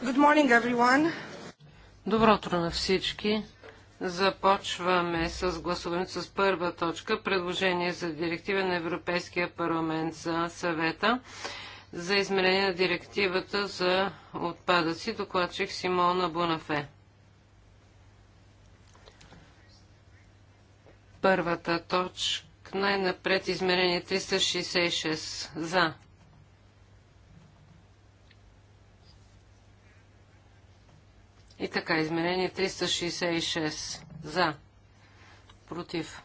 Good morning, everyone. Добро утро на всички. Започваме с гласуването с първа точка. Предложение за директива на Европейския парламент за съвета за изменение на директивата за отпадъци. Докладчик Симона Бунафе. Първата точка най-напред измерение 366 за. И така, изменение 366. За. Против.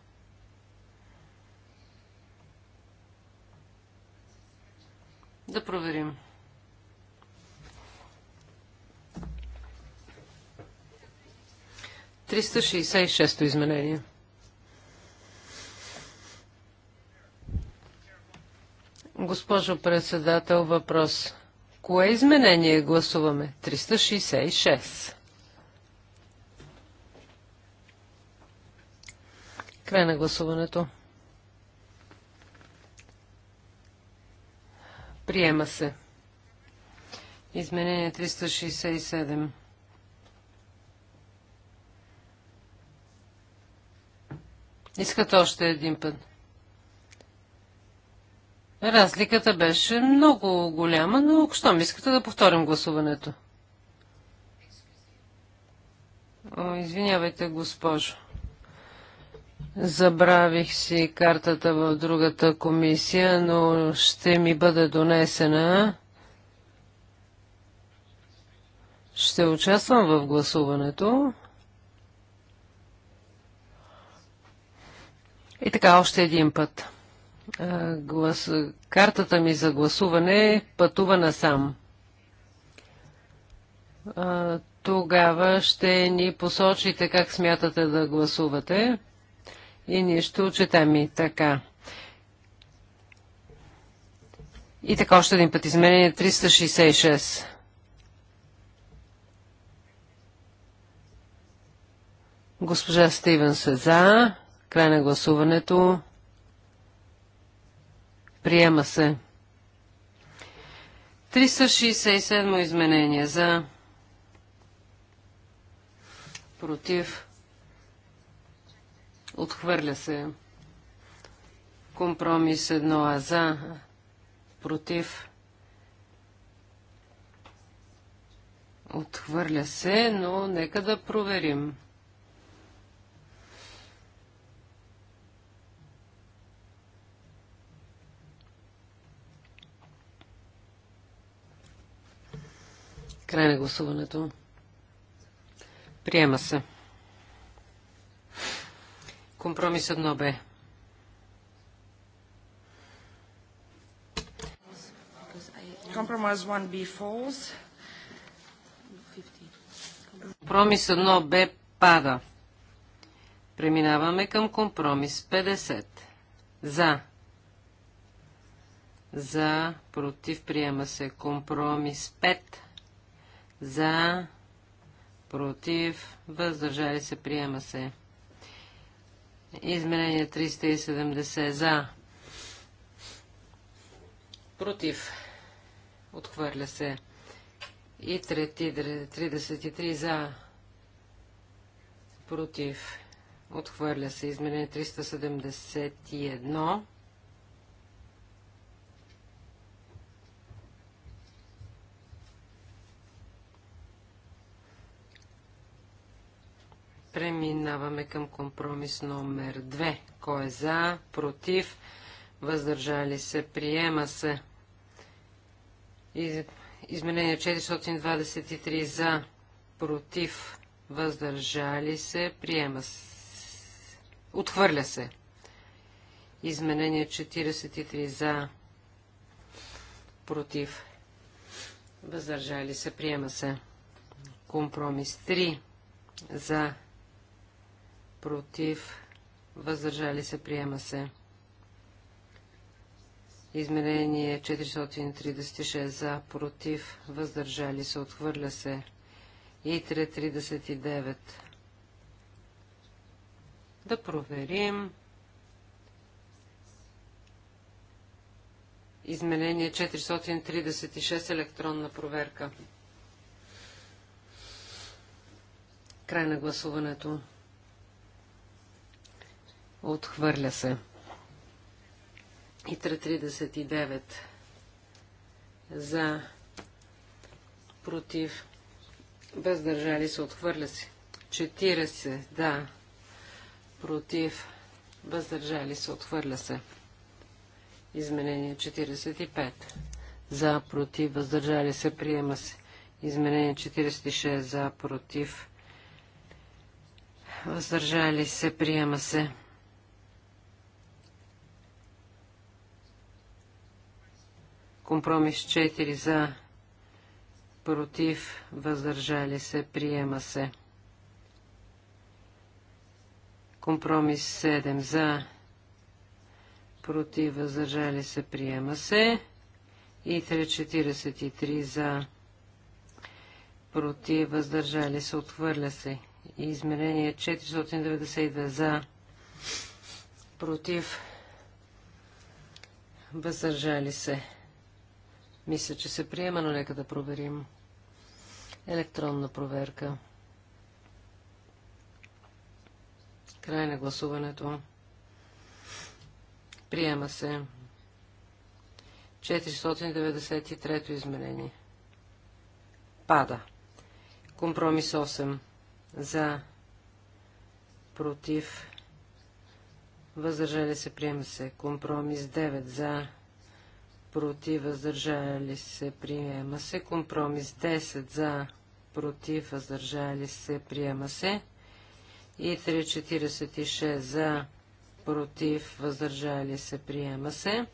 Да проверим. Триста шестьдесят шесто изменение. Госпожо председател, въпрос. Кое изменение гласуваме? 366. Край на гласуването. Приема се. Изменение 367. Искат още един път. Разликата беше много голяма, но що ми искате да повторим гласуването? О, извинявайте, госпожо. Забравих си картата в другата комисия, но ще ми бъде донесена. Ще участвам в гласуването. И така, още един път. глас... Картата ми за гласуване пътува насам. тогава ще ни посочите как смятате да гласувате и ние ще отчетем и така. И така още един път изменение 366. Госпожа Стивен се за. Край на гласуването. Приема се. 367 изменение за. Против. Отхвърля се. Компромис едно а за. Против. Отхвърля се, но нека да проверим. Край на гласуването. Приема се. Компромис 1Б. Компромис 1Б пада. Преминаваме към компромис 50. За. За. Против. Приема се. Компромис 5. За. Против. Въздържали се. Приема се. Изменение 370 за. Против. Отхвърля се. И 33 за. Против. Отхвърля се. Изменение 371. Преминаваме към компромис номер 2. Кой е за, против, въздържали се, приема се. Изменение 423 за, против, въздържали се, приема се. Отхвърля се. Изменение 43 за, против, въздържали се, приема се. Компромис 3 за, против, въздържали се, приема се. Изменение 436 за, против, въздържали се, отхвърля се. И 339. Да проверим. Изменение 436 електронна проверка. Край на гласуването. Отхвърля се. И 39 за против въздържали се. Отхвърля се. 40 да против въздържали се. Отхвърля се. Изменение 45 за против въздържали се. Приема се. Изменение 46 за против въздържали се. Приема се. Компромис 4 за, против, въздържали се, приема се. Компромис 7 за, против, въздържали се, приема се. И 343 за, против, въздържали се, отхвърля се. И измерение 492 за, против, въздържали се. Мисля, че се приема, но нека да проверим. Електронна проверка. Край на гласуването. Приема се. 493-то изменение. Пада. Компромис 8. За. Против. Въздържали се. Приема се. Компромис 9. За против, въздържали се, приема се. Компромис 10 за, против, въздържали се, приема се. И 346 за, против, въздържали се, приема се.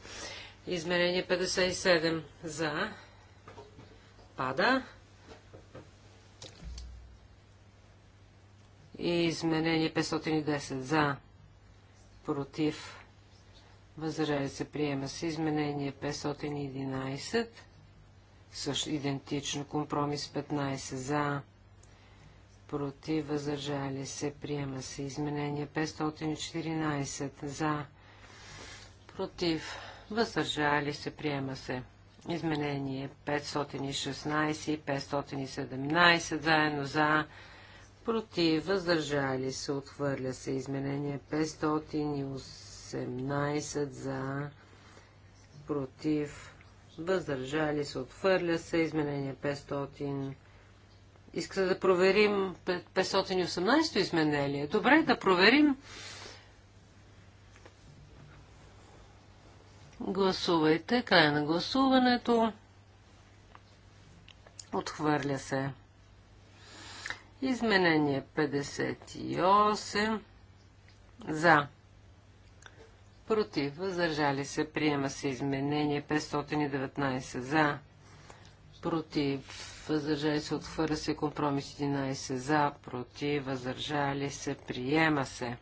Измерение 57 за, пада. И изменение 510 за, против, Възражали се приема се изменение 511. Също идентично компромис 15 за. Против въздържали се приема се изменение 514 за. Против въздържали се приема се изменение 516 и 517 заедно за. Против въздържали се отхвърля се изменение 518 18 за, против, въздържали се, отвърля се, изменение 500. Искате да проверим 518-то изменение? Добре, да проверим. Гласувайте. Край на гласуването. Отхвърля се. Изменение 58. За против, въздържали се, приема се изменение 519 за, против, въздържали се, отхвърля се компромис 11 за, против, въздържали се, приема се.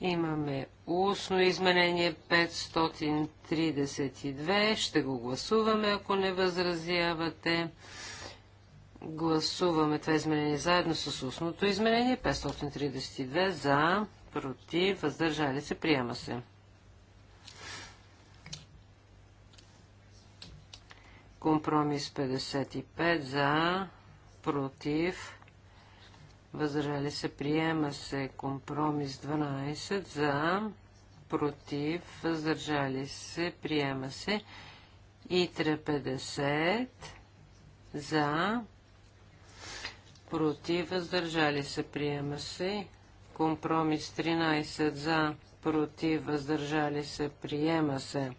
Имаме устно изменение 532. Ще го гласуваме, ако не възразявате. Гласуваме това изменение заедно с устното изменение. 532 за, против, въздържали се, приема се. Компромис 55 за, против, въздържали се, приема се. Компромис 12 за, против, въздържали се, приема се. Итра 50 за, против, против, въздържали се, приема се. Компромис 13 за, против, въздържали се, приема се.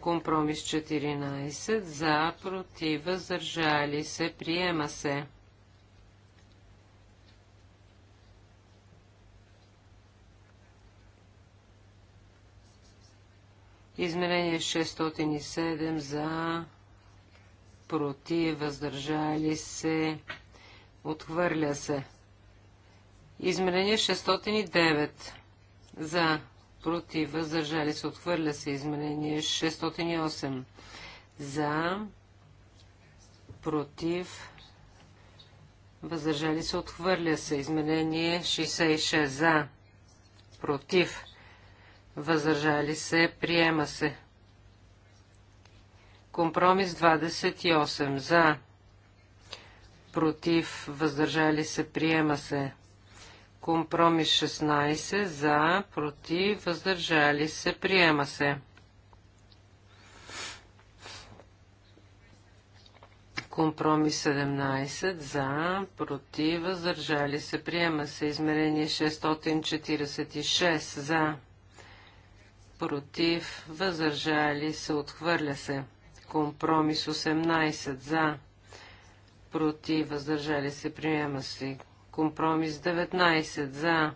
Компромис 14 за, против, въздържали се, приема се. Измерение 607 за, против, въздържали се, приема се Отхвърля се. Изменение 609. За. Против. Въздържали се. Отхвърля се. Изменение 608. За. Против. Въздържали се. Отхвърля се. Изменение 66. За. Против. Въздържали се. Приема се. Компромис 28. За против, въздържали се, приема се. Компромис 16 за, против, въздържали се, приема се. Компромис 17 за, против, въздържали се, приема се. Измерение 646 за, против, въздържали се, отхвърля се. Компромис 18 за, против, въздържали се, приема се. Компромис 19 за.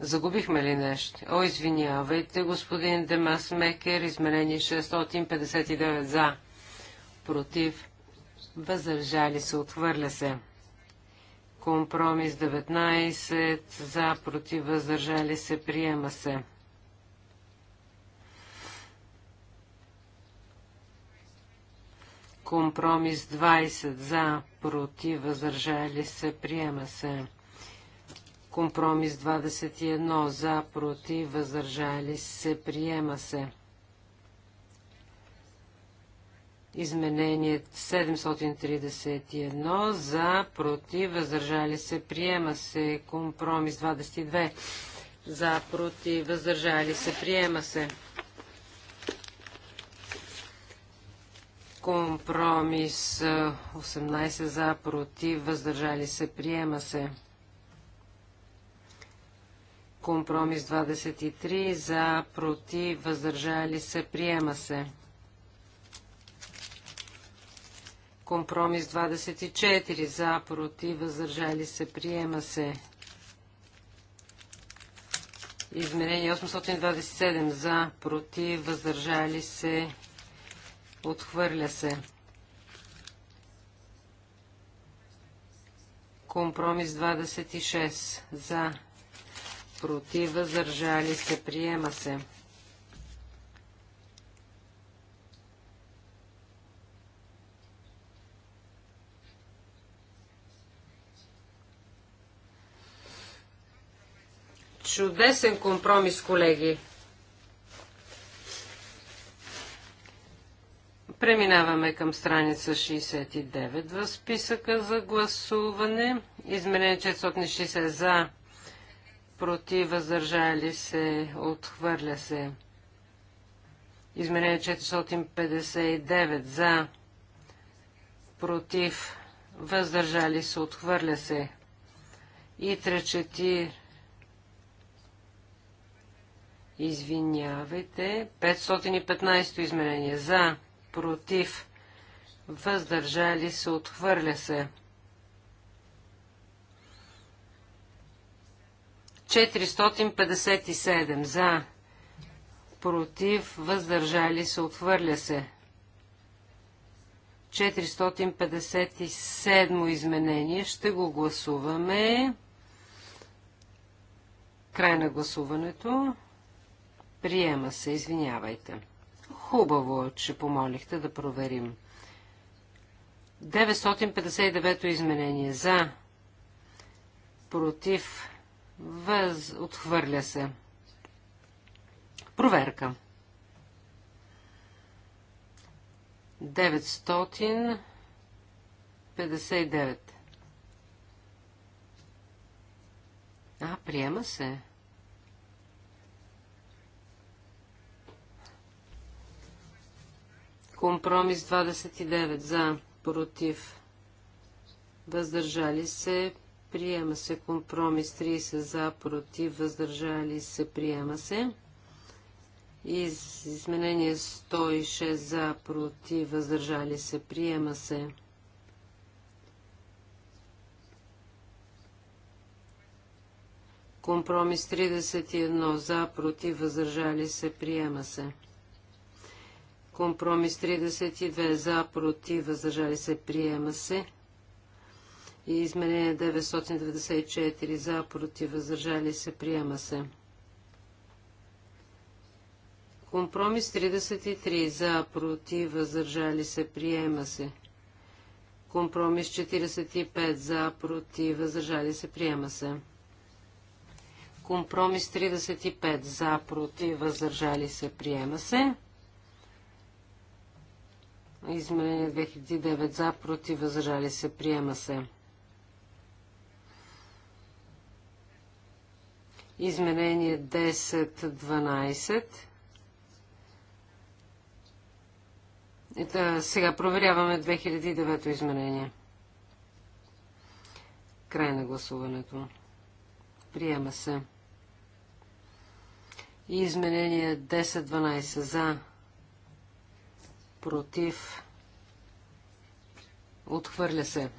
Загубихме ли нещо? О, извинявайте, господин Демас Мекер, изменение 659 за. Против, въздържали се, отхвърля се. Компромис 19 за, против, въздържали се, приема се. Компромис 20 за, против, въздържали се, приема се. Компромис 21 за, против, въздържали се, приема се. Изменение 731 за, против, въздържали се, приема се. Компромис 22 за, против, въздържали се, приема се. Компромис 18 за, против, въздържали се, приема се. Компромис 23 за, против, въздържали се, приема се. Компромис 24 за, против, въздържали се, приема се. Изменение 827 за, против, въздържали се, Отхвърля се. Компромис 26. За. Против. Въздържали се. Приема се. Чудесен компромис, колеги. Преминаваме към страница 69 в списъка за гласуване. Изменение 460 за, против, въздържали се, отхвърля се. Изменение 459 за, против, въздържали се, отхвърля се. И тречети, Извинявайте. 515 изменение за против, въздържали се, отхвърля се. 457 за, против, въздържали се, отхвърля се. 457 изменение ще го гласуваме. Край на гласуването. Приема се, извинявайте. Хубаво, че помолихте да проверим. 959 то изменение. За. Против. Въз. Отхвърля се. Проверка. 959. А, приема се. Компромис 29 за, против, въздържали се, приема се. Компромис 30 за, против, въздържали се, приема се. Из, изменение 106 за, против, въздържали се, приема се. Компромис 31 за, против, въздържали се, приема се. Компромис 32 за, против, въздържали се, приема се. И изменение 994 за, против, въздържали се, приема се. Компромис 33 за, против, въздържали се, приема се. Компромис 45 за, против, въздържали се, приема се. Компромис 35 за, против, въздържали се, приема се. Изменение 2009 за, против, възражали се, приема се. Изменение 10-12. Е, сега проверяваме 2009 изменение. Край на гласуването. Приема се. И изменение 10-12 за против, отхвърля се.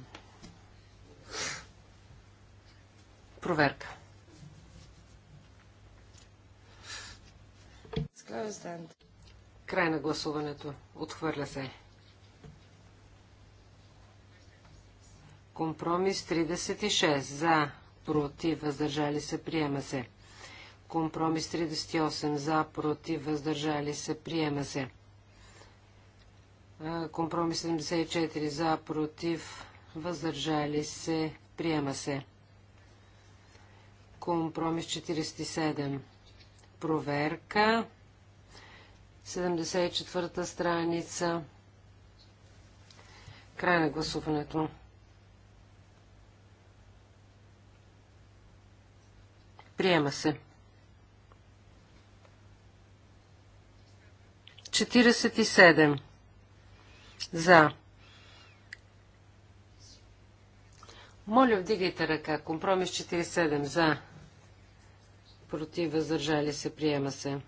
Проверка. Край на гласуването. Отхвърля се. Компромис 36. За. Против. Въздържали се. Приема се. Компромис 38. За. Против. Въздържали се. Приема се. Компромис 74 за, против, въздържали се, приема се. Компромис 47. Проверка. 74-та страница. Край на гласуването. Приема се. 47. За. Моля, вдигайте ръка. Компромис 47. За. Против, въздържали се, приема се.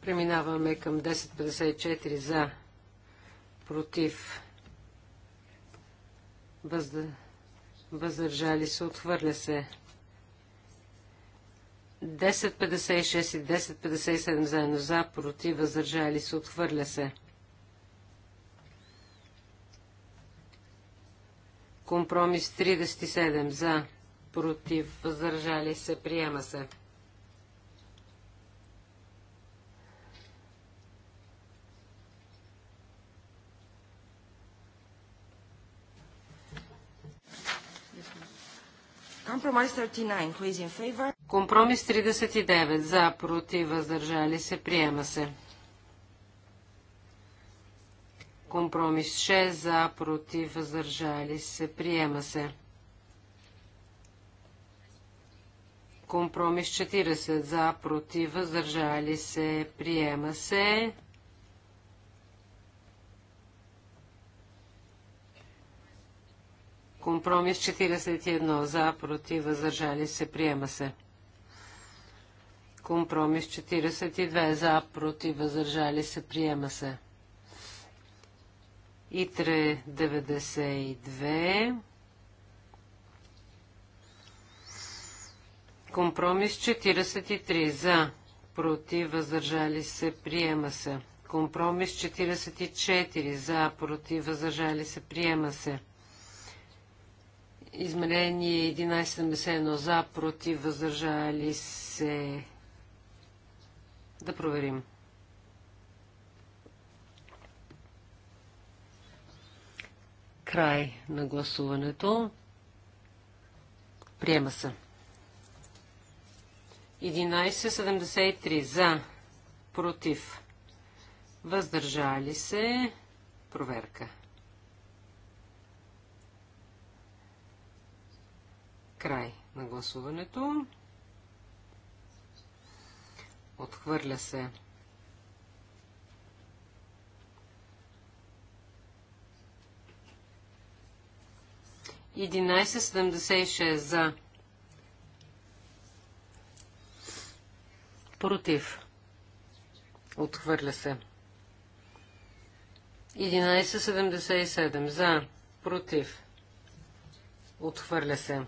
Преминаваме към 10.54 за. Против. Въздържали се, отхвърля се. 10.56 и 10.57 заедно за, против, въздържали се, отхвърля се. Компромис 37 за, против, въздържали се, приема се. Компромис 39. За, против, въздържали се, приема се. Компромис 6. За, против, въздържали се, приема се. Компромис 40. За, против, въздържали се, приема се. Компромис 41 за, против, въздържали се, приема се. Компромис 42 за, против, въздържали се, приема се. ИТРЕ 92. Компромис 43 за, против, въздържали се, приема се. Компромис 44 за, против, въздържали се, приема се. Измерение 1171 за, против, въздържали се. Да проверим. Край на гласуването. Приема се. 11.73 за, против, въздържали се, проверка. 11.73 Край на гласуването. Отхвърля се. Единайсет седемдесет и шест за. Против. Отхвърля се. 11.77 за. Против. Отхвърля се.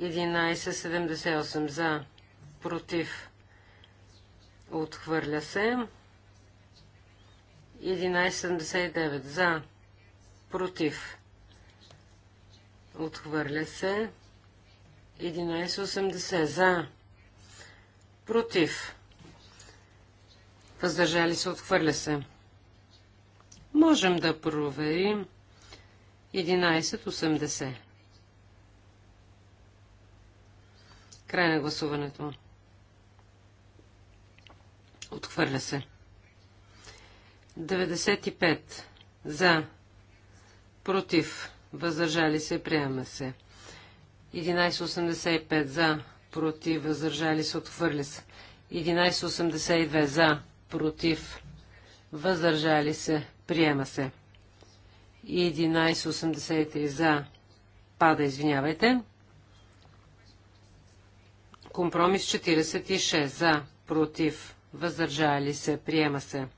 1178 за, против, отхвърля се. 1179 за, против, отхвърля се. 1180 за, против, въздържали се, отхвърля се. Можем да проверим 1180. Край на гласуването. Отхвърля се. 95. За. Против. Въздържали се. Приема се. 11.85. За. Против. Въздържали се. Отхвърля се. 11.82. За. Против. Въздържали се. Приема се. 11.83. За. Пада. Извинявайте. Компромис 46. За. Против. Въздържали се. Приема се.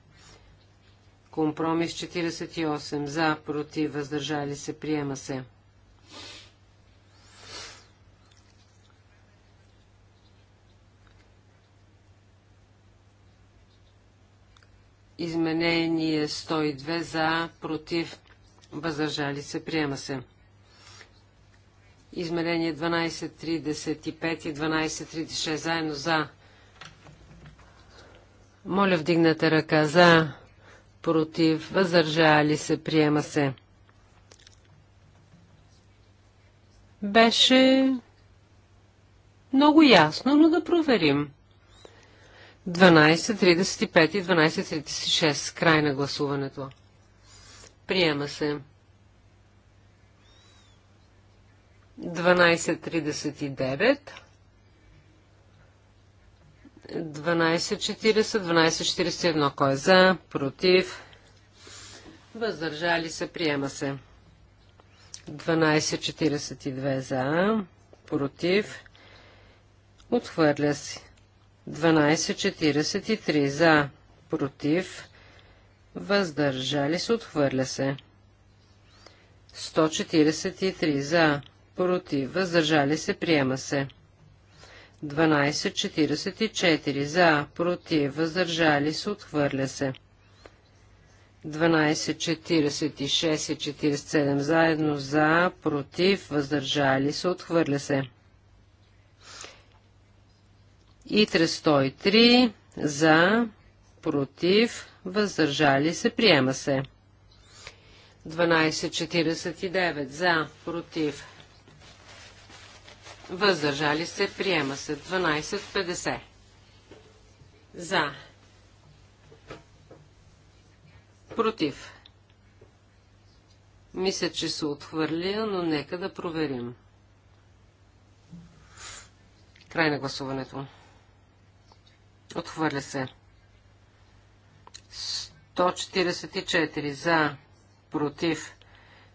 Компромис 48. За. Против. Въздържали се. Приема се. Изменение 102 за, против, въздържали се, приема се. Измерение 12.35 и 12.36 заедно за. Моля вдигнете ръка за, против, въздържали се, приема се. Беше много ясно, но да проверим. 12.35 и 12.36. Край на гласуването. Приема се. 12.39, 12.41. Кой е за? Против? Въздържали се? Приема се. 12.42 за. Против? Отхвърля се. 12.43 за. Против? Въздържали се? Отхвърля се. 143 за против, въздържали се, приема се. 12.44 за, против, въздържали се, отхвърля се. 12.46 и 47 заедно за, против, въздържали се, отхвърля се. И 303 за, против, въздържали се, приема се. 12.49 за, против, Въздържали се. Приема се. 12.50. За. Против. Мисля, че се отхвърля, но нека да проверим. Край на гласуването. Отхвърля се. 144 за, против,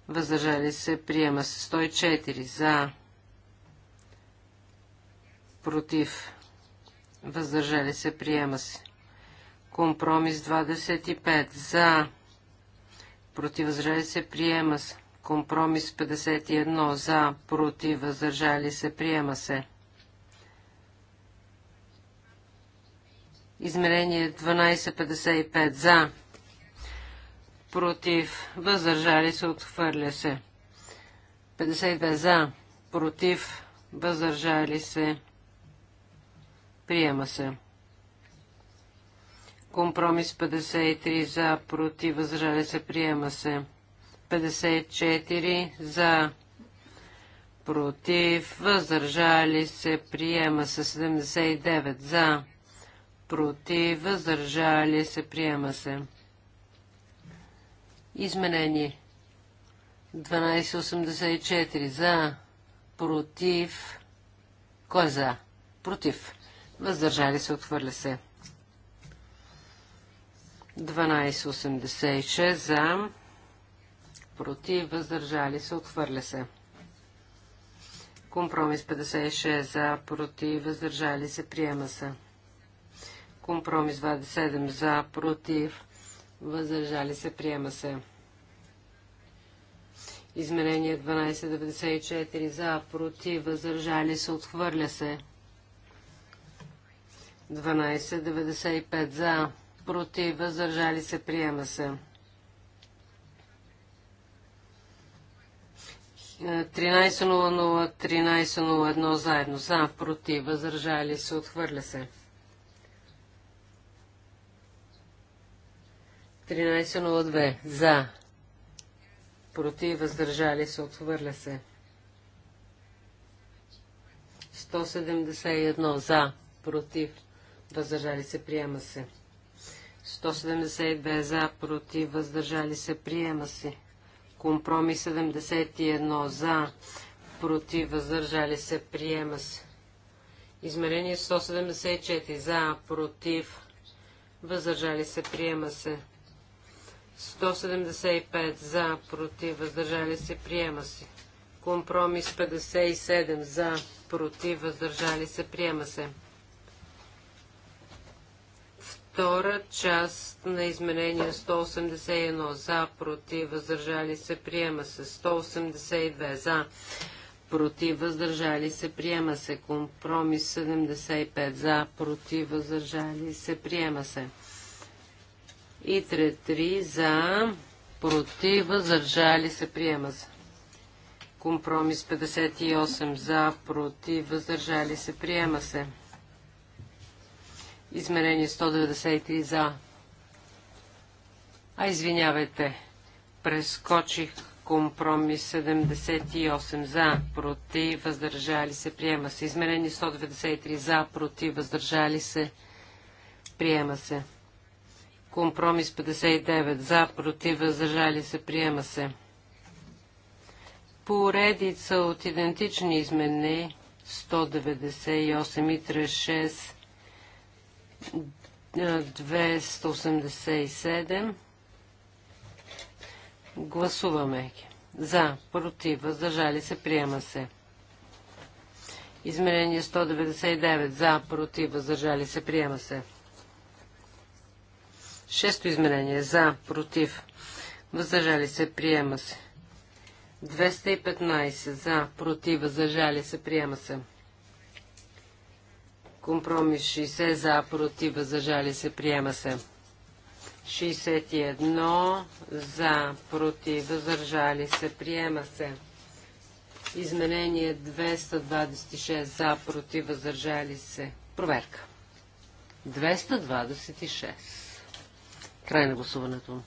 въздържали се, приема се 104 за, против, въздържали се, приема се. Компромис 25 за, против, въздържали се, приема се. Компромис 51 за, против, въздържали се, приема се. Измерение 1255 за, против, въздържали се, отхвърля се. 52 за, против, въздържали се, Приема се. Компромис 53 за, против, възражали се, приема се. 54 за, против, въздържали се, приема се. 79 за, против, въздържали се, приема се. Изменение. 1284 за, против, кой е за? Против въздържали се, отхвърля се. 12.86 за, против, въздържали се, отхвърля се. Компромис 56 за, против, въздържали се, приема се. Компромис 27 за, против, въздържали се, приема се. Изменение 1294 за, против, въздържали се, отхвърля се. 12.95 за, против, въздържали се, приема се. 13.00-13.01 заедно за, против, въздържали се, отхвърля се. 13.02 за, против, въздържали се, отхвърля се. 171 за, против, въздържали се, приема се. 172 за, против, въздържали се, приема се. Компромис 71 за, против, въздържали се, приема се. Измерение 174 за, против, въздържали се, приема се. 175 за, против, въздържали се, приема се. Компромис 57 за, против, въздържали се, приема се. Втора част на изменение 181 за, против, въздържали се, приема се. 182 за, против, въздържали се, приема се. Компромис 75 за, против, въздържали се, приема се. И 3 за, против, въздържали се, приема се. Компромис 58 за, против, въздържали се, приема се. Изменение 193 за. А извинявайте, прескочих компромис 78 за, против, въздържали се, приема се. Изменение 193 за, против, въздържали се, приема се. Компромис 59 за, против, въздържали се, приема се. Поредица от идентични изменения 198 и 36 287. Гласуваме. За, против, въздържали се, приема се. Измерение 199. За, против, въздържали се, приема се. Шесто измерение. За, против, въздържали се, приема се. 215. За, против, въздържали се, приема се. Компромис 60 за, против, въздържали се, приема се. 61 за, против, въздържали се, приема се. Изменение 226 за, против, въздържали се. Проверка. 226. Край на гласуването.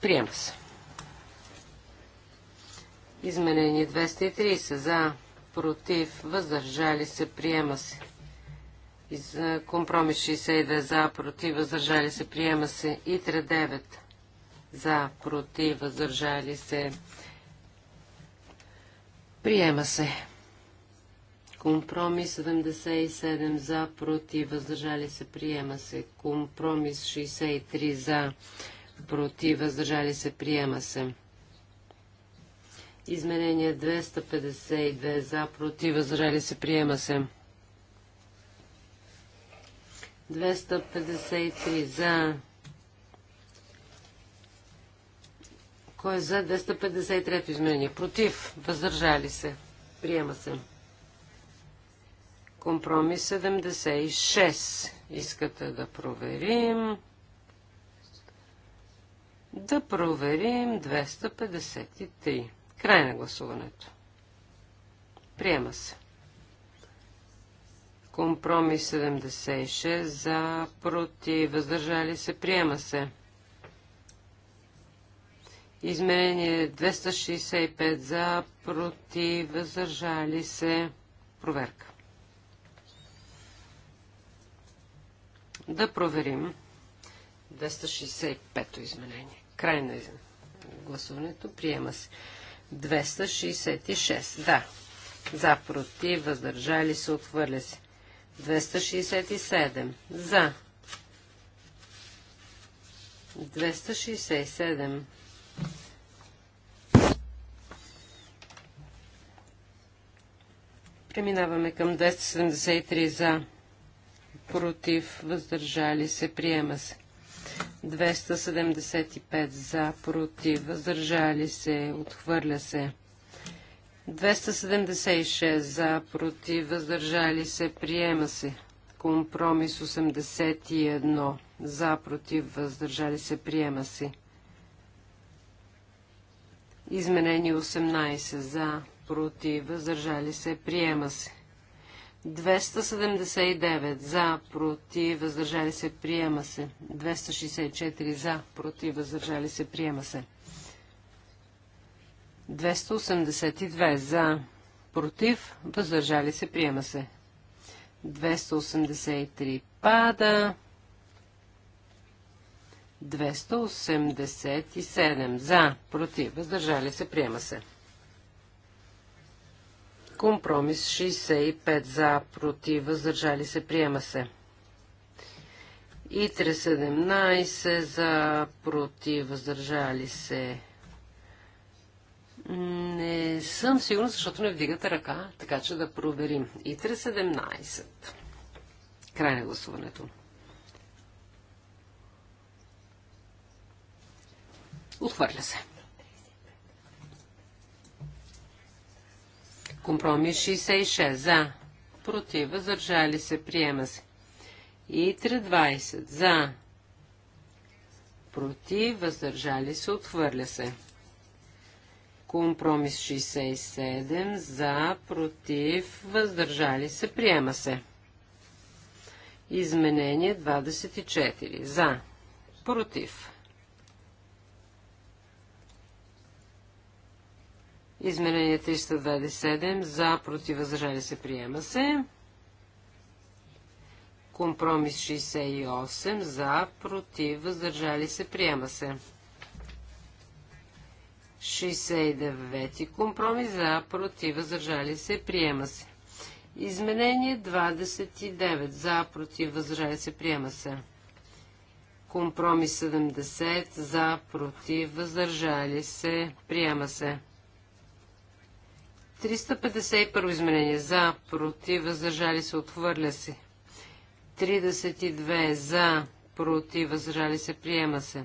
Приема се. Изменение 230 за, против, въздържали се, приема се. И за компромис 62 за, против, въздържали се, приема се. И 39 за, против, въздържали се, приема се. Компромис 77 за, против, въздържали се, приема се. Компромис 63 за, против, въздържали се, приема се. Изменение 252 за, против, възражали се, приема се. 253 за. Кой е за 253 изменение? Против, Възражали се, приема се. Компромис 76. Искате да проверим. Да проверим 253. Край на гласуването. Приема се. Компромис 76 за против. Въздържали се. Приема се. Изменение 265 за против. Въздържали се. Проверка. Да проверим 265-то изменение. Край на гласуването. Приема се. 266. Да. За, против, въздържали се, отвърля се. 267. За. 267. Преминаваме към 273 за, против, въздържали се, приема се. 275 за, против, въздържали се, отхвърля се. 276 за, против, въздържали се, приема се. Компромис 81 за, против, въздържали се, приема се. Изменение 18 за, против, въздържали се, приема се. 279 за, против, въздържали се, приема се. 264 за, против, въздържали се, приема се. 282 за, против, въздържали се, приема се. 283 пада. 287 за, против, въздържали се, приема се. Компромис 65 за, против, въздържали се, приема се. Итре 17 за, против, въздържали се. Не съм сигурна, защото не вдигате ръка, така че да проверим. Итре 17. Край на гласуването. Отхвърля се. Компромис 66. За. Против. Въздържали се. Приема се. И 320. За. Против. Въздържали се. Отхвърля се. Компромис 67. За. Против. Въздържали се. Приема се. Изменение 24. За. Против. Изменение 327 за против възражали се приема се. Компромис 68 за против въздържали се приема се. 69 компромис за против въздържали се приема се. Изменение 29 за против въздържали се приема се. Компромис 70 за против въздържали се приема се. 351 изменение за, против, въздържали се, отхвърля се. 32 за, против, въздържали се, приема се.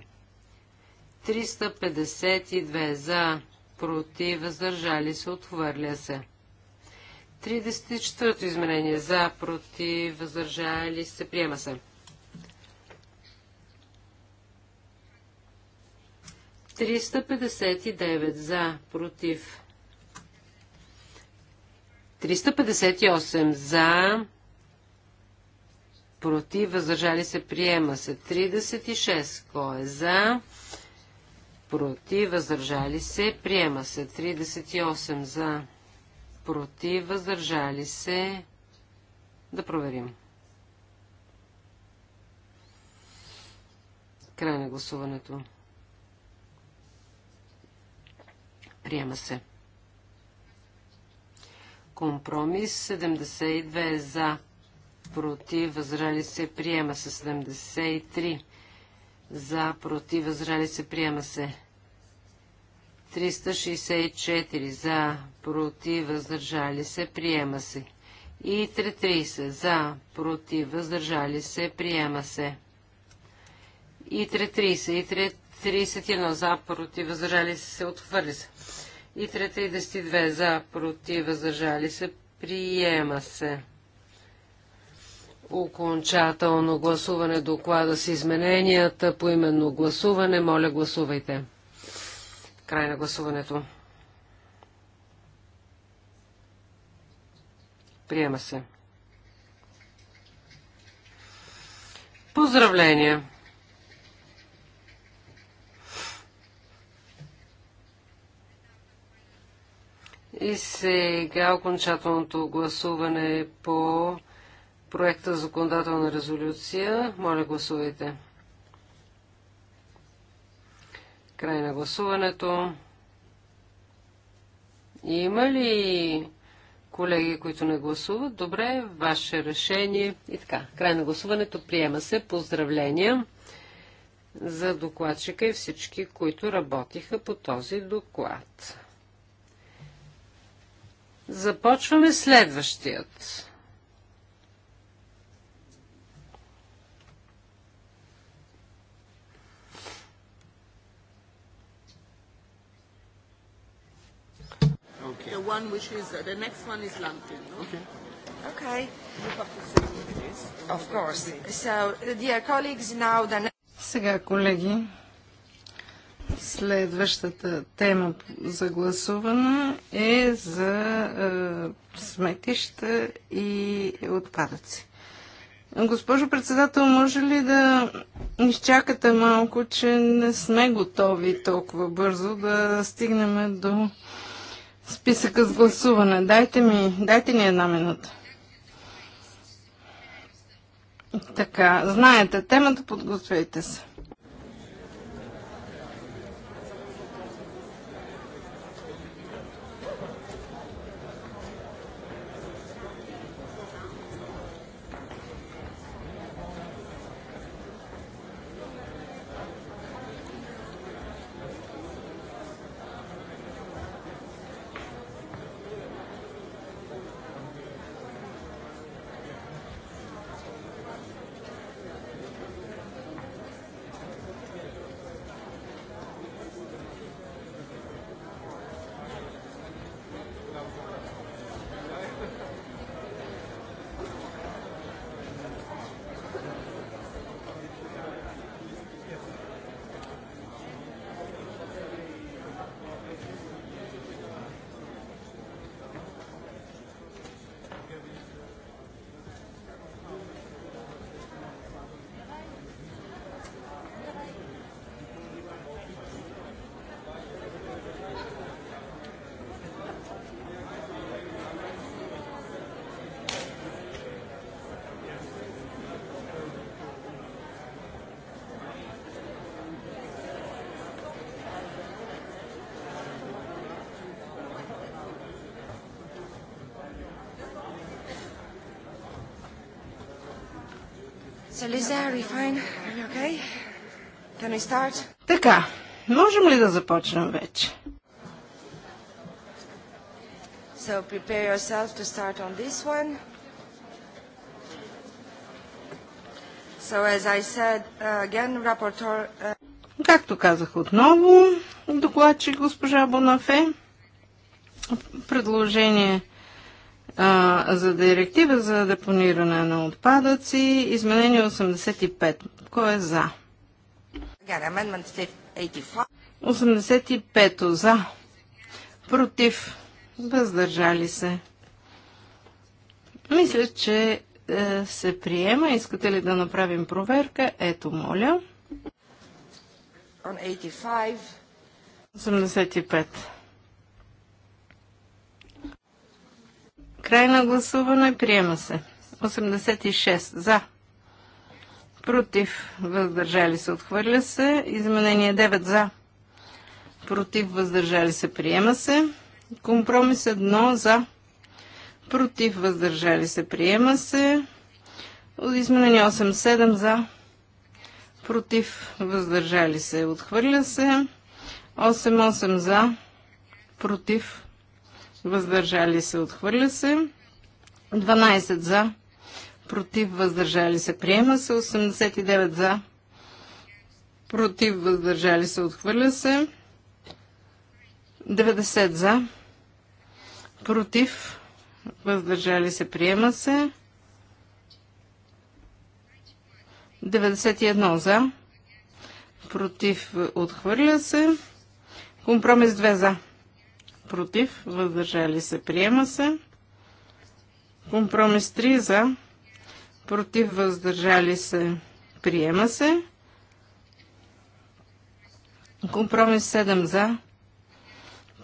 352 за, против, въздържали се, отхвърля се. 34-то изменение за, против, въздържали се, приема се. 359 за, против, 358 за, против, въздържали се, приема се. 36, кой е за, против, въздържали се, приема се. 38 за, против, въздържали се. Да проверим. Край на гласуването. Приема се. Компромис 72 за, против, възрали се, приема се 73 за, против, възрали се, приема се 364 за, против, въздържали се, приема се и 330 за, против, въздържали се, приема се и 330 и 331 за, против, въздържали се, отхвърли се. И 32 за, против, въздържали се, приема се. Окончателно гласуване доклада с измененията по именно гласуване. Моля, гласувайте. Край на гласуването. Приема се. Поздравления! И сега окончателното гласуване по проекта за законодателна резолюция. Моля, гласувайте. Край на гласуването. Има ли колеги, които не гласуват? Добре, ваше решение. И така, край на гласуването приема се. Поздравления за докладчика и всички, които работиха по този доклад. Започваме следващият. Okay. The one which is uh, the next one is Lampkin. No? Okay. Okay. You have to say what it is. Of course. So, dear colleagues, now the. Сега, колеги, Следващата тема за гласуване е за е, сметища и отпадъци. Госпожо председател, може ли да изчакате малко, че не сме готови толкова бързо да стигнем до списъка с гласуване? Дайте ми, дайте ни една минута. Така, знаете темата, подгответе се. Okay? Така, можем ли да започнем вече? So prepare yourself to start on this one. So as I said, uh, again, rapporteur... Uh, Както казах отново, докладчик госпожа Бонафе, предложение а, за директива за депониране на отпадъци. Изменение 85. Кой е за? 85 за. Против. Въздържали се. Мисля, че е, се приема. Искате ли да направим проверка? Ето, моля. 85. Край на гласуване. Приема се. 86 за. Против. Въздържали се. Отхвърля се. Изменение 9 за. Против. Въздържали се. Приема се. Компромис 1 за. Против. Въздържали се. Приема се. Изменение 8-7 за. Против. Въздържали се. Отхвърля се. 8-8 за. Против въздържали се, отхвърля се. 12 за, против, въздържали се, приема се. 89 за, против, въздържали се, отхвърля се. 90 за, против, въздържали се, приема се. 91 за, против, отхвърля се. Компромис 2 за против, въздържали се, приема се. Компромис 3 за, против, въздържали се, приема се. Компромис 7 за,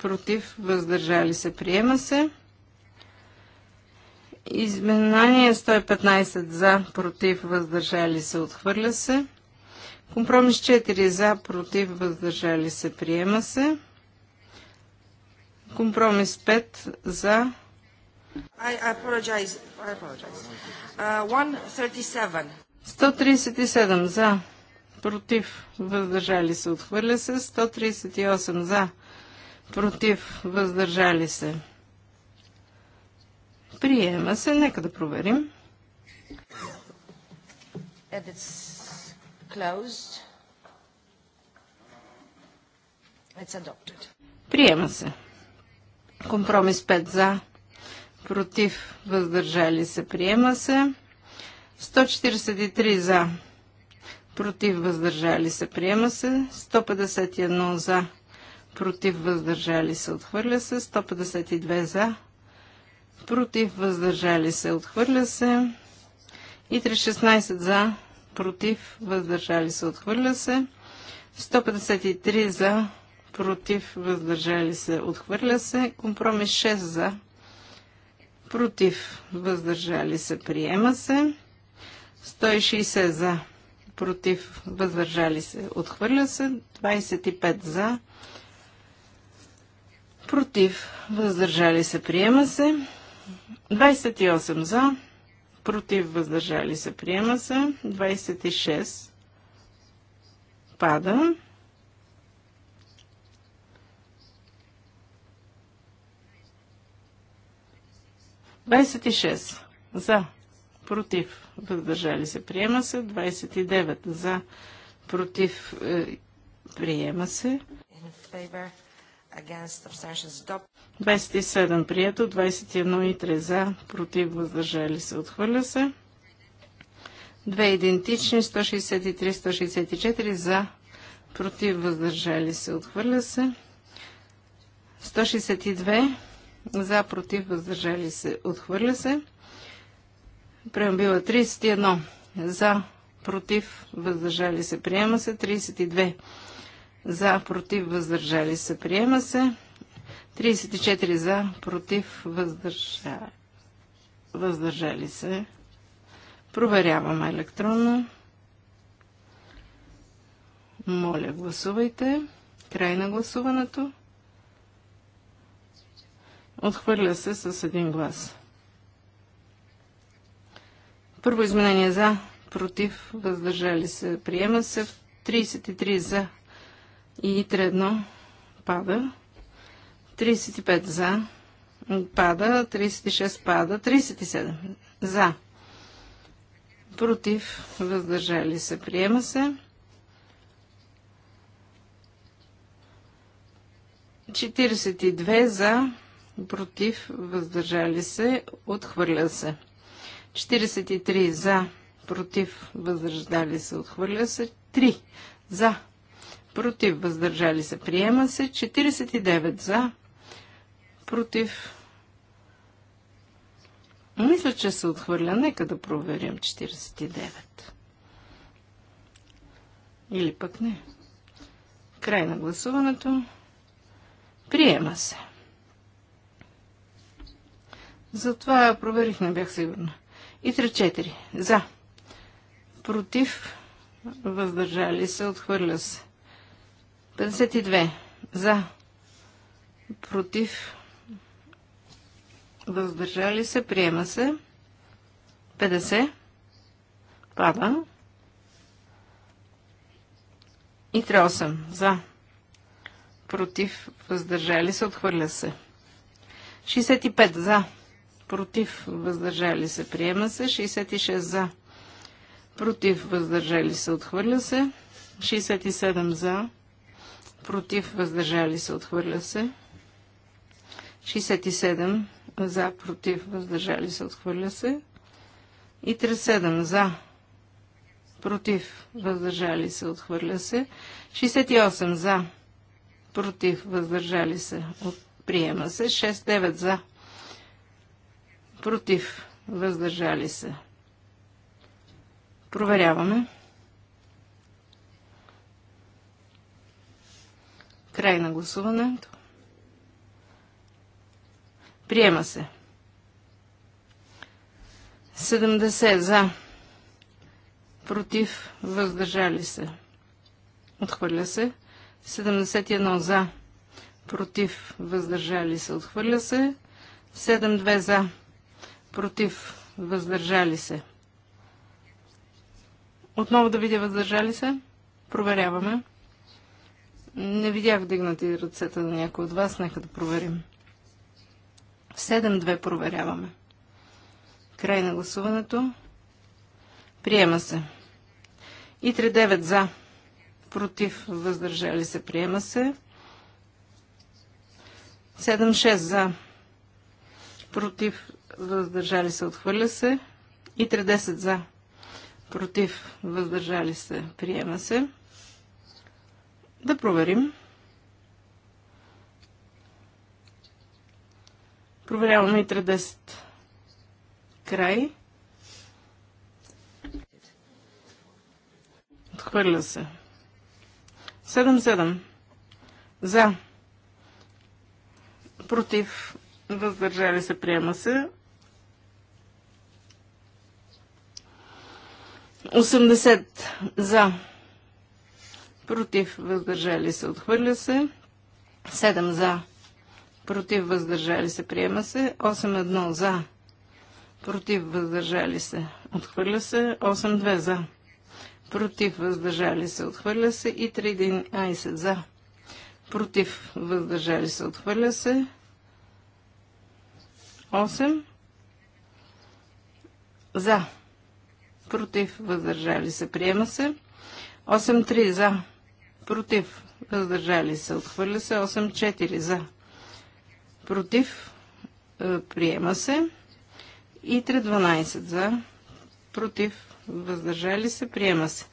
против, въздържали се, приема се. Изменение 115 за, против, въздържали се, отхвърля се. Компромис 4 за, против, въздържали се, приема се. Компромис 5 за. I apologize. I apologize. Uh, 137. 137 за. Против. Въздържали се. Отхвърля се. 138 за. Против. Въздържали се. Приема се. Нека да проверим. And it's closed. It's adopted. Приема се. Компромис 5 за, против, въздържали се, приема се. 143 за, против, въздържали се, приема се. 151 за, против, въздържали се, отхвърля се. 152 за, против, въздържали се, отхвърля се. И 316 за, против, въздържали се, отхвърля се. 153 за, против, въздържали се, отхвърля се. Компромис 6 за, против, въздържали се, приема се. 160 за, против, въздържали се, отхвърля се. 25 за, против, въздържали се, приема се. 28 за, против, въздържали се, приема се. 26 пада. 26 за, против, въздържали се, приема се. 29 за, против, е, приема се. 27 прието, 21 и 3 за, против, въздържали се, отхвърля се. Две идентични, 163-164 за, против, въздържали се, отхвърля се. 162 за, против, въздържали се, отхвърля се. бива 31 за, против, въздържали се, приема се. 32 за, против, въздържали се, приема се. 34 за, против, въздържа... въздържали се. Проверяваме електронно. Моля, гласувайте. Край на гласуването. Отхвърля се с един глас. Първо изменение за, против, въздържали се, приема се. 33 за и 3 пада. 35 за, пада. 36 пада. 37 за, против, въздържали се, приема се. 42 за, против, въздържали се, отхвърля се. 43 за, против, въздържали се, отхвърля се. 3 за, против, въздържали се, приема се. 49 за, против. Мисля, че се отхвърля. Нека да проверим 49. Или пък не. Край на гласуването. Приема се. Затова проверих, не бях сигурна. И 3-4. За. Против. Въздържали се. Отхвърля се. 52. За. Против. Въздържали се. Приема се. 50. Пада. И 3-8. За. Против. Въздържали се. Отхвърля се. 65. За против, въздържали се, приема се. 66 за, против, въздържали се, отхвърля се. 67 за, против, въздържали се, отхвърля се. 67 за, против, въздържали се, отхвърля се. И 37 за, против, въздържали се, отхвърля се. 68 за, против, въздържали се, приема се. 69 за, Против. Въздържали се. Проверяваме. Край на гласуването. Приема се. 70 за. Против. Въздържали се. Отхвърля се. 71 за. Против. Въздържали се. Отхвърля се. 72 за Против. Въздържали се. Отново да видя въздържали се. Проверяваме. Не видях дигнати ръцете на някой от вас. Нека да проверим. 7-2 проверяваме. Край на гласуването. Приема се. И 3-9 за. Против. Въздържали се. Приема се. 7-6 за. Против въздържали се, отхвърля се. И 30 за, против, въздържали се, приема се. Да проверим. Проверяваме и 30. Край. Отхвърля се. 7-7. За. Против. Въздържали се. Приема се. 80 за. Против въздържали се. Отхвърля се. 7 за. Против въздържали се. Приема се. 8-1 за. Против въздържали се. Отхвърля се. 8-2 за. Против въздържали се. Отхвърля се. И 3-11 за. Против въздържали се. Отхвърля се. 8 за против, въздържали се, приема се. 8-3 за, против, въздържали се, отхвърля се. 8-4 за, против, е, приема се. И 3-12 за, против, въздържали се, приема се.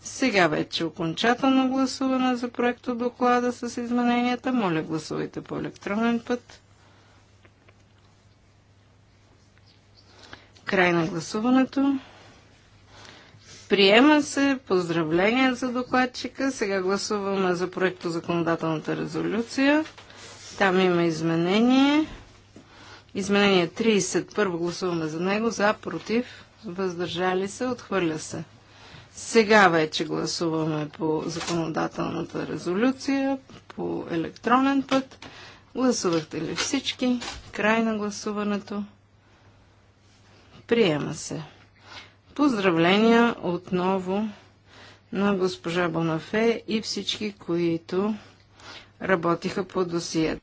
Сега вече окончателно гласуване за проекто доклада с измененията. Моля, гласувайте по електронен път. Край на гласуването. Приема се. Поздравления за докладчика. Сега гласуваме за проекто законодателната резолюция. Там има изменение. Изменение 30. Първо гласуваме за него. За, против, въздържали се, отхвърля се. Сега вече гласуваме по законодателната резолюция, по електронен път. Гласувахте ли всички? Край на гласуването. Приема се. Поздравления отново на госпожа Бонафе и всички, които работиха по досият.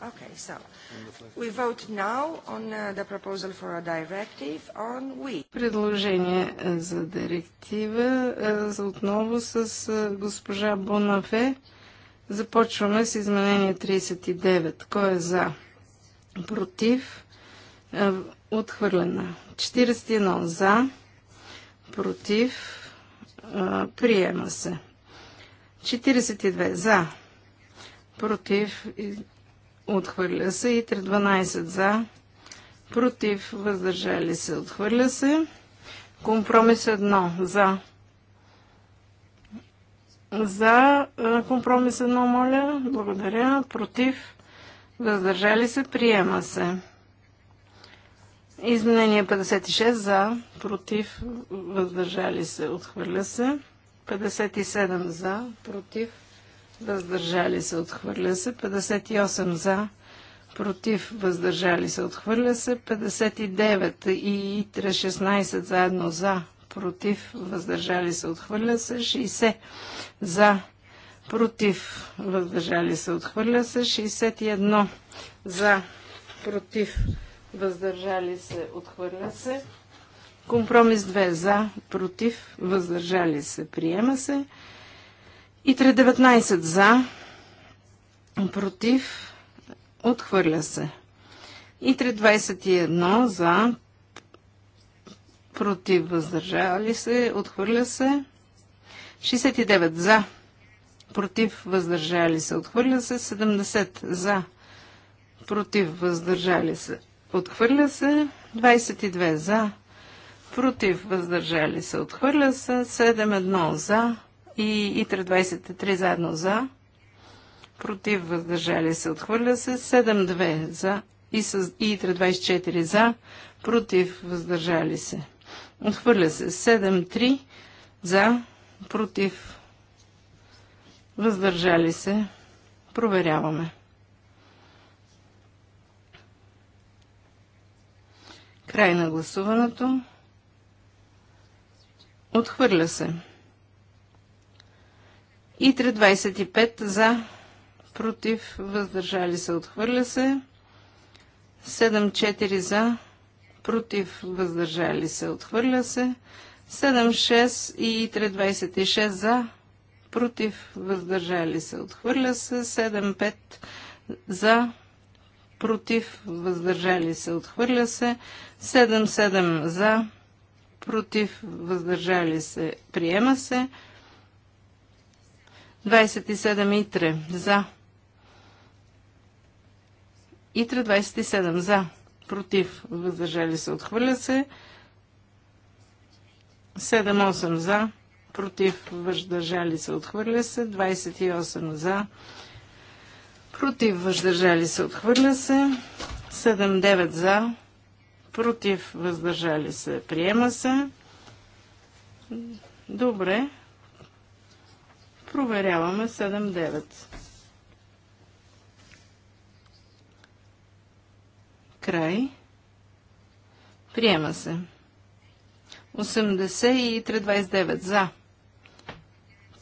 Okay, so we vote now on uh, the proposal for a directive on we. Предложение е, за директива е, за отново с е, госпожа Бонафе. Започваме с изменение 39. Кой е за? против, е, отхвърлена. 41 за, против, е, приема се. 42 за, против, отхвърля се и 312 за, против, въздържали се, отхвърля се. Компромис 1 за. За е, компромис 1, моля. Благодаря. Против въздържали се, приема се. Изменение 56 за, против, въздържали се, отхвърля се. 57 за, против, въздържали се, отхвърля се. 58 за, против, въздържали се, отхвърля се. 59 и 16 заедно за, против, въздържали се, отхвърля се. 60 за, против, против, въздържали се, отхвърля се. 61 за, против, въздържали се, отхвърля се. Компромис 2 за, против, въздържали се, приема се. И 319 за, против, отхвърля се. И 321 за, против, въздържали се, отхвърля се. 69 за, против, въздържали се, отхвърля се. 70 за, против, въздържали се, отхвърля се. 22 за, против, въздържали се, отхвърля се. 7-1 за и ИТР 23 заедно за, против, въздържали се, отхвърля се. 7-2 за и, с, и 24 за, против, въздържали се. Отхвърля се 7-3 за, против, въздържали се, проверяваме. Край на гласуването. Отхвърля се. И 3.25 за, против, въздържали се, отхвърля се. 7.4 за, против, въздържали се, отхвърля се. 7.6 и 3.26 за, против, въздържали се, отхвърля се, 7-5 за, против, въздържали се, отхвърля се, 7-7 за, против, въздържали се, приема се, 27 итре за, итре 27 за, против, въздържали се, отхвърля се, 7-8 за, против, въздържали се, отхвърля се, 28 за, против, въздържали се, отхвърля се, 7-9 за, против, въздържали се, приема се. Добре. Проверяваме 7-9. Край. Приема се. 83-29 за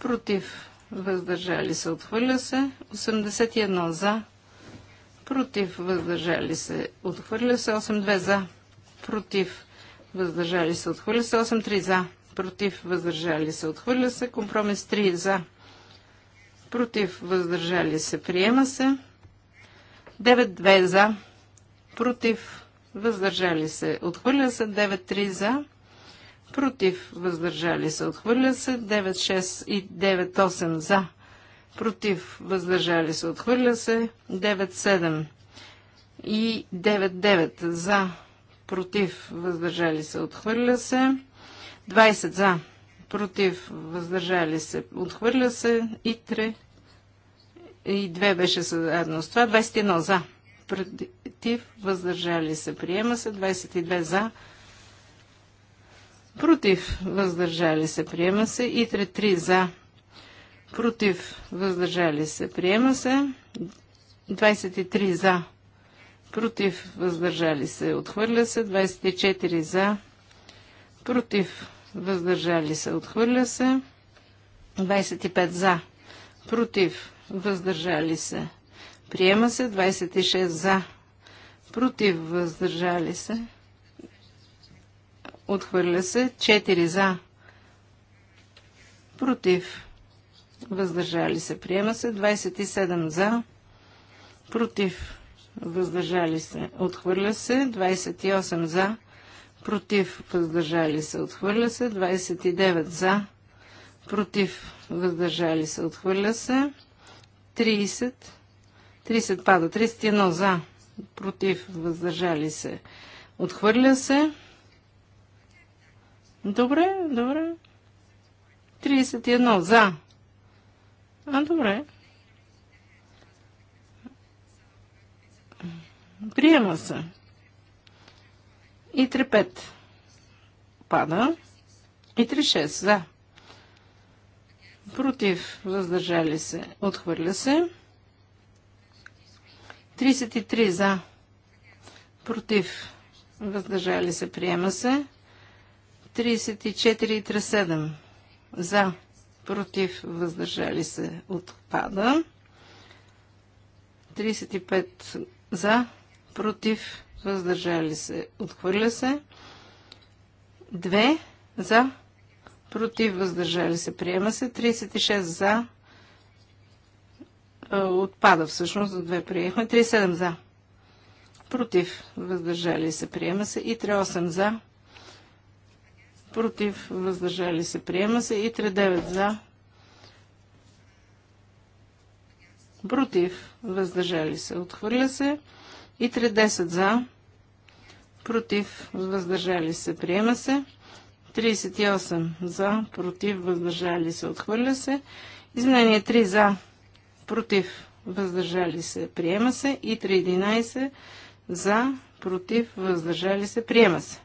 против, въздържали се, отхвърля се. 81 за, против, въздържали се, отхвърля се. 82 за, против, въздържали се, отхвърля се. 83 за, против, въздържали се, отхвърля се. Компромис 3 за, против, въздържали се, приема се. 9-2 за, против, въздържали се, отхвърля се. 9-3 за, против, въздържали се, отхвърля се, 9-6 и 9-8 за, против, въздържали се, отхвърля се, 9-7 и 9-9 за, против, въздържали се, отхвърля се, 20 за, против, въздържали се, отхвърля се, и 3 и 2 беше заедно с това, 21 за, против, въздържали се, приема се, 22 за, против, въздържали се, приема се. И 3 за, против, въздържали се, приема се. 23 за, против, въздържали се, отхвърля се. 24 за, против, въздържали се, отхвърля се. 25 за, против, въздържали се. Приема се 26 за, против, въздържали се. Отхвърля се 4 за. Против. Въздържали се. Приема се 27 за. Против. Въздържали се. Отхвърля се 28 за. Против. Въздържали се. Отхвърля се 29 за. Против. Въздържали се. Отхвърля се 30. 30 пада. 31 за. Против. Въздържали се. Отхвърля се. Добре, добре. 31 за. А, добре. Приема се. И 3-5. Пада. И 3-6 за. Против. Въздържали се. Отхвърля се. 33 за. Против. Въздържали се. Приема се. 34 37 за, против, въздържали се, отпада. 35 за, против, въздържали се, отхвърля се. 2 за, против, въздържали се, приема се. 36 за, е, отпада всъщност, за 2 приехме. 37 за, против, въздържали се, приема се. И 38 за, против, въздържали се, приема се. И 9 за, против, въздържали се, отхвърля се. И 10 за, против, въздържали се, приема се. 38 за, против, въздържали се, отхвърля се. Изменение 3 за, против, въздържали се, приема се. И 311 за, против, въздържали се, приема се.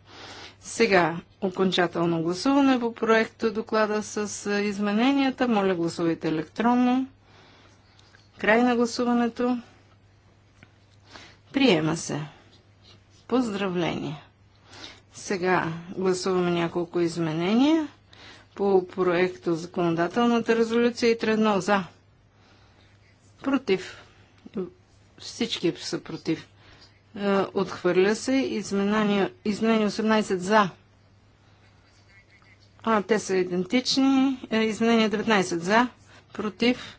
Сега, окончателно гласуване по проекта доклада с измененията. Моля гласувайте електронно. Край на гласуването. Приема се. Поздравление. Сега гласуваме няколко изменения по проекто законодателната резолюция и тредно за. Против. Всички са против. Отхвърля се. Изменение 18 за а, те са идентични. Е, изменение 19 за, против,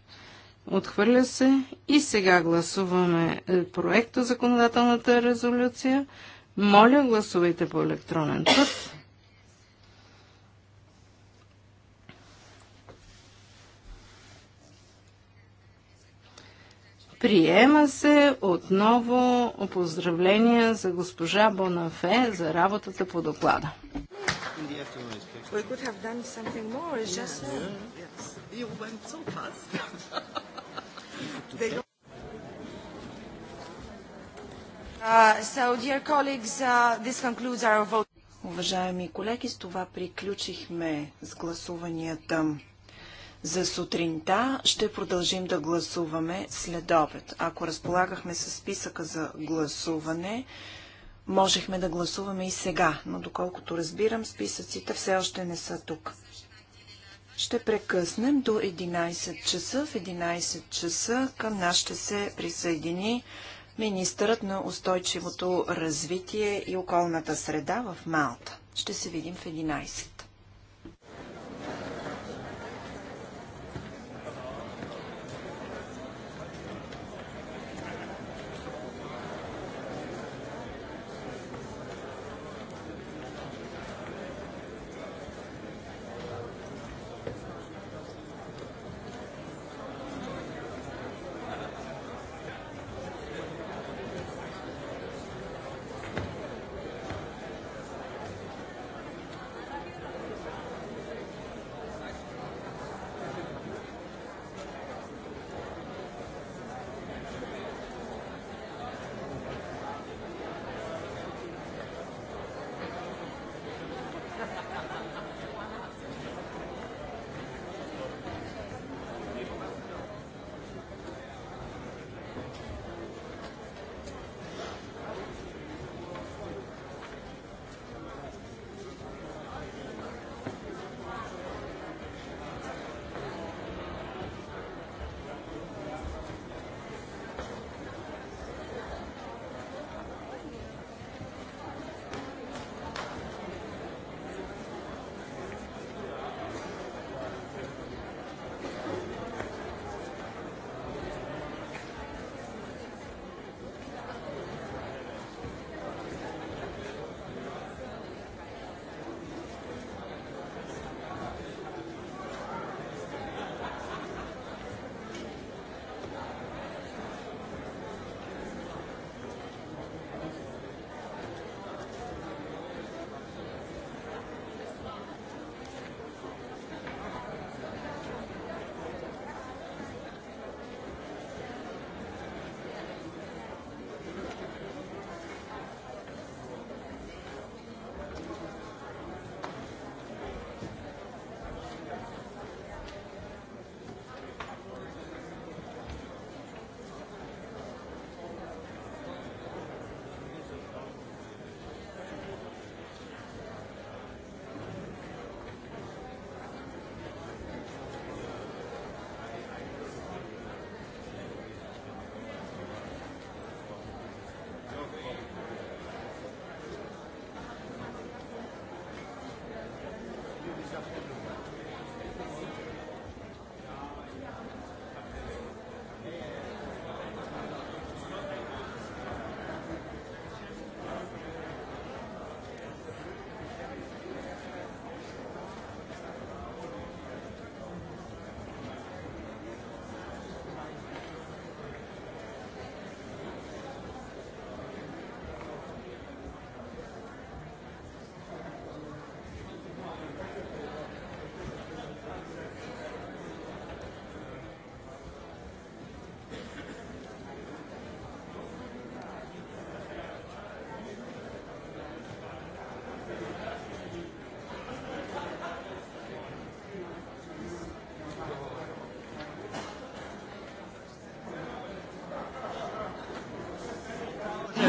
отхвърля се. И сега гласуваме е, проекта законодателната резолюция. Моля, гласувайте по електронен път. Приема се отново поздравления за госпожа Бонафе за работата по доклада. We could have done something more. It's yes. just yeah. yes. you went so fast. they Uh, so, dear colleagues, uh, this concludes our vote. Уважаеми колеги, с това приключихме с гласуванията за сутринта. Ще продължим да гласуваме след обед. Ако разполагахме с списъка за гласуване, можехме да гласуваме и сега, но доколкото разбирам, списъците все още не са тук. Ще прекъснем до 11 часа. В 11 часа към нас ще се присъедини министърът на устойчивото развитие и околната среда в Малта. Ще се видим в 11.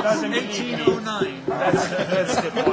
1809. That's, that's the one.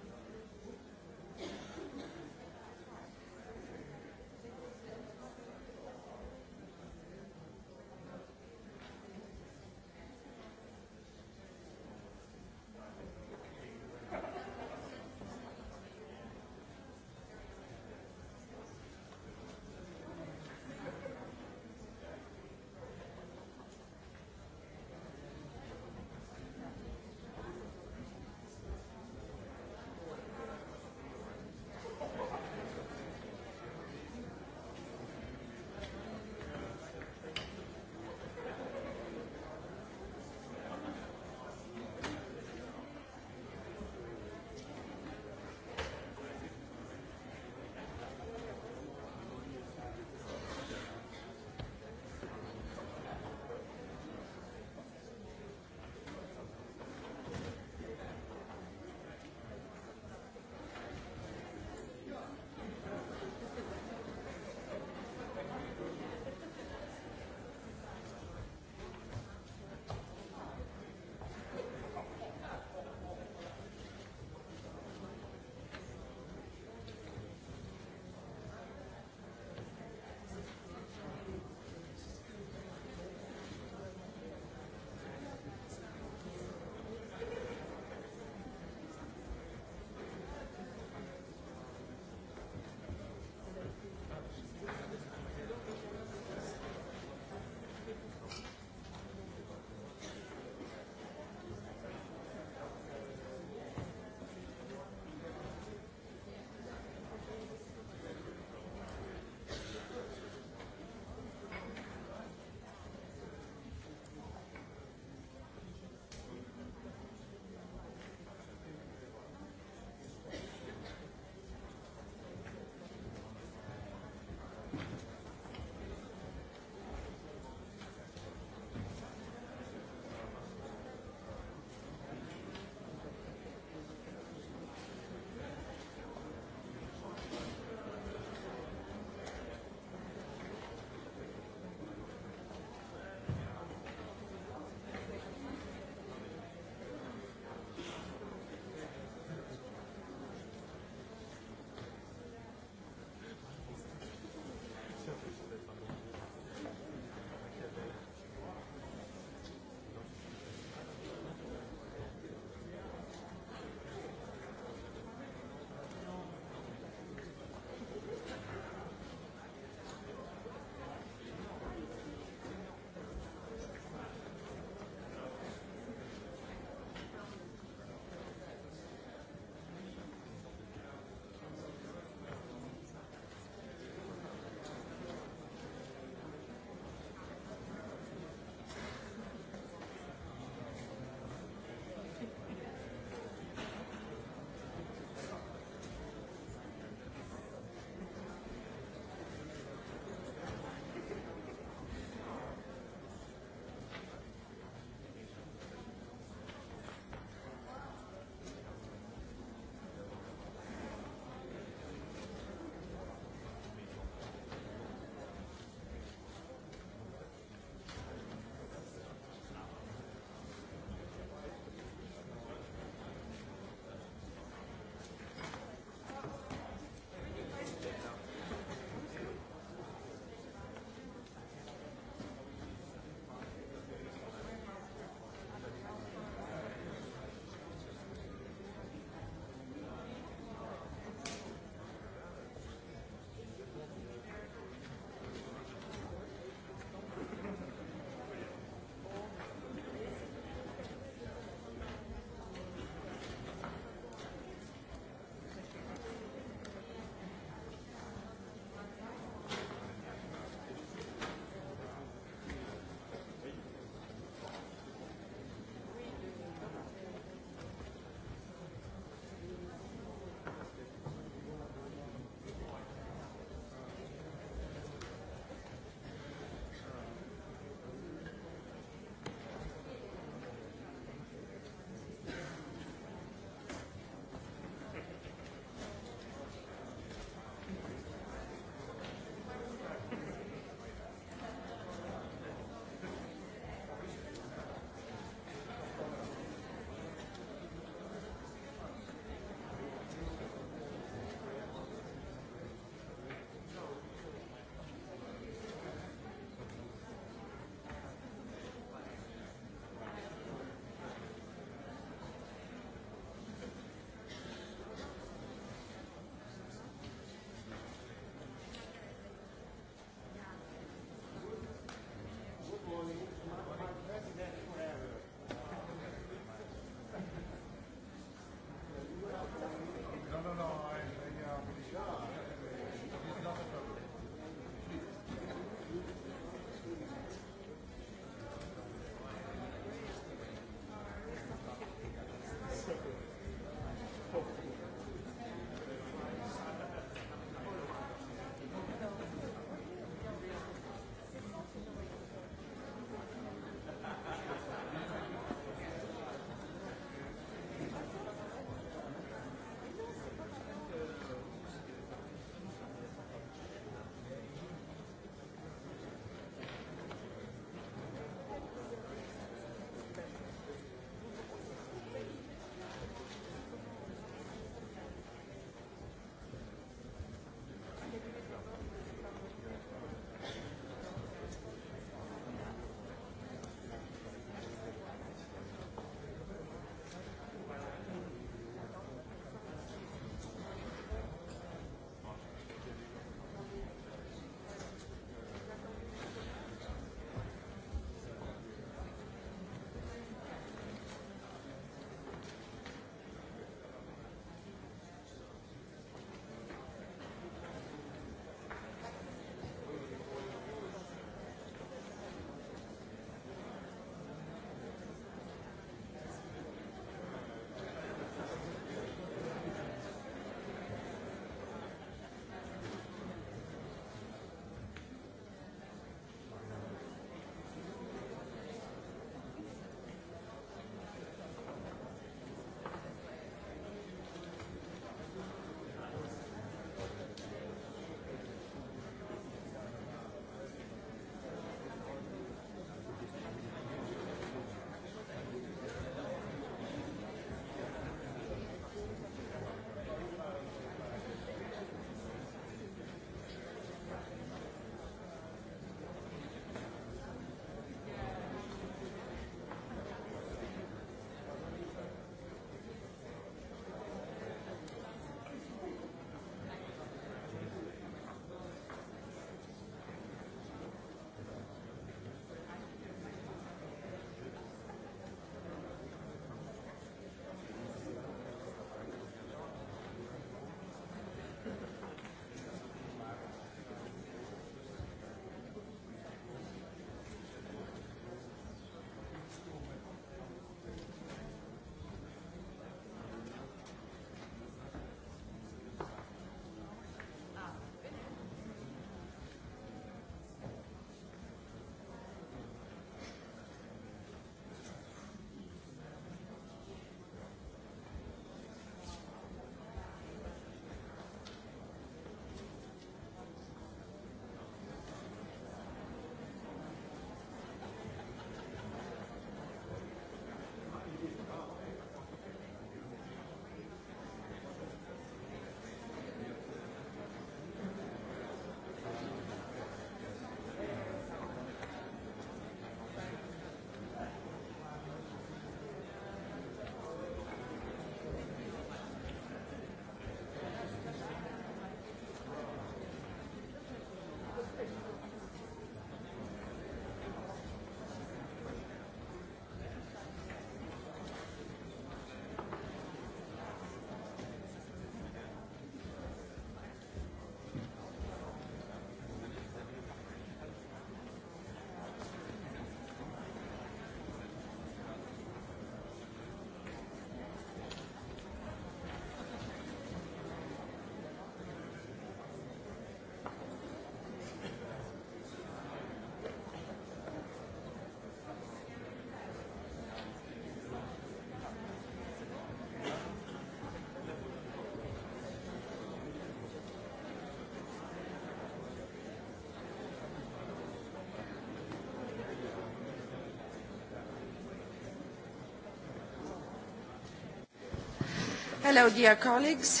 Hello, dear colleagues.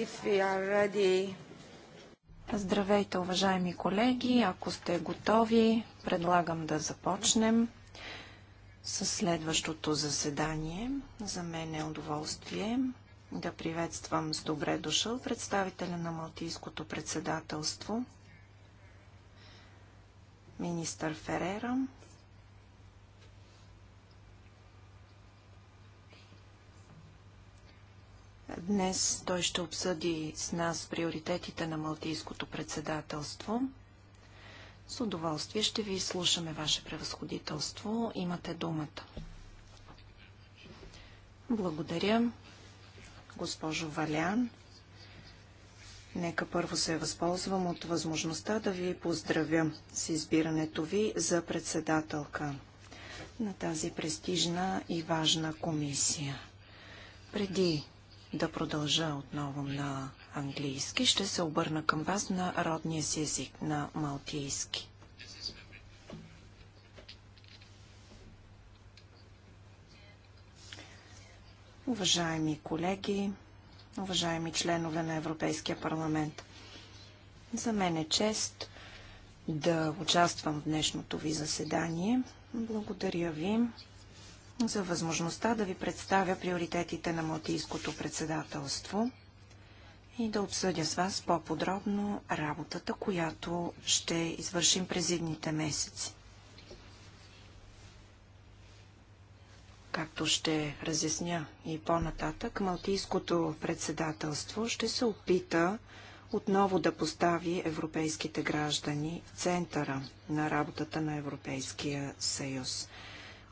If we are ready... Здравейте, уважаеми колеги! Ако сте готови, предлагам да започнем с следващото заседание. За мен е удоволствие да приветствам с добре дошъл представителя на Малтийското председателство, министър Ферера. Днес той ще обсъди с нас приоритетите на Малтийското председателство. С удоволствие ще ви слушаме, Ваше превъзходителство. Имате думата. Благодаря, госпожо Валян. Нека първо се възползвам от възможността да ви поздравя с избирането ви за председателка на тази престижна и важна комисия. Преди да продължа отново на английски. Ще се обърна към вас на родния си език, на малтийски. Уважаеми колеги, уважаеми членове на Европейския парламент, за мен е чест да участвам в днешното ви заседание. Благодаря ви за възможността да ви представя приоритетите на Малтийското председателство и да обсъдя с вас по-подробно работата, която ще извършим през едните месеци. Както ще разясня и по-нататък, Малтийското председателство ще се опита отново да постави европейските граждани в центъра на работата на Европейския съюз –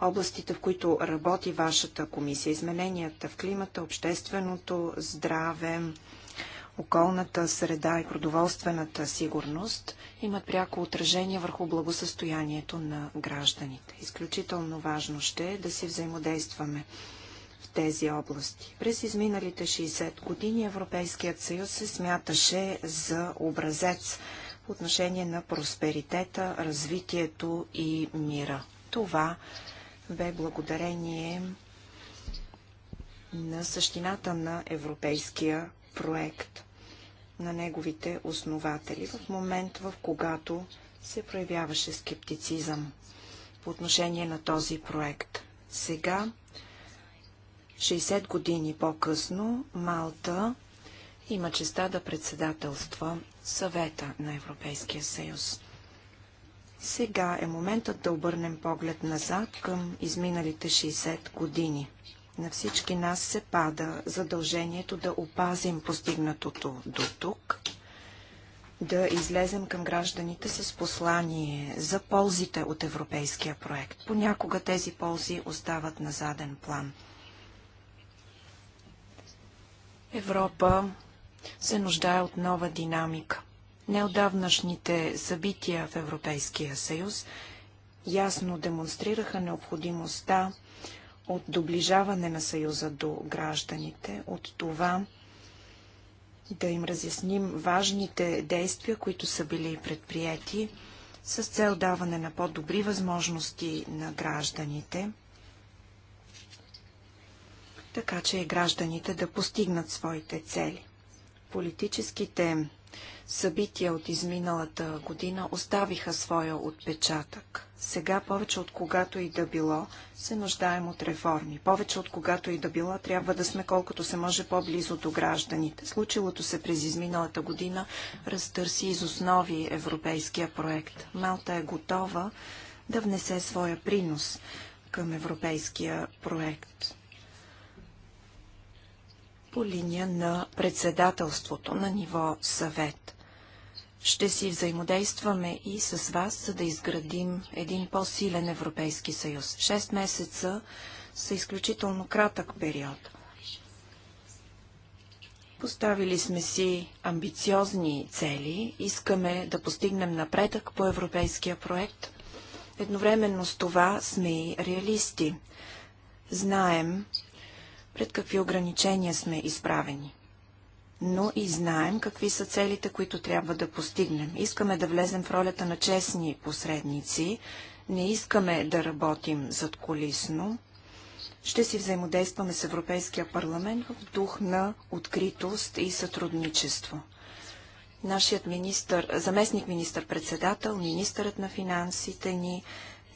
областите, в които работи вашата комисия. Измененията в климата, общественото здраве, околната среда и продоволствената сигурност имат пряко отражение върху благосъстоянието на гражданите. Изключително важно ще е да си взаимодействаме в тези области. През изминалите 60 години Европейският съюз се смяташе за образец по отношение на просперитета, развитието и мира. Това бе благодарение на същината на европейския проект, на неговите основатели, в момент в когато се проявяваше скептицизъм по отношение на този проект. Сега, 60 години по-късно, Малта има честа да председателства съвета на Европейския съюз. Сега е моментът да обърнем поглед назад към изминалите 60 години. На всички нас се пада задължението да опазим постигнатото до тук, да излезем към гражданите с послание за ползите от европейския проект. Понякога тези ползи остават на заден план. Европа се нуждае от нова динамика – Неодавнашните събития в Европейския съюз ясно демонстрираха необходимостта от доближаване на Съюза до гражданите, от това да им разясним важните действия, които са били предприяти с цел даване на по-добри възможности на гражданите, така че гражданите да постигнат своите цели. Политическите събития от изминалата година оставиха своя отпечатък. Сега повече от когато и да било се нуждаем от реформи. Повече от когато и да било трябва да сме колкото се може по-близо до гражданите. Случилото се през изминалата година разтърси из основи европейския проект. Малта е готова да внесе своя принос към европейския проект по линия на председателството на ниво съвет. Ще си взаимодействаме и с вас, за да изградим един по-силен Европейски съюз. Шест месеца са изключително кратък период. Поставили сме си амбициозни цели, искаме да постигнем напредък по европейския проект. Едновременно с това сме и реалисти. Знаем пред какви ограничения сме изправени но и знаем какви са целите, които трябва да постигнем. Искаме да влезем в ролята на честни посредници, не искаме да работим зад колисно. Ще си взаимодействаме с Европейския парламент в дух на откритост и сътрудничество. Нашият министър, заместник министър-председател, министърът на финансите ни,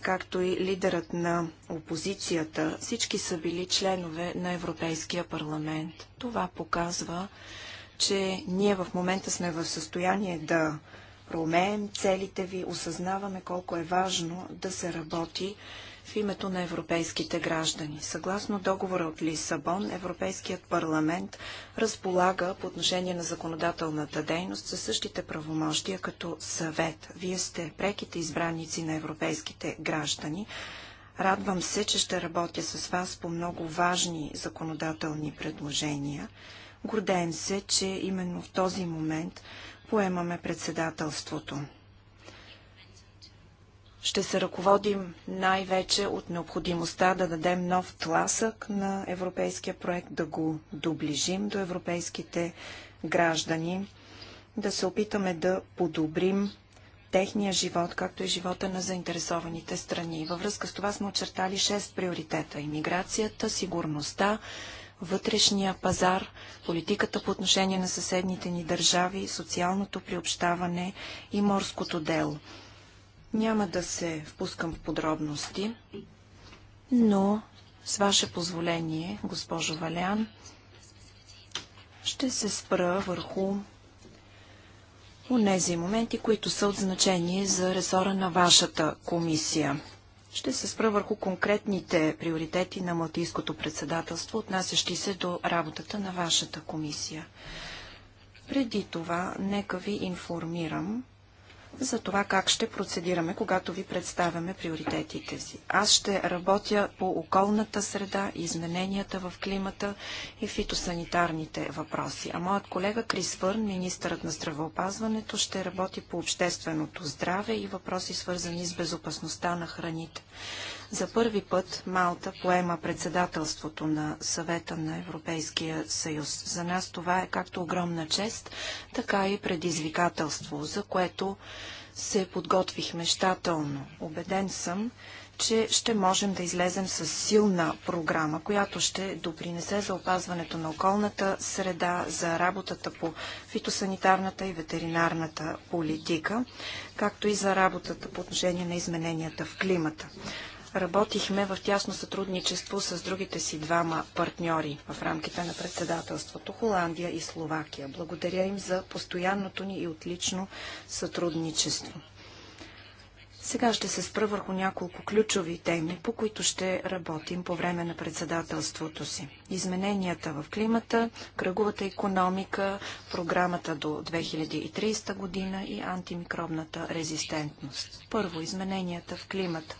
както и лидерът на опозицията, всички са били членове на Европейския парламент. Това показва, че ние в момента сме в състояние да проумеем целите ви, осъзнаваме колко е важно да се работи в името на европейските граждани. Съгласно договора от Лисабон, Европейският парламент разполага по отношение на законодателната дейност със същите правомощия като съвет. Вие сте преките избранници на европейските граждани. Радвам се, че ще работя с вас по много важни законодателни предложения. Гордеем се, че именно в този момент поемаме председателството. Ще се ръководим най-вече от необходимостта да дадем нов тласък на европейския проект, да го доближим до европейските граждани, да се опитаме да подобрим техния живот, както и живота на заинтересованите страни. Във връзка с това сме очертали 6 приоритета – иммиграцията, сигурността, вътрешния пазар, политиката по отношение на съседните ни държави, социалното приобщаване и морското дело. Няма да се впускам в подробности, но с ваше позволение, госпожо Валян, ще се спра върху онези моменти, които са от значение за ресора на вашата комисия. Ще се спра върху конкретните приоритети на Малтийското председателство, отнасящи се до работата на вашата комисия. Преди това, нека ви информирам, за това как ще процедираме, когато ви представяме приоритетите си. Аз ще работя по околната среда, измененията в климата и фитосанитарните въпроси. А моят колега Крис Върн, министърът на здравеопазването, ще работи по общественото здраве и въпроси свързани с безопасността на храните. За първи път Малта поема председателството на съвета на Европейския съюз. За нас това е както огромна чест, така и предизвикателство, за което се подготвихме щателно. Обеден съм, че ще можем да излезем с силна програма, която ще допринесе за опазването на околната среда, за работата по фитосанитарната и ветеринарната политика, както и за работата по отношение на измененията в климата. Работихме в тясно сътрудничество с другите си двама партньори в рамките на председателството Холандия и Словакия. Благодаря им за постоянното ни и отлично сътрудничество. Сега ще се спра върху няколко ключови теми, по които ще работим по време на председателството си. Измененията в климата, кръговата економика, програмата до 2030 година и антимикробната резистентност. Първо, измененията в климата.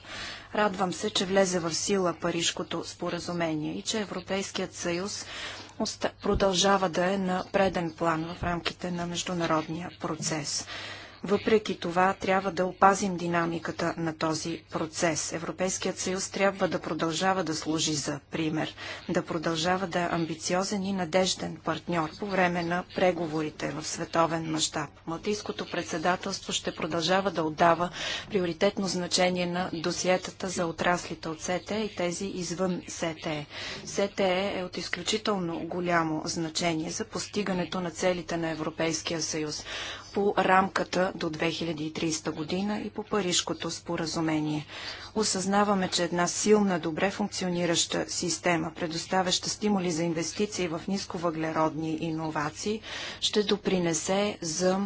Радвам се, че влезе в сила Парижкото споразумение и че Европейският съюз продължава да е на преден план в рамките на международния процес. Въпреки това, трябва да опазим динамиката на този процес. Европейският съюз трябва да продължава да служи за пример, да продължава да е амбициозен и надежден партньор по време на преговорите в световен мащаб. Малтийското председателство ще продължава да отдава приоритетно значение на досиетата за отраслите от СЕТЕ и тези извън СЕТЕ. СЕТЕ е от изключително голямо значение за постигането на целите на Европейския съюз по рамката до 2030 година и по Парижкото споразумение. Осъзнаваме, че една силна, добре функционираща система, предоставяща стимули за инвестиции в нисковъглеродни иновации, ще допринесе за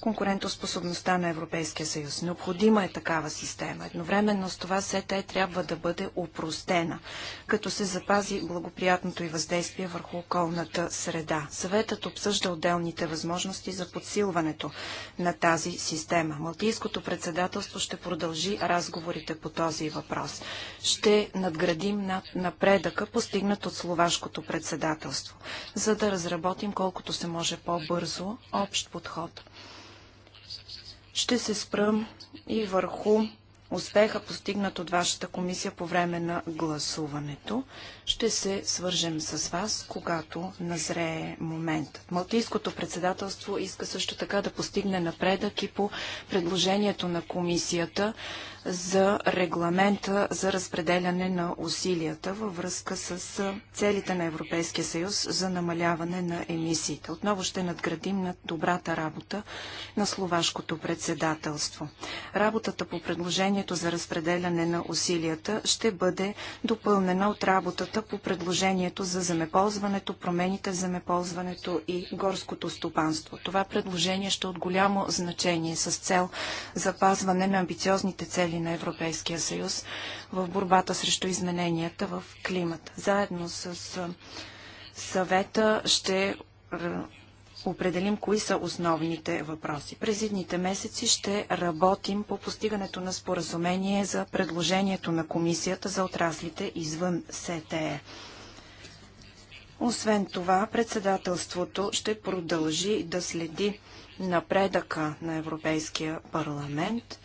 конкурентоспособността на Европейския съюз. Необходима е такава система. Едновременно с това СЕТЕ трябва да бъде упростена, като се запази благоприятното и въздействие върху околната среда. Съветът обсъжда отделните възможности за подсилването на тази система. Малтийското председателство ще продължи разговорите по този този въпрос. Ще надградим над напредъка, постигнат от словашкото председателство, за да разработим колкото се може по-бързо общ подход. Ще се спрам и върху успеха, постигнат от вашата комисия по време на гласуването. Ще се свържем с вас, когато назрее момент. Малтийското председателство иска също така да постигне напредък и по предложението на комисията за регламента за разпределяне на усилията във връзка с целите на Европейския съюз за намаляване на емисиите. Отново ще надградим на добрата работа на словашкото председателство. Работата по предложението за разпределяне на усилията ще бъде допълнена от работата по предложението за земеползването, промените в земеползването и горското стопанство. Това предложение ще от голямо значение с цел запазване на амбициозните цели цели на Европейския съюз в борбата срещу измененията в климата. Заедно с съвета ще определим кои са основните въпроси. През едните месеци ще работим по постигането на споразумение за предложението на комисията за отраслите извън СТЕ. Освен това, председателството ще продължи да следи напредъка на Европейския парламент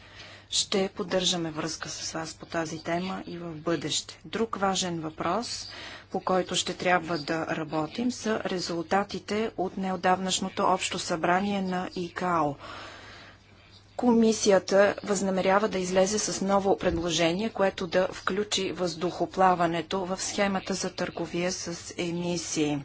ще поддържаме връзка с вас по тази тема и в бъдеще. Друг важен въпрос, по който ще трябва да работим, са резултатите от неодавнашното общо събрание на ИКАО. Комисията възнамерява да излезе с ново предложение, което да включи въздухоплаването в схемата за търговия с емисии.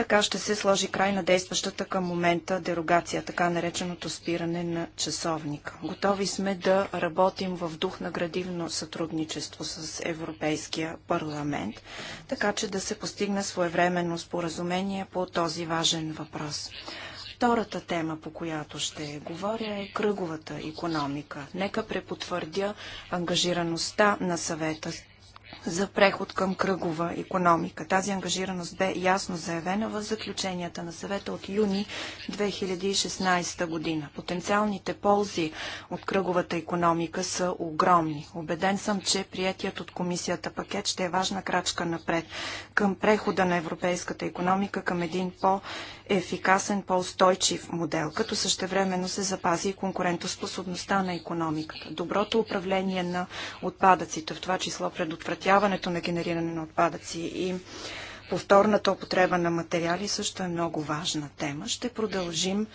Така ще се сложи край на действащата към момента дерогация, така нареченото спиране на часовника. Готови сме да работим в дух на градивно сътрудничество с Европейския парламент, така че да се постигне своевременно споразумение по този важен въпрос. Втората тема, по която ще говоря е кръговата економика. Нека препотвърдя ангажираността на съвета за преход към кръгова економика. Тази ангажираност бе ясно заявена в заключенията на съвета от юни 2016 година. Потенциалните ползи от кръговата економика са огромни. Обеден съм, че приятият от комисията пакет ще е важна крачка напред към прехода на европейската економика към един по- ефикасен по-устойчив модел, като същевременно се запази и конкурентоспособността на економиката. Доброто управление на отпадъците, в това число предотвратяването на генериране на отпадъци и повторната употреба на материали също е много важна тема. Ще продължим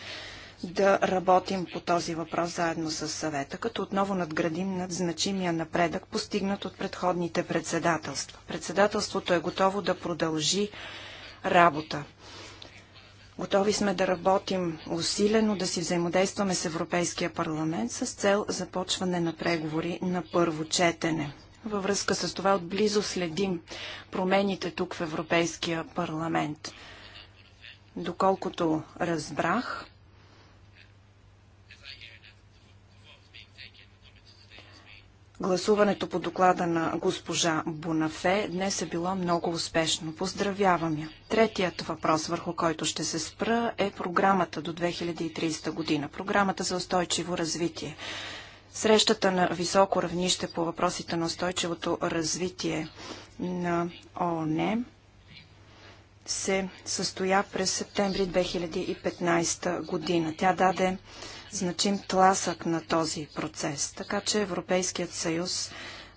да работим по този въпрос заедно с съвета, като отново надградим над значимия напредък, постигнат от предходните председателства. Председателството е готово да продължи работа Готови сме да работим усилено, да си взаимодействаме с Европейския парламент с цел започване на преговори на първо четене. Във връзка с това отблизо следим промените тук в Европейския парламент. Доколкото разбрах, Гласуването по доклада на госпожа Бунафе днес е било много успешно. Поздравявам я. Третият въпрос, върху който ще се спра, е програмата до 2030 година. Програмата за устойчиво развитие. Срещата на високо равнище по въпросите на устойчивото развитие на ООН се състоя през септември 2015 година. Тя даде значим тласък на този процес, така че Европейският съюз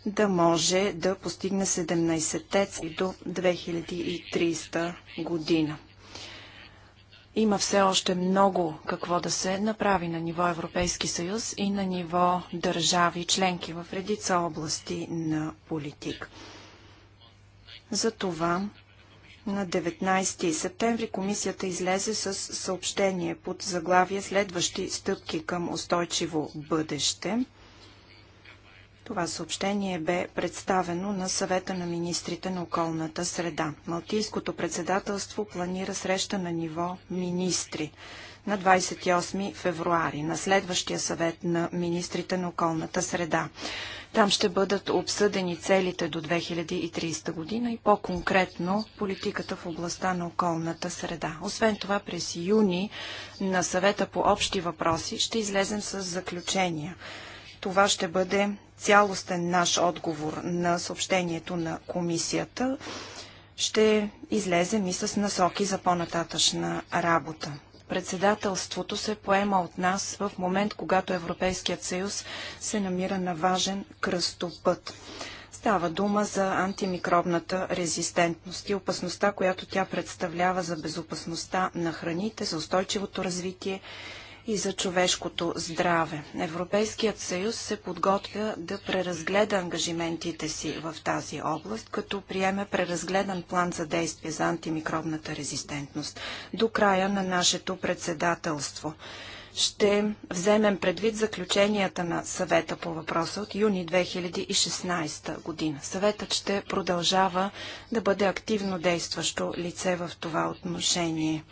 да може да постигне 17-те до 2030 година. Има все още много какво да се направи на ниво Европейски съюз и на ниво държави членки в редица области на политик. За това. На 19 септември комисията излезе с съобщение под заглавие Следващи стъпки към устойчиво бъдеще. Това съобщение бе представено на съвета на министрите на околната среда. Малтийското председателство планира среща на ниво министри на 28 февруари, на следващия съвет на министрите на околната среда. Там ще бъдат обсъдени целите до 2030 година и по-конкретно политиката в областта на околната среда. Освен това, през юни на съвета по общи въпроси ще излезем с заключения. Това ще бъде цялостен наш отговор на съобщението на комисията. Ще излезем и с насоки за по-нататъчна работа. Председателството се поема от нас в момент, когато Европейският съюз се намира на важен кръстопът. Става дума за антимикробната резистентност и опасността, която тя представлява за безопасността на храните, за устойчивото развитие и за човешкото здраве. Европейският съюз се подготвя да преразгледа ангажиментите си в тази област, като приеме преразгледан план за действие за антимикробната резистентност до края на нашето председателство ще вземем предвид заключенията на съвета по въпроса от юни 2016 година. Съветът ще продължава да бъде активно действащо лице в това отношение.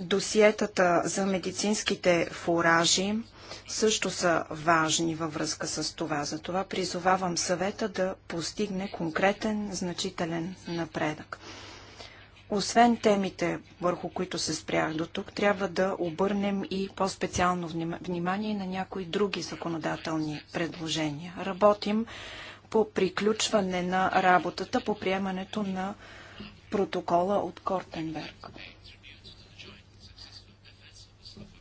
Досиетата за медицинските фуражи също са важни във връзка с това. Затова призовавам съвета да постигне конкретен, значителен напредък. Освен темите, върху които се спрях до тук, трябва да обърнем и по-специално внимание на някои други законодателни предложения. Работим по приключване на работата по приемането на протокола от Кортенберг.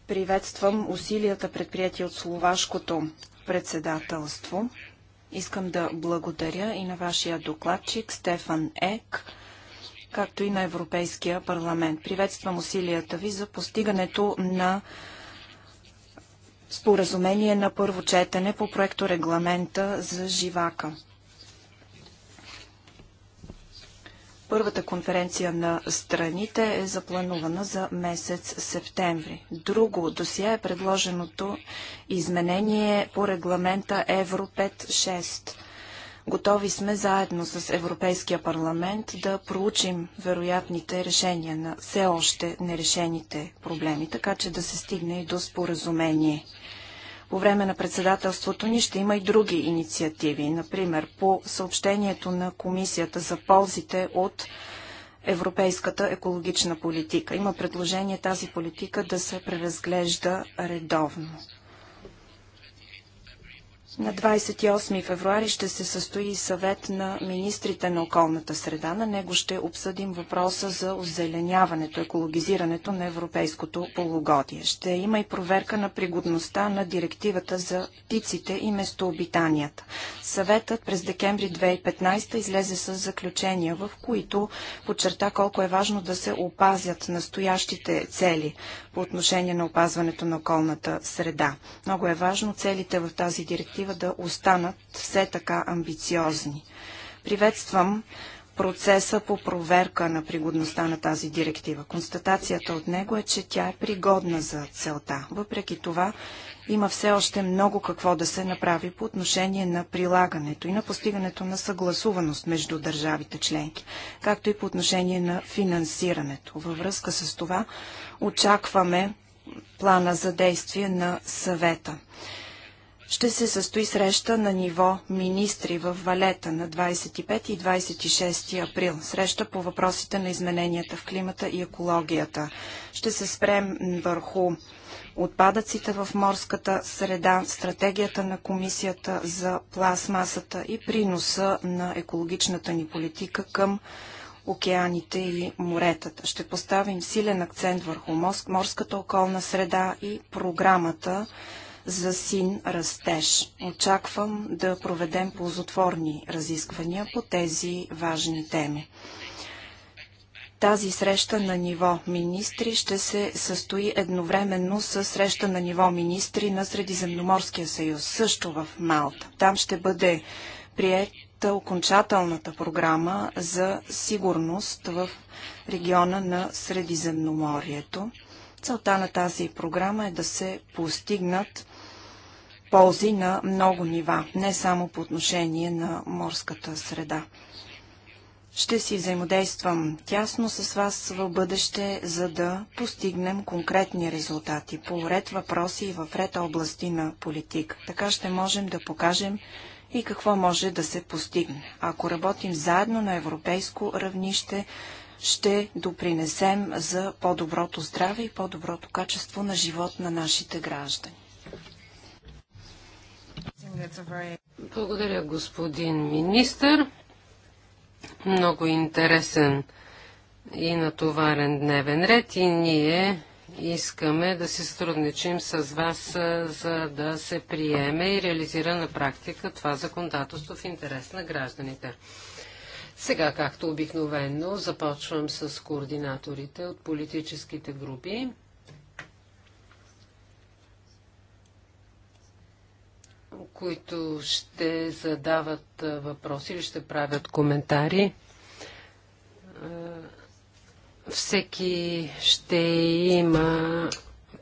Приветствам усилията предприяти от словашкото председателство. Искам да благодаря и на вашия докладчик Стефан Ек, както и на Европейския парламент. Приветствам усилията ви за постигането на споразумение на първо четене по проекто регламента за живака. Първата конференция на страните е запланувана за месец септември. Друго досие е предложеното изменение по регламента Евро 5-6. Готови сме заедно с Европейския парламент да проучим вероятните решения на все още нерешените проблеми, така че да се стигне и до споразумение по време на председателството ни ще има и други инициативи, например по съобщението на Комисията за ползите от европейската екологична политика. Има предложение тази политика да се преразглежда редовно. На 28 февруари ще се състои съвет на министрите на околната среда. На него ще обсъдим въпроса за озеленяването, екологизирането на европейското полугодие. Ще има и проверка на пригодността на директивата за птиците и местообитанията. Съветът през декември 2015 излезе с заключения, в които подчерта колко е важно да се опазят настоящите цели по отношение на опазването на околната среда. Много е важно целите в тази директива да останат все така амбициозни. Приветствам процеса по проверка на пригодността на тази директива. Констатацията от него е, че тя е пригодна за целта. Въпреки това, има все още много какво да се направи по отношение на прилагането и на постигането на съгласуваност между държавите членки, както и по отношение на финансирането. Във връзка с това очакваме плана за действие на съвета. Ще се състои среща на ниво министри в Валета на 25 и 26 април. Среща по въпросите на измененията в климата и екологията. Ще се спрем върху отпадъците в морската среда, стратегията на Комисията за пластмасата и приноса на екологичната ни политика към океаните и моретата. Ще поставим силен акцент върху морската околна среда и програмата за син растеж. Очаквам да проведем ползотворни разисквания по тези важни теми. Тази среща на ниво министри ще се състои едновременно с среща на ниво министри на Средиземноморския съюз, също в Малта. Там ще бъде приета окончателната програма за сигурност в региона на Средиземноморието. Целта на тази програма е да се постигнат ползи на много нива, не само по отношение на морската среда. Ще си взаимодействам тясно с вас в бъдеще, за да постигнем конкретни резултати по ред въпроси и в ред области на политик. Така ще можем да покажем и какво може да се постигне. Ако работим заедно на европейско равнище, ще допринесем за по-доброто здраве и по-доброто качество на живот на нашите граждани. Благодаря, господин министър. Много интересен и натоварен дневен ред и ние искаме да си сътрудничим с вас, за да се приеме и реализира на практика това законодателство в интерес на гражданите. Сега, както обикновено, започвам с координаторите от политическите групи. които ще задават въпроси или ще правят коментари. Всеки ще има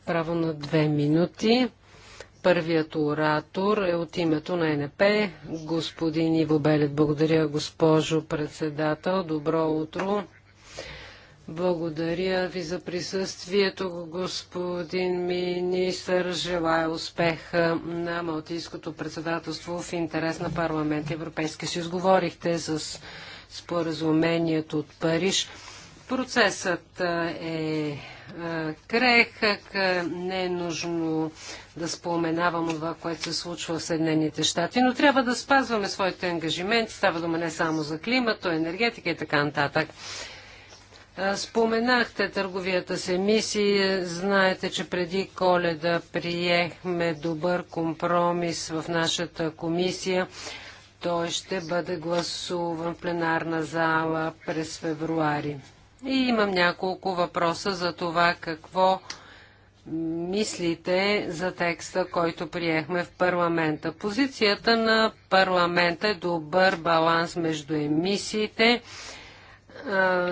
право на две минути. Първият оратор е от името на НП, господин Иво Белет. Благодаря, госпожо председател. Добро утро. Благодаря ви за присъствието, господин министър. Желая успех на Малтийското председателство в интерес на парламент Европейския съюз. Говорихте с споразумението от Париж. Процесът е крехък, не е нужно да споменавам това, което се случва в Съединените щати, но трябва да спазваме своите ангажименти. Става дума не само за климата, енергетика и така нататък. Споменахте търговията с емисии. Знаете, че преди коледа приехме добър компромис в нашата комисия. Той ще бъде гласуван в пленарна зала през февруари. И имам няколко въпроса за това какво мислите за текста, който приехме в парламента. Позицията на парламента е добър баланс между емисиите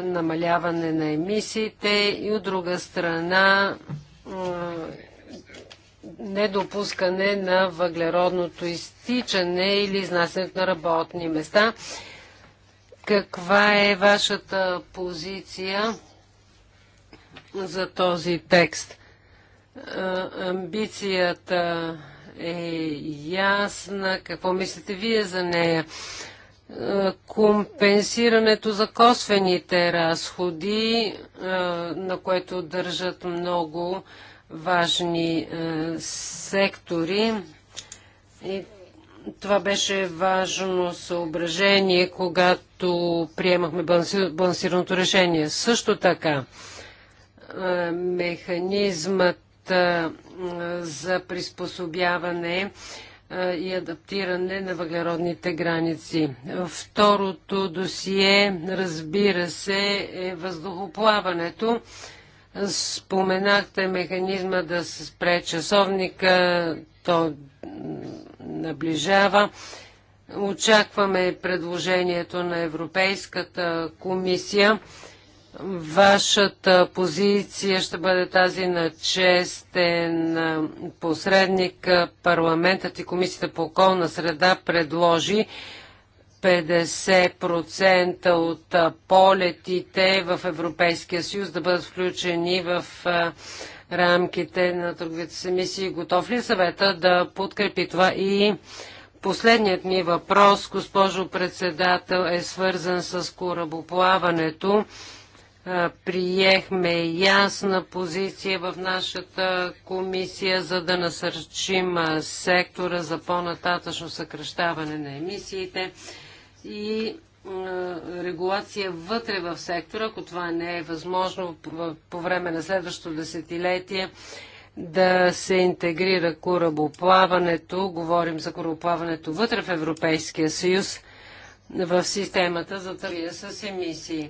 намаляване на емисиите и от друга страна недопускане на въглеродното изтичане или изнасянето на работни места. Каква е вашата позиция за този текст? амбицията е ясна. Какво мислите вие за нея? компенсирането за косвените разходи, на което държат много важни сектори. И това беше важно съображение, когато приемахме балансираното решение. Също така, механизмът за приспособяване и адаптиране на въглеродните граници. Второто досие, разбира се, е въздухоплаването. Споменахте механизма да се спре часовника, то наближава. Очакваме предложението на Европейската комисия. Вашата позиция ще бъде тази на честен посредник. Парламентът и Комисията по околна среда предложи 50% от полетите в Европейския съюз да бъдат включени в рамките на търговите с емисии. Готов ли е съвета да подкрепи това? И последният ми въпрос, госпожо председател, е свързан с корабоплаването приехме ясна позиция в нашата комисия, за да насърчим сектора за по-нататъчно съкръщаване на емисиите и регулация вътре в сектора, ако това не е възможно по време на следващото десетилетие, да се интегрира корабоплаването, говорим за корабоплаването вътре в Европейския съюз, в системата за търгия с емисии.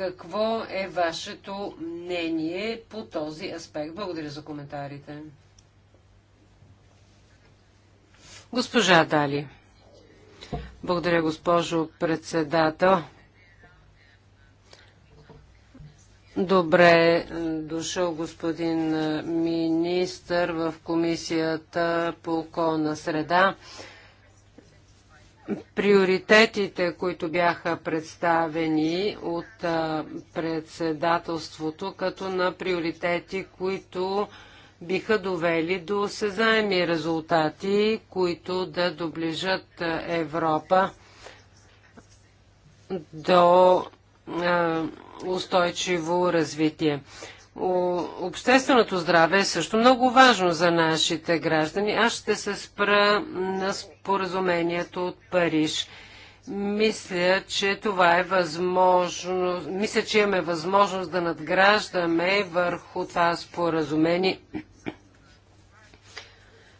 Какво е вашето мнение по този аспект? Благодаря за коментарите. Госпожа Дали. Благодаря, госпожо председател. Добре е, дошъл господин е, министър в Комисията по околна среда приоритетите, които бяха представени от председателството, като на приоритети, които биха довели до сезаеми резултати, които да доближат Европа до устойчиво развитие. Общественото здраве е също много важно за нашите граждани. Аз ще се спра на споразумението от Париж. Мисля, че това е възможно. Мисля, че имаме възможност да надграждаме върху това споразумение.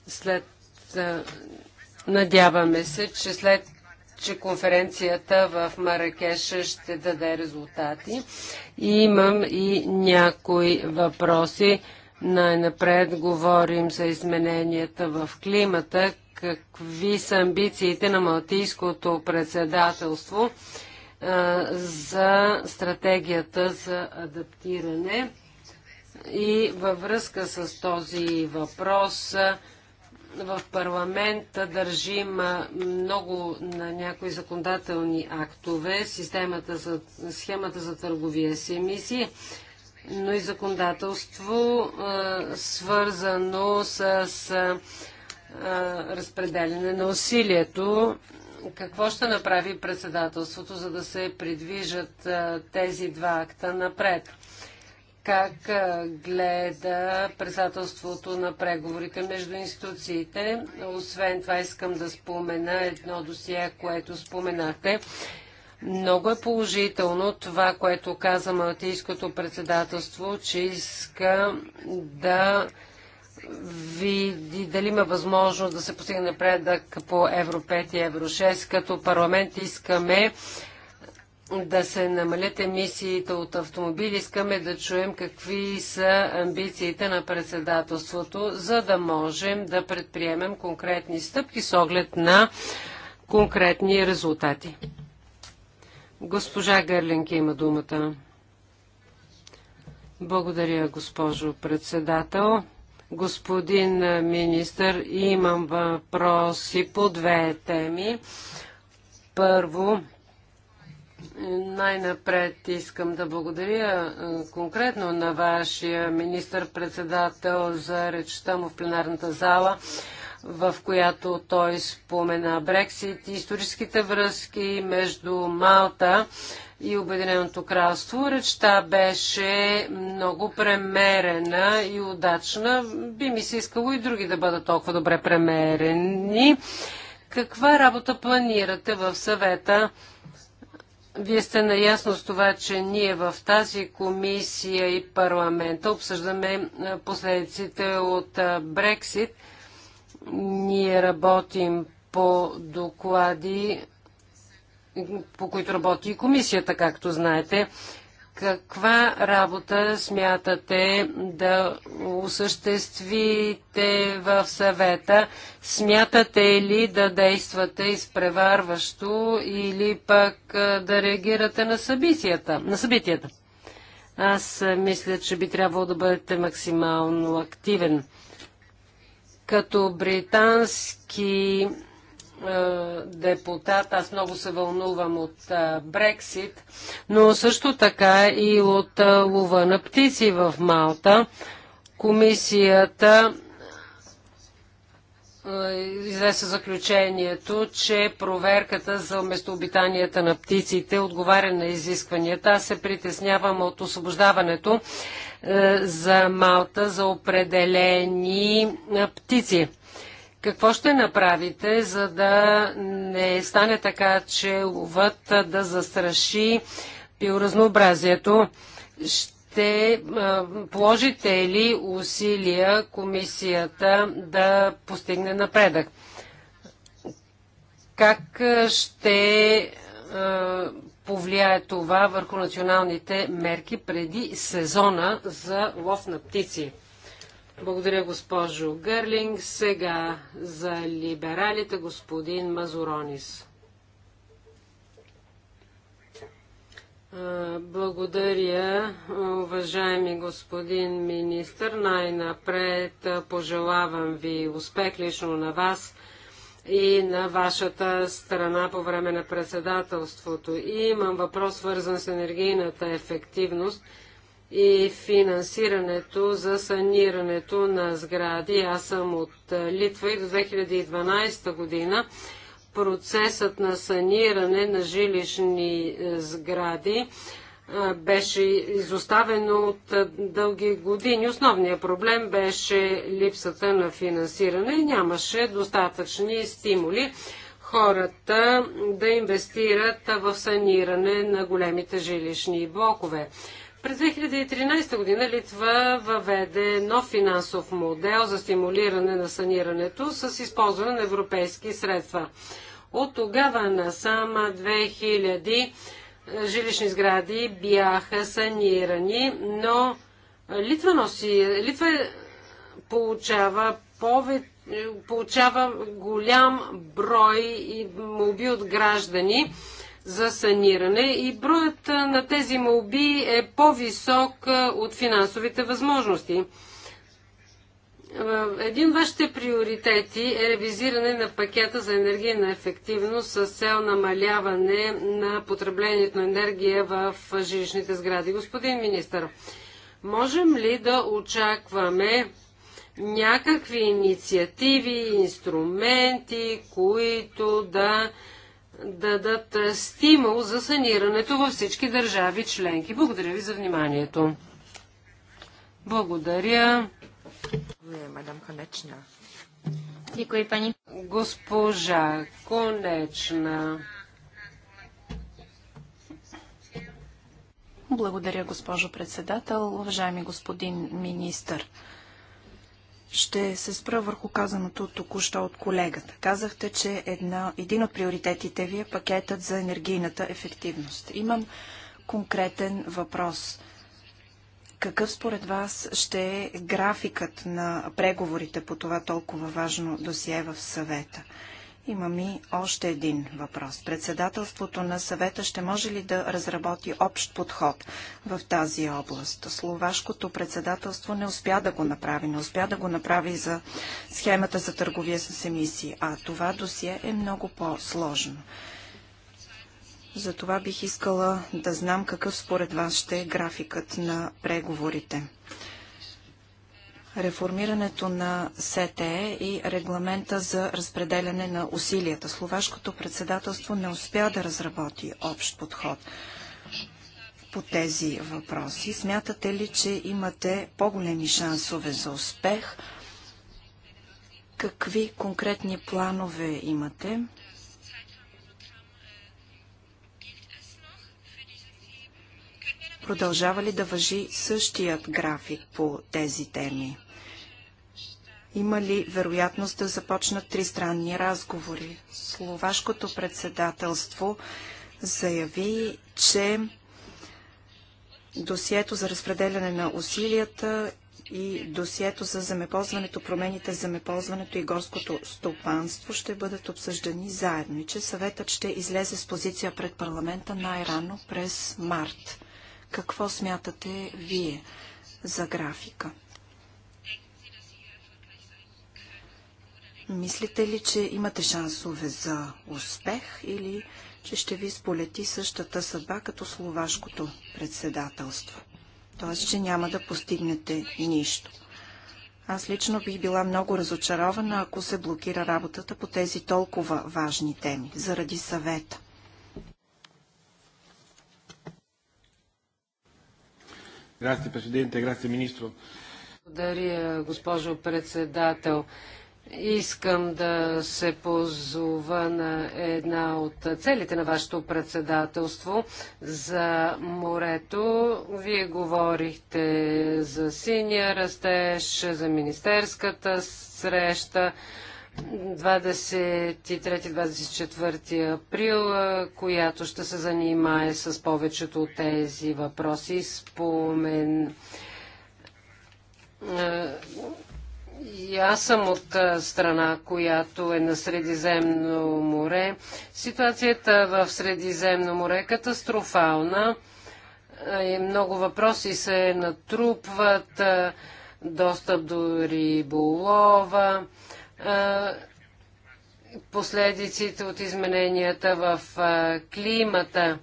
След. Надяваме се, че след че конференцията в Маракеша ще даде резултати. И имам и някои въпроси. Най-напред говорим за измененията в климата. Какви са амбициите на Малтийското председателство а, за стратегията за адаптиране? И във връзка с този въпрос, в парламента държим много на някои законодателни актове, системата за, схемата за търговия с емисии, но и законодателство, свързано с, с разпределяне на усилието. Какво ще направи председателството, за да се придвижат тези два акта напред? как гледа председателството на преговорите между институциите. Освен това искам да спомена едно досие, което споменахте. Много е положително това, което каза Малтийското председателство, че иска да види дали има възможност да се постигне напредък по Евро 5 и Евро 6. Като парламент искаме да се намалят емисиите от автомобили. Искаме да чуем какви са амбициите на председателството, за да можем да предприемем конкретни стъпки с оглед на конкретни резултати. Госпожа Гърленки има думата. Благодаря, госпожо председател. Господин министър, имам въпроси по две теми. Първо, най-напред искам да благодаря е, конкретно на вашия министър-председател за речта му в пленарната зала, в която той спомена Брексит и историческите връзки между Малта и Обединеното кралство. Речта беше много премерена и удачна. Би ми се искало и други да бъдат толкова добре премерени. Каква работа планирате в съвета? Вие сте наясно с това, че ние в тази комисия и парламента обсъждаме последиците от Брексит. Ние работим по доклади, по които работи и комисията, както знаете. Каква работа смятате да осъществите в съвета? Смятате ли да действате изпреварващо или пък да реагирате на събитията? На събитията? Аз мисля, че би трябвало да бъдете максимално активен. Като британски е, депутат. Аз много се вълнувам от е, Брексит, но също така и от е, лова на птици в Малта. Комисията излезе заключението, че проверката за местообитанията на птиците отговаря на изискванията. Аз се притеснявам от освобождаването за Малта за определени птици. Какво ще направите, за да не стане така, че ловът да застраши биоразнообразието? Ще положите ли усилия комисията да постигне напредък? Как ще повлияе това върху националните мерки преди сезона за лов на птици? Благодаря, госпожо Гърлинг. Сега за либералите господин Мазуронис. Благодаря, уважаеми господин министр. Най-напред пожелавам ви успех лично на вас и на вашата страна по време на председателството. И имам въпрос, свързан с енергийната ефективност – и финансирането за санирането на сгради. Аз съм от Литва и до 2012 година процесът на саниране на жилищни сгради беше изоставено от дълги години. Основният проблем беше липсата на финансиране. Нямаше достатъчни стимули хората да инвестират в саниране на големите жилищни блокове. През 2013 година Литва въведе нов финансов модел за стимулиране на санирането с използване на европейски средства. От тогава насам 2000 е, жилищни сгради бяха санирани, но Литва носи, Литва получава повече получава голям брой и молби от граждани за саниране и броят на тези молби е по-висок от финансовите възможности. Един от вашите приоритети е ревизиране на пакета за енергийна ефективност с цел намаляване на потреблението на енергия в жилищните сгради. Господин министър, можем ли да очакваме някакви инициативи, инструменти, които да дадат е, стимул за санирането във всички държави членки. Благодаря ви за вниманието. Благодаря. Госпожа Конечна. Благодаря, госпожо председател. Уважаеми господин министър, ще се спра върху казаното току-що от колегата. Казахте, че една, един от приоритетите ви е пакетът за енергийната ефективност. Имам конкретен въпрос. Какъв според вас ще е графикът на преговорите по това толкова важно досие в съвета? Имам и още един въпрос. Председателството на съвета ще може ли да разработи общ подход в тази област? Словашкото председателство не успя да го направи. Не успя да го направи за схемата за търговия с емисии. А това досие е много по-сложно. Затова бих искала да знам какъв според вас ще е графикът на преговорите реформирането на СТЕ и регламента за разпределяне на усилията. Словашкото председателство не успя да разработи общ подход по тези въпроси. Смятате ли, че имате по-големи шансове за успех? Какви конкретни планове имате? Продължава ли да въжи същият график по тези теми? Има ли вероятност да започнат тристранни разговори? Словашкото председателство заяви, че досието за разпределяне на усилията и досието за земеползването, промените за земеползването и горското стопанство ще бъдат обсъждани заедно и че съветът ще излезе с позиция пред парламента най-рано през март. Какво смятате вие за графика? Мислите ли, че имате шансове за успех или че ще ви сполети същата съдба като словашкото председателство? Тоест, че няма да постигнете нищо. Аз лично бих била много разочарована, ако се блокира работата по тези толкова важни теми, заради съвета. Благодаря, госпожо председател. Искам да се позова на една от целите на вашето председателство за морето. Вие говорихте за синия растеж, за министерската среща, 23-24 април, която ще се занимае с повечето от тези въпроси. Спомен... И аз съм от страна, която е на Средиземно море. Ситуацията в Средиземно море е катастрофална. И много въпроси се натрупват. Достъп до риболова, последиците от измененията в климата,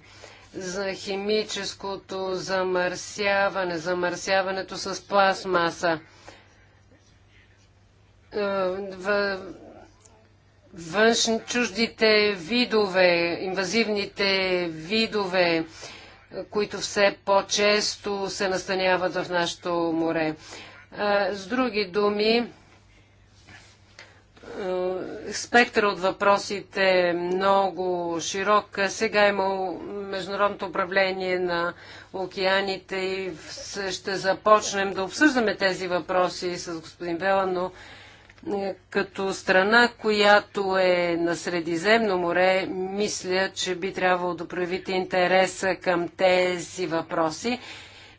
за химическото замърсяване, замърсяването с пластмаса, външни чуждите видове, инвазивните видове, които все по-често се настаняват в нашето море. С други думи, е, спектъра от въпросите е много широк. Сега има Международното управление на океаните и ще започнем да обсъждаме тези въпроси с господин Вела, но е, като страна, която е на Средиземно море, мисля, че би трябвало да проявите интереса към тези въпроси.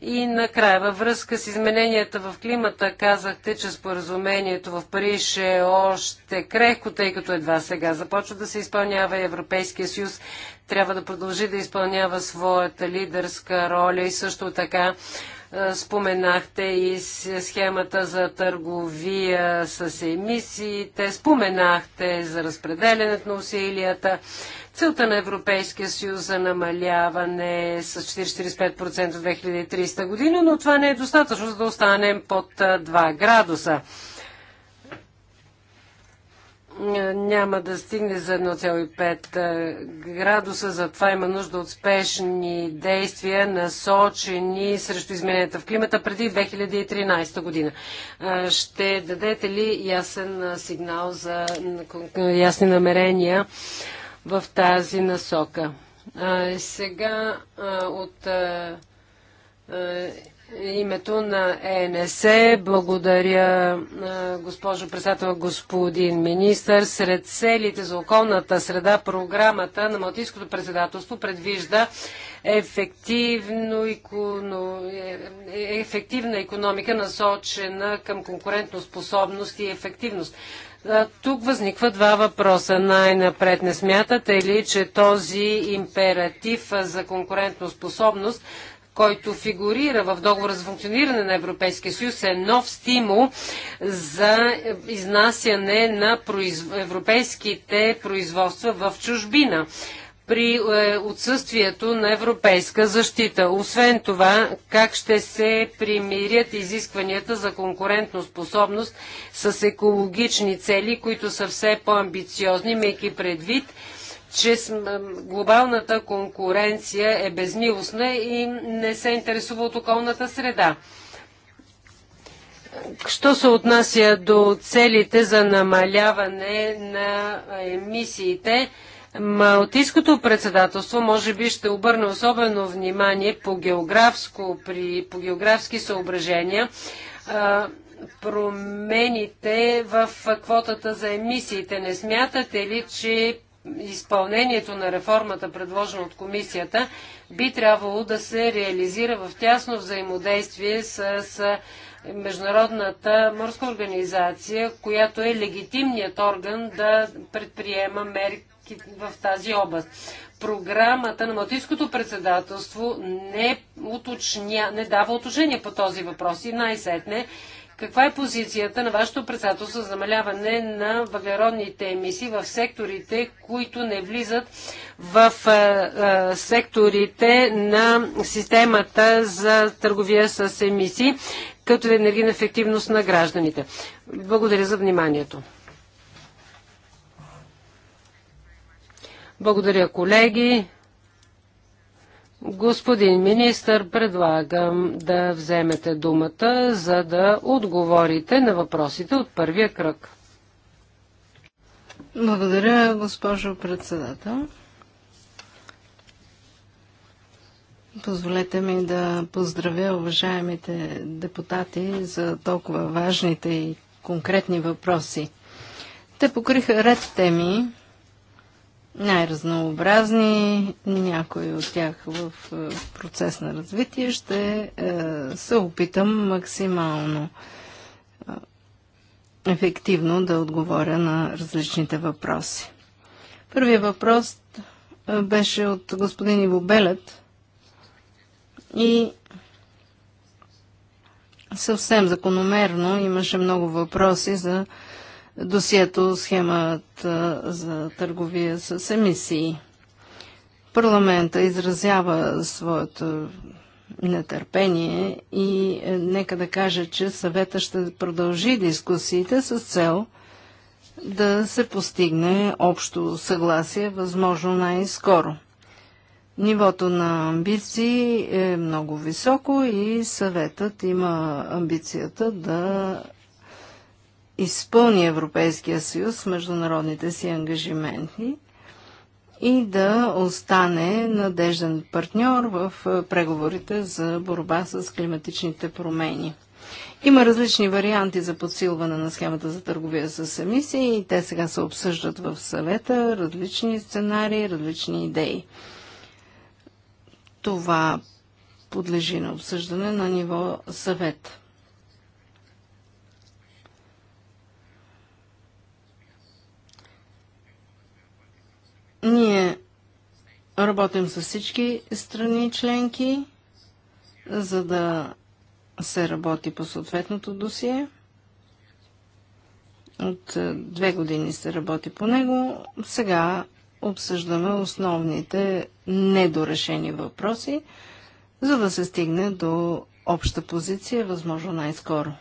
И накрая, във връзка с измененията в климата, казахте, че споразумението в Париж е още крехко, тъй като едва сега започва да се изпълнява Европейския съюз. Трябва да продължи да изпълнява своята лидерска роля и също така е, споменахте и схемата за търговия с емисиите, споменахте за разпределенето на усилията, Целта на Европейския съюз за намаляване с 45% в 2030 година, но това не е достатъчно, за да останем под 2 градуса няма да стигне за 1,5 градуса. Затова има нужда от спешни действия, насочени срещу измененията в климата преди 2013 година. Ще дадете ли ясен сигнал за ясни намерения в тази насока. А, сега а, от а, името на ЕНС. Благодаря, госпожо председател, господин министр. Сред целите за околната среда програмата на Малтийското председателство предвижда ефективно, е, ефективна економика, насочена към конкурентоспособност и ефективност. Тук възниква два въпроса. Най-напред не смятате ли, че този императив за способност, който фигурира в договора за функциониране на Европейския съюз, е нов стимул за изнасяне на произ... европейските производства в чужбина? при е, отсъствието на европейска защита. Освен това, как ще се примирят изискванията за способност с екологични цели, които са все по-амбициозни, мейки предвид, че е, глобалната конкуренция е безмилостна и не се интересува от околната среда. Що се отнася до целите за намаляване на емисиите, Малтийското председателство може би ще обърне особено внимание по, географско, при, по географски съображения промените в квотата за емисиите. Не смятате ли, че изпълнението на реформата, предложена от комисията, би трябвало да се реализира в тясно взаимодействие с, с Международната морска организация, която е легитимният орган да предприема мерки в тази област. Програмата на Малтийското председателство не, уточня, не дава уточнение по този въпрос и най-сетне каква е позицията на вашето председателство за намаляване на въглеродните емисии в секторите, които не влизат в а, е, а, е, секторите на системата за търговия с емисии, като енергийна ефективност на гражданите? Благодаря за вниманието. Благодаря, колеги. Господин министър, предлагам да вземете думата, за да отговорите на въпросите от първия кръг. Благодаря, госпожо председател. Позволете ми да поздравя уважаемите депутати за толкова важните и конкретни въпроси. Те покриха ред теми, най-разнообразни, някои от тях е, в процес на развитие, ще е, се опитам максимално е, ефективно да отговоря на различните въпроси. Първият въпрос беше от господин Иво Белет и съвсем закономерно имаше много въпроси за досието схемата за търговия с емисии. Парламента изразява своето нетърпение и е, нека да кажа, че съвета ще продължи дискусиите с цел да се постигне общо съгласие, възможно най-скоро. Нивото на амбиции е много високо и съветът има амбицията да изпълни Европейския съюз с международните си ангажименти и да остане надежден партньор в е, преговорите за борба с климатичните промени. Има различни варианти за подсилване на схемата за търговия с емисии и те сега се обсъждат в съвета, различни сценарии, различни идеи. Това подлежи на обсъждане на ниво съвет. Ние работим с всички страни членки, за да се работи по съответното досие. От е, две години се работи по него. Сега обсъждаме основните недорешени въпроси, за да се стигне до обща позиция, възможно най-скоро.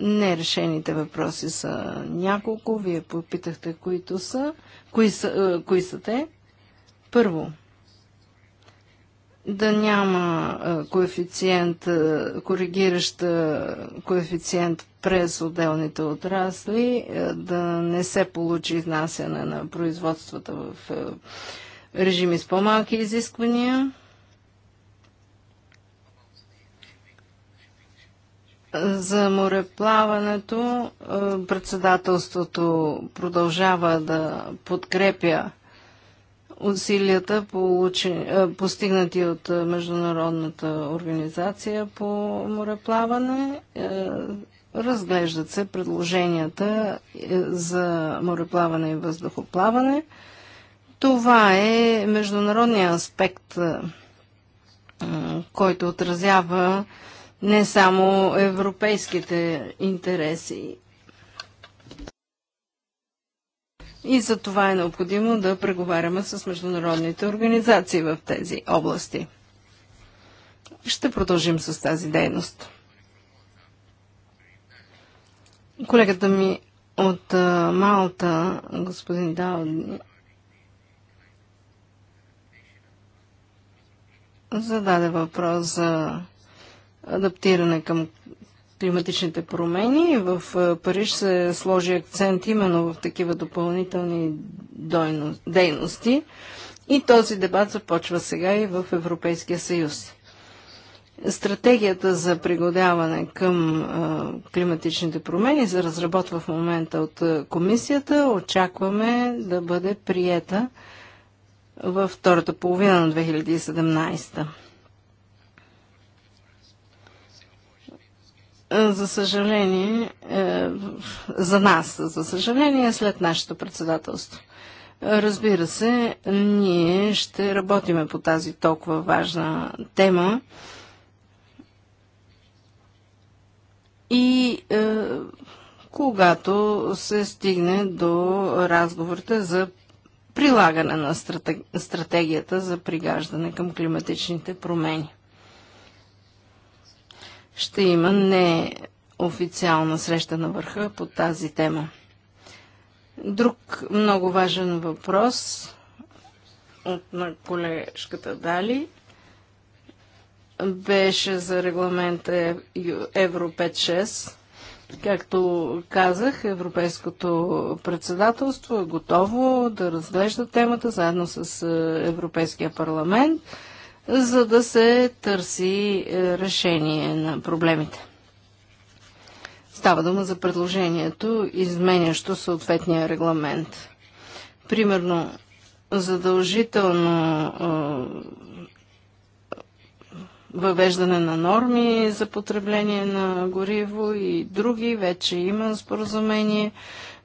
Нерешените въпроси са няколко. Вие попитахте, които са. Кои са, е, кои са те? Първо, да няма е, коефициент, е, коригираща коефициент през отделните отрасли, да не се получи изнасяне на производствата в режими с по-малки изисквания. За мореплаването е, председателството продължава да подкрепя усилията, е, постигнати от Международната организация по мореплаване. Е, разглеждат се предложенията за мореплаване и въздухоплаване. Това е международният аспект, който отразява не само европейските интереси. И за това е необходимо да преговаряме с международните организации в тези области. Ще продължим с тази дейност. Колегата ми от Малта, господин Дауни, зададе въпрос за адаптиране към климатичните промени. В е, Париж се сложи акцент именно в такива допълнителни дейности. И този дебат започва сега и в Европейския съюз. Стратегията за пригодяване към е, климатичните промени се разработва в момента от е, комисията. Очакваме да бъде приета във втората половина на 2017. Е, за съжаление, е, за нас, за съжаление, е след нашето председателство. Разбира се, ние ще работиме по тази толкова важна тема. И е, когато се стигне до разговорите за прилагане на стратегията за пригаждане към климатичните промени ще има не официална среща на върха по тази тема. Друг много важен въпрос от на колежката Дали беше за регламента Евро 5-6. Както казах, Европейското председателство е готово да разглежда темата заедно с е, Европейския парламент за да се търси е, решение на проблемите. Става дума за предложението, изменящо съответния регламент. Примерно, задължително е, въвеждане на норми за потребление на гориво и други. Вече има споразумение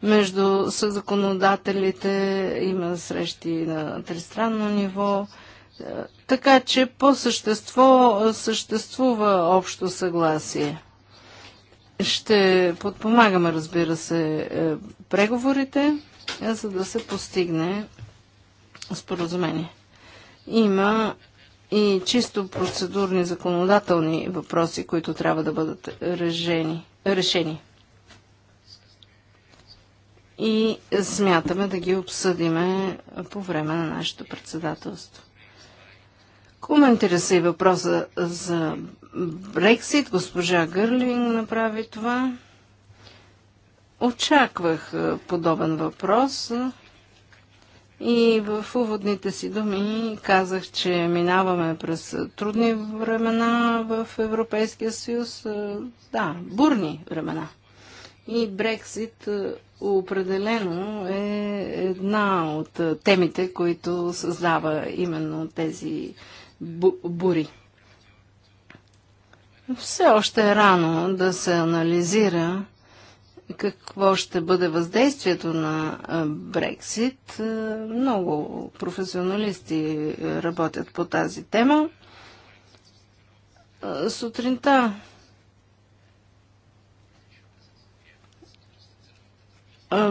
между съзаконодателите, има срещи на тристранно ниво. Така че по същество съществува общо съгласие. Ще подпомагаме, разбира се, е, преговорите, е, за да се постигне споразумение. Има и чисто процедурни законодателни въпроси, които трябва да бъдат решени. решени. И смятаме да ги обсъдиме по време на нашето председателство. Коментира се и въпроса за Брексит. Госпожа Гърлинг направи това. Очаквах подобен въпрос и в уводните си думи казах, че минаваме през трудни времена в Европейския съюз. Да, бурни времена. И Брексит определено е една от темите, които създава именно тези бури. Все още е рано да се анализира какво ще бъде въздействието на Брексит. Много професионалисти работят по тази тема. Сутринта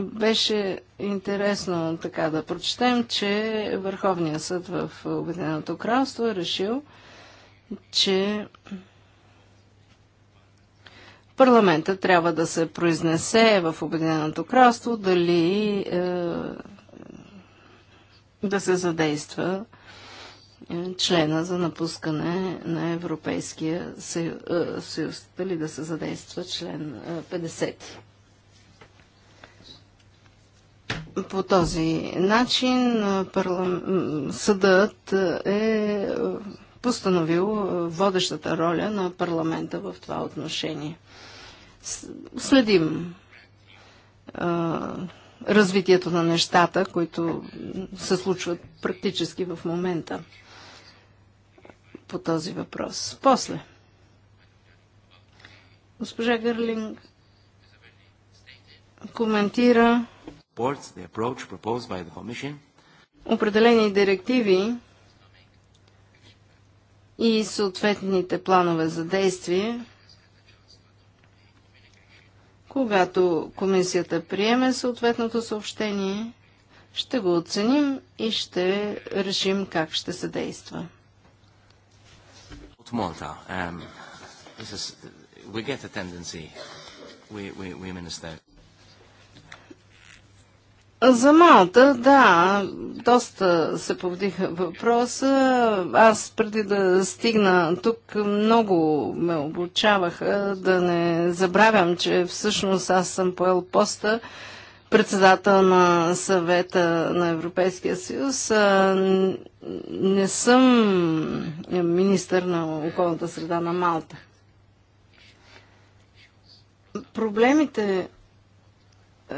Беше интересно така да прочетем, че Върховният съд в Обединеното кралство е решил, че парламента трябва да се произнесе в Обединеното кралство дали е, да се задейства е, члена за напускане на Европейския е, съюз, дали да се задейства член 50. Е, по този начин парлам... съдът е постановил водещата роля на парламента в това отношение. Следим развитието на нещата, които се случват практически в момента по този въпрос. После. Госпожа Гърлинг коментира supports the approach proposed by the Commission. Определени директиви и съответните планове за действие, когато комисията приеме съответното съобщение, ще го оценим и ще решим как ще се действа. Malta, um, this is, we get a tendency, we, we, we minister. За Малта, да, доста се повдиха въпроса. Аз преди да стигна тук много ме обучаваха да не забравям, че всъщност аз съм поел поста председател на съвета на Европейския съюз. Не съм министър на околната среда на Малта. Проблемите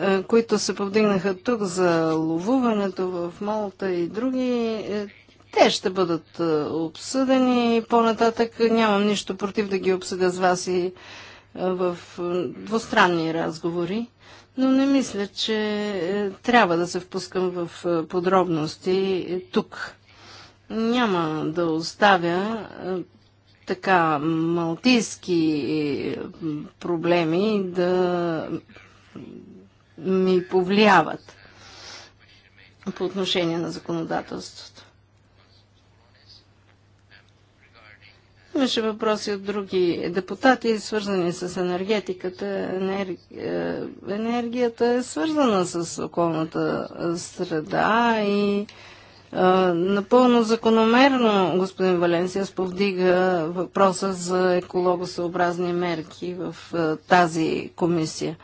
е, които се повдигнаха тук за ловуването в Малта и други, е, те ще бъдат е, обсъдени. По-нататък нямам нищо против да ги обсъдя с вас и в двустранни разговори, но не мисля, че трябва да се впускам в подробности тук. Няма да оставя така малтийски проблеми да ми повлияват по отношение на законодателството. Имаше въпроси от други депутати, свързани с енергетиката. Е, енергията е свързана с околната среда и е, напълно закономерно господин Валенсиас повдига въпроса за екологосъобразни мерки в е, тази комисия.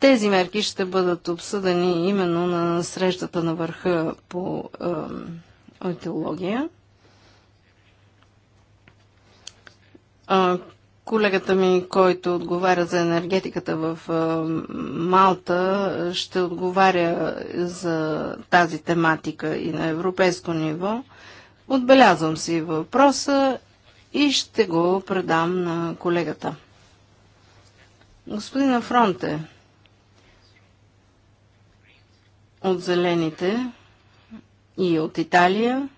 Тези мерки ще бъдат обсъдени именно на срещата на върха по е, теология. Колегата ми, който отговаря за енергетиката в Малта, ще отговаря за тази тематика и на европейско ниво. Отбелязвам си въпроса и ще го предам на колегата. Господина Фронте, от зелените и от Италия.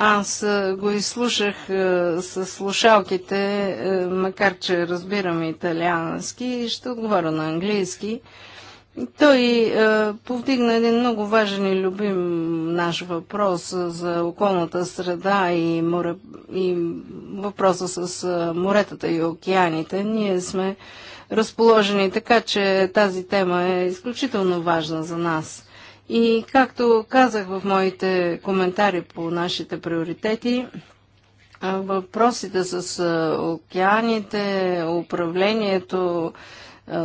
Аз го изслушах с слушалките, макар че разбирам италиански, и ще отговоря на английски. Той повдигна един много важен и любим наш въпрос за околната среда и, море, и въпроса с моретата и океаните. Ние сме разположени. Така че тази тема е изключително важна за нас. И както казах в моите коментари по нашите приоритети, въпросите с океаните, управлението,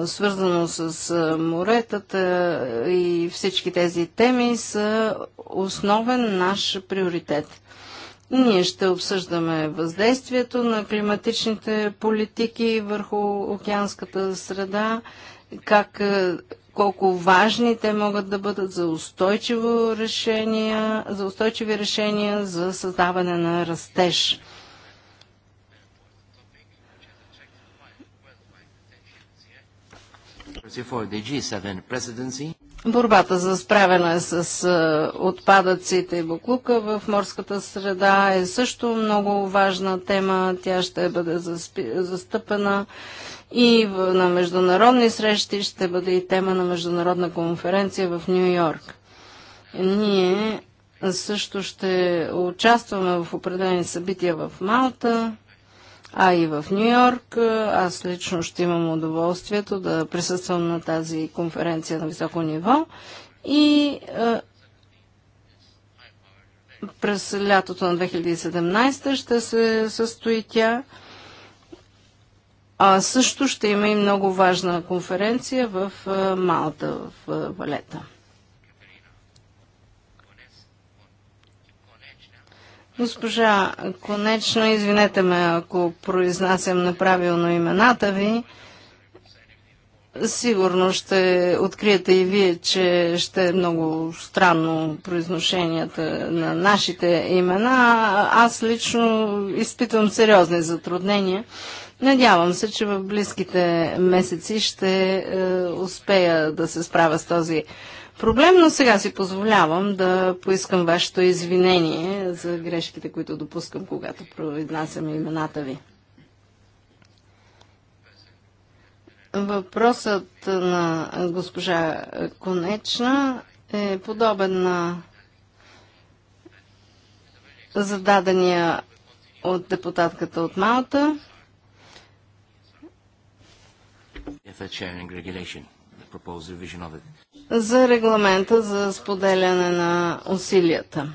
свързано с моретата и всички тези теми са основен наш приоритет. Ние ще обсъждаме въздействието на климатичните политики върху океанската среда, как, е, колко важни те могат да бъдат за, устойчиво решение, за устойчиви решения за създаване на растеж борбата за справяне с е, отпадъците и буклука в морската среда е също много важна тема. Тя ще бъде застъпена и на международни срещи, ще бъде и тема на международна конференция в Нью Йорк. Ние също ще участваме в определени събития в Малта а и в Нью Йорк. Аз лично ще имам удоволствието да присъствам на тази конференция на високо ниво и е, през лятото на 2017 ще се състои тя. А също ще има и много важна конференция в Малта, в Валета. Госпожа Конечно, извинете ме, ако произнасям неправилно имената ви. Сигурно ще откриете и вие, че ще е много странно произношенията на нашите имена. Аз лично изпитвам сериозни затруднения. Надявам се, че в близките месеци ще е, успея да се справя с този проблем, но сега си позволявам да поискам вашето извинение за грешките, които допускам, когато произнасям имената ви. Въпросът на госпожа Конечна е подобен на зададения от депутатката от Малта. If regulation, the proposed revision of it за регламента за споделяне на усилията.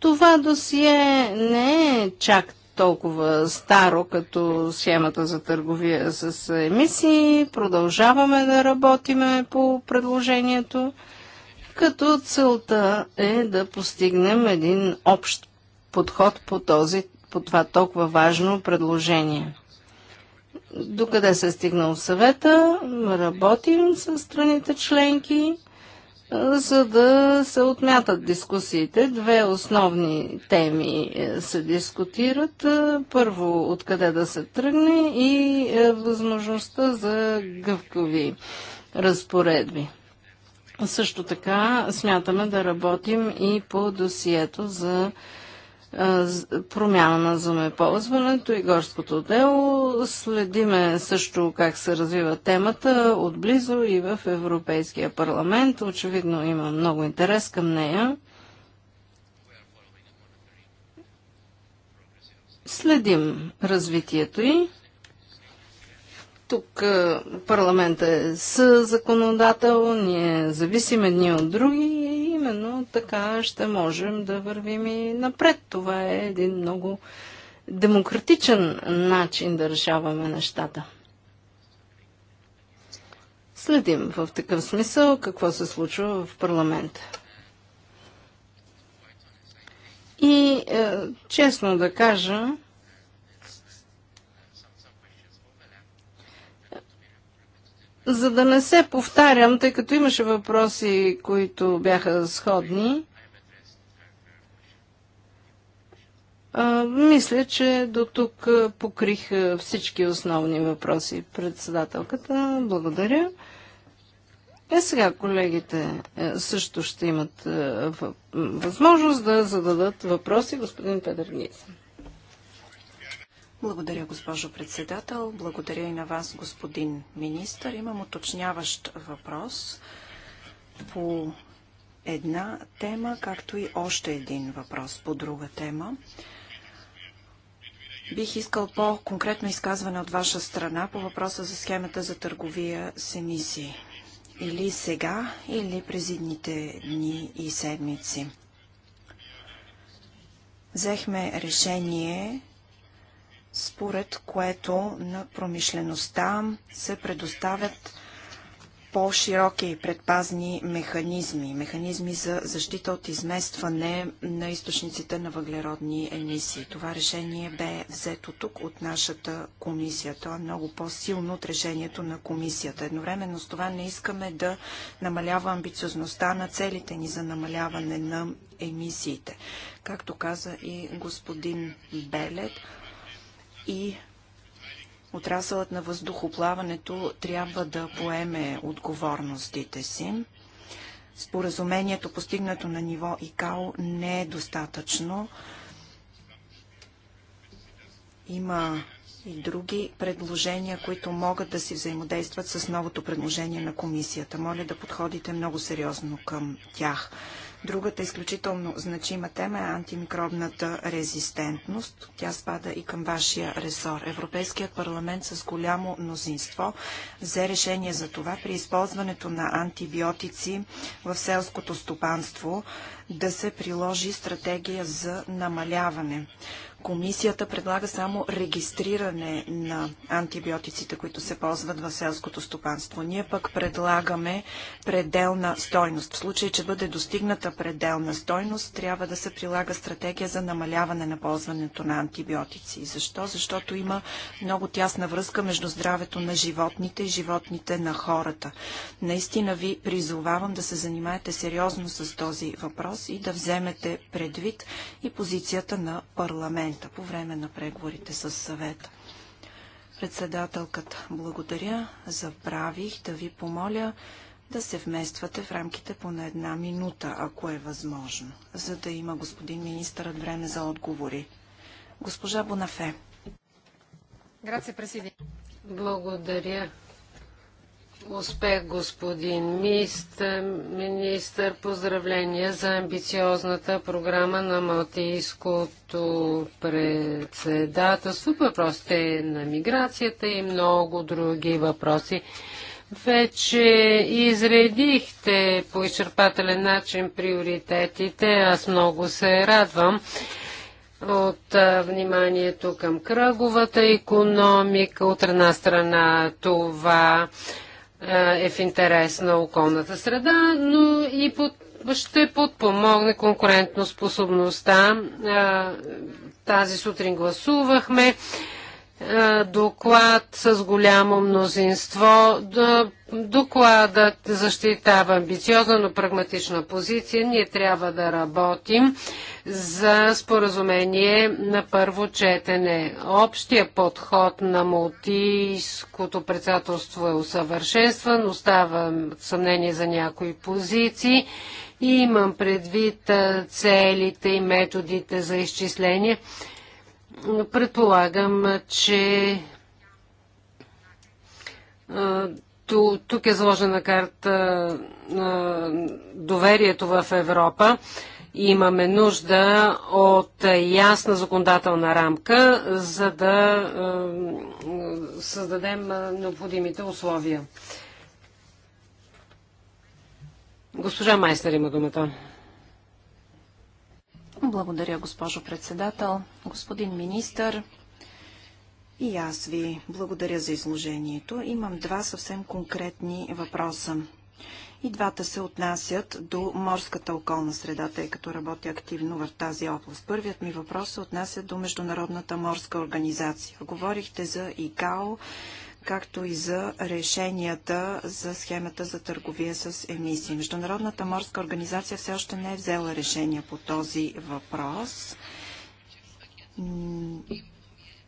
Това досие не е чак толкова старо, като схемата за търговия с емисии. Продължаваме да работиме по предложението, като целта е да постигнем един общ подход по, този, по това толкова важно предложение докъде се е стигнал съвета, работим с страните членки, за да се отмятат дискусиите. Две основни теми е, се дискутират. Първо, откъде да се тръгне и е, възможността за гъвкови разпоредби. Също така смятаме да работим и по досието за промяна на земеползването и горското дело. Следиме също как се развива темата отблизо и в Европейския парламент. Очевидно има много интерес към нея. Следим развитието й. Тук парламентът е съзаконодател, законодател, ние зависим едни от други именно така ще можем да вървим и напред. Това е един много демократичен начин да решаваме нещата. Следим в такъв смисъл какво се случва в парламента. И е, честно да кажа, За да не се повтарям, тъй като имаше въпроси, които бяха сходни, мисля, че до тук покрих всички основни въпроси председателката. Благодаря. Е, сега колегите е, също ще имат е, възможност да зададат въпроси господин Педър Гизен. Благодаря, госпожо председател. Благодаря и на вас, господин министр. Имам уточняващ въпрос по една тема, както и още един въпрос по друга тема. Бих искал по-конкретно изказване от ваша страна по въпроса за схемата за търговия с емисии. Или сега, или през идните дни и седмици. Взехме решение според което на промишлеността се предоставят по-широки предпазни механизми, механизми за защита от изместване на източниците на въглеродни емисии. Това решение бе взето тук от нашата комисия. Това е много по-силно от решението на комисията. Едновременно с това не искаме да намалява амбициозността на целите ни за намаляване на емисиите. Както каза и господин Белет, и отрасълът на въздухоплаването трябва да поеме отговорностите си. Споразумението, постигнато на ниво ИКАО, не е достатъчно. Има и други предложения, които могат да си взаимодействат с новото предложение на комисията. Моля да подходите много сериозно към тях. Другата изключително значима тема е антимикробната резистентност. Тя спада и към вашия ресор. Европейският парламент с голямо мнозинство взе решение за това при използването на антибиотици в селското стопанство да се приложи стратегия за намаляване. Комисията предлага само регистриране на антибиотиците, които се ползват в селското стопанство. Ние пък предлагаме пределна стойност. В случай, че бъде достигната пределна стойност, трябва да се прилага стратегия за намаляване на ползването на антибиотици. Защо? Защото има много тясна връзка между здравето на животните и животните на хората. Наистина ви призовавам да се занимаете сериозно с този въпрос и да вземете предвид и позицията на парламент парламента по време на преговорите с съвета. Председателката, благодаря. Забравих да ви помоля да се вмествате в рамките по на една минута, ако е възможно, за да има господин министърът време за отговори. Госпожа Бонафе. Благодаря, Успех, господин Мист, министър. Поздравления за амбициозната програма на Малтийското председателство. Въпросите на миграцията и много други въпроси. Вече изредихте по изчерпателен начин приоритетите. Аз много се радвам от а, вниманието към кръговата економика. От една страна това е, е в интерес на околната среда, но и под, ще подпомогне конкурентно способността. Е, тази сутрин гласувахме е, доклад с голямо мнозинство. Докладът защитава амбициозна, но прагматична позиция. Ние трябва да работим за споразумение на първо четене. Общия подход на Малтийското председателство е усъвършенстван. Остава съмнение за някои позиции. И имам предвид е, целите и методите за изчисление. Предполагам, че тук е заложена карта доверието в Европа. Имаме нужда от ясна законодателна рамка, за да създадем необходимите условия. Госпожа Майстер има думата. Благодаря, госпожо председател. Господин министър, и аз ви благодаря за изложението. Имам два съвсем конкретни въпроса. И двата се отнасят до морската околна среда, тъй като работя активно в тази област. Първият ми въпрос се отнася до Международната морска организация. Говорихте за ИКАО, както и за решенията за схемата за търговия с емисии. Международната морска организация все още не е взела решение по този въпрос.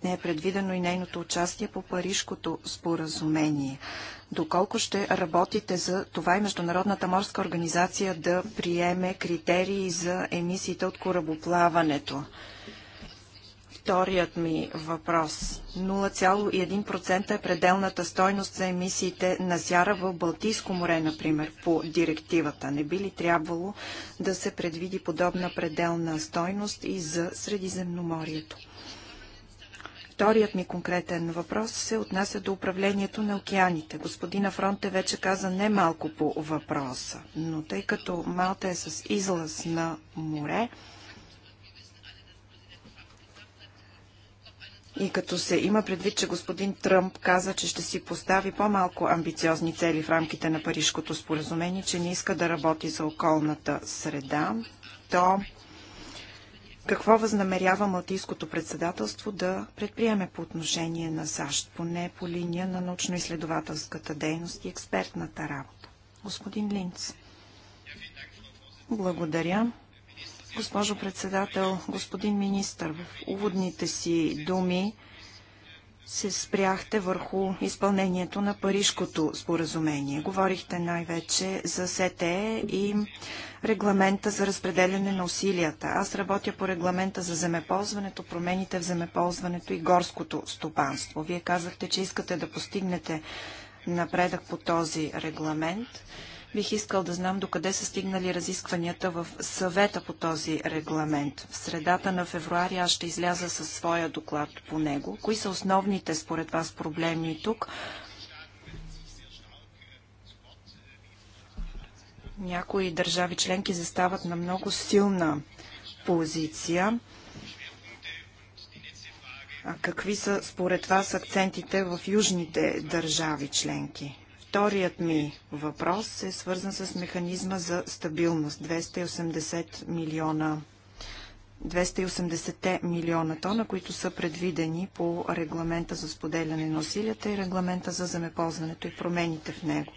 Не е предвидено и нейното участие по Парижкото споразумение. Доколко ще работите за това и Международната морска организация да приеме критерии за емисиите от корабоплаването? вторият ми въпрос. 0,1% е пределната стойност за емисиите на сяра в Балтийско море, например, по директивата. Не би ли трябвало да се предвиди подобна пределна стойност и за Средиземноморието? Вторият ми конкретен въпрос се отнася до управлението на океаните. Господина Фронте вече каза не малко по въпроса, но тъй като Малта е с излаз на море, И като се има предвид, че господин Тръмп каза, че ще си постави по-малко амбициозни цели в рамките на Парижкото споразумение, че не иска да работи за околната среда, то какво възнамерява Малтийското председателство да предприеме по отношение на САЩ, поне по линия на научно-изследователската дейност и експертната работа? Господин Линц. Благодаря. Госпожо председател, господин министър, в уводните си думи се спряхте върху изпълнението на Парижкото споразумение. Говорихте най-вече за СТЕ и регламента за разпределяне на усилията. Аз работя по регламента за земеползването, промените в земеползването и горското стопанство. Вие казахте, че искате да постигнете напредък по този регламент. Бих искал да знам докъде са стигнали разискванията в съвета по този регламент. В средата на февруари аз ще изляза със своя доклад по него. Кои са основните според вас проблеми тук? Някои държави членки застават на много силна позиция. А какви са според вас акцентите в южните държави членки? Вторият ми въпрос е свързан с механизма за стабилност. 280 милиона 280 милиона тона, които са предвидени по регламента за споделяне на усилията и регламента за земеползването и промените в него.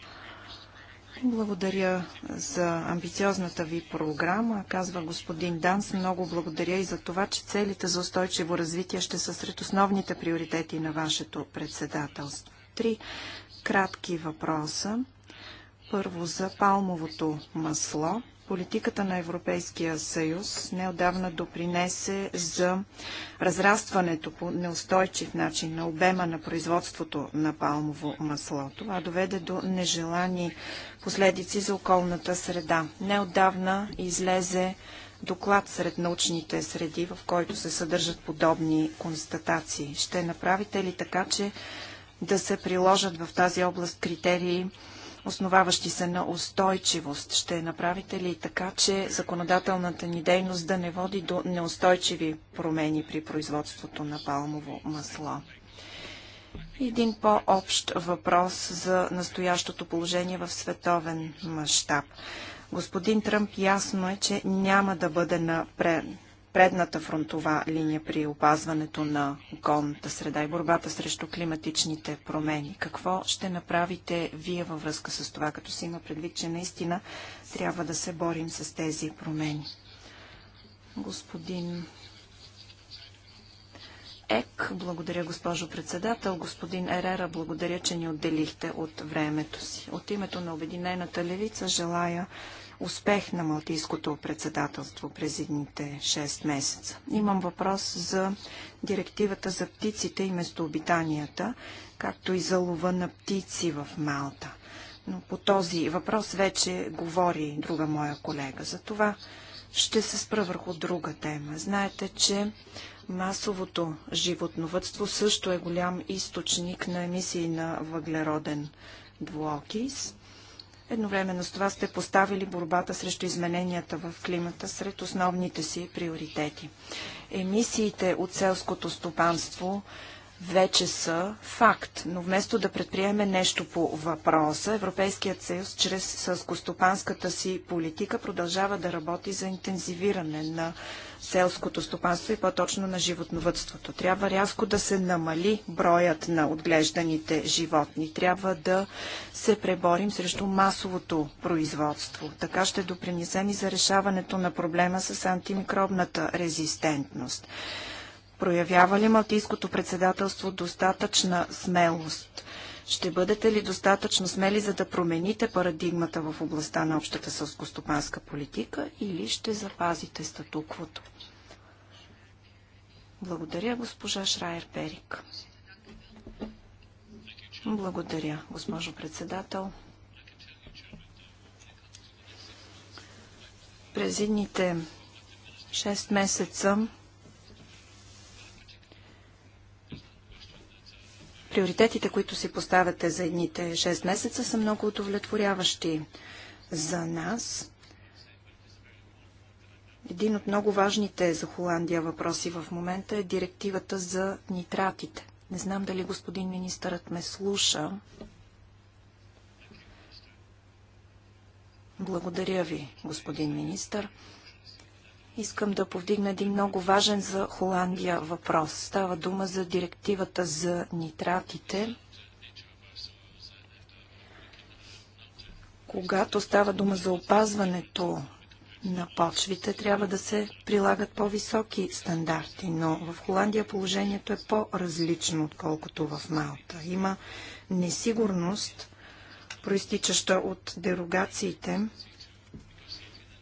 Благодаря за амбициозната ви програма, казва господин Данс. Много благодаря и за това, че целите за устойчиво развитие ще са сред основните приоритети на вашето председателство. Три кратки въпроса. Първо за палмовото масло. Политиката на Европейския съюз неодавна допринесе за разрастването по неустойчив начин на обема на производството на палмово масло. Това доведе до нежелани последици за околната среда. Неодавна излезе доклад сред научните среди, в който се съдържат подобни констатации. Ще направите ли така, че да се приложат в тази област критерии, основаващи се на устойчивост. Ще направите ли така, че законодателната ни дейност да не води до неустойчиви промени при производството на палмово масло? Един по-общ въпрос за настоящото положение в световен мащаб. Господин Тръмп ясно е, че няма да бъде на предната фронтова линия при опазването на околната среда и борбата срещу климатичните промени. Какво ще направите вие във връзка с това, като си има предвид, че наистина трябва да се борим с тези промени? Господин Ек, благодаря госпожо председател. Господин Ерера, благодаря, че ни отделихте от времето си. От името на Обединената левица желая успех на Малтийското председателство през едните 6 месеца. Имам въпрос за директивата за птиците и местообитанията, както и за лова на птици в Малта. Но по този въпрос вече говори друга моя колега. За това ще се спра върху друга тема. Знаете, че масовото животновътство също е голям източник на емисии на въглероден двуокис. Едновременно с това сте поставили борбата срещу измененията в климата сред основните си приоритети. Емисиите от селското стопанство вече са факт, но вместо да предприеме нещо по въпроса, Европейският съюз чрез сълскостопанската си политика продължава да работи за интензивиране на селското стопанство и по-точно на животновътството. Трябва рязко да се намали броят на отглежданите животни. Трябва да се преборим срещу масовото производство. Така ще допринесем и за решаването на проблема с антимикробната резистентност. Проявява ли Малтийското председателство достатъчна смелост? Ще бъдете ли достатъчно смели, за да промените парадигмата в областта на общата сълскостопанска политика или ще запазите статуквото? Благодаря, госпожа Шрайер Перик. Благодаря, госпожо председател. През едните 6 месеца приоритетите, които си поставяте за едните 6 месеца, са много удовлетворяващи за нас. Един от много важните за Холандия въпроси в момента е директивата за нитратите. Не знам дали господин министърът ме слуша. Благодаря ви, господин министър. Искам да повдигна един много важен за Холандия въпрос. Става дума за директивата за нитратите. Когато става дума за опазването на почвите трябва да се прилагат по-високи стандарти, но в Холандия положението е по-различно, отколкото в Малта. Има несигурност, проистичаща от дерогациите.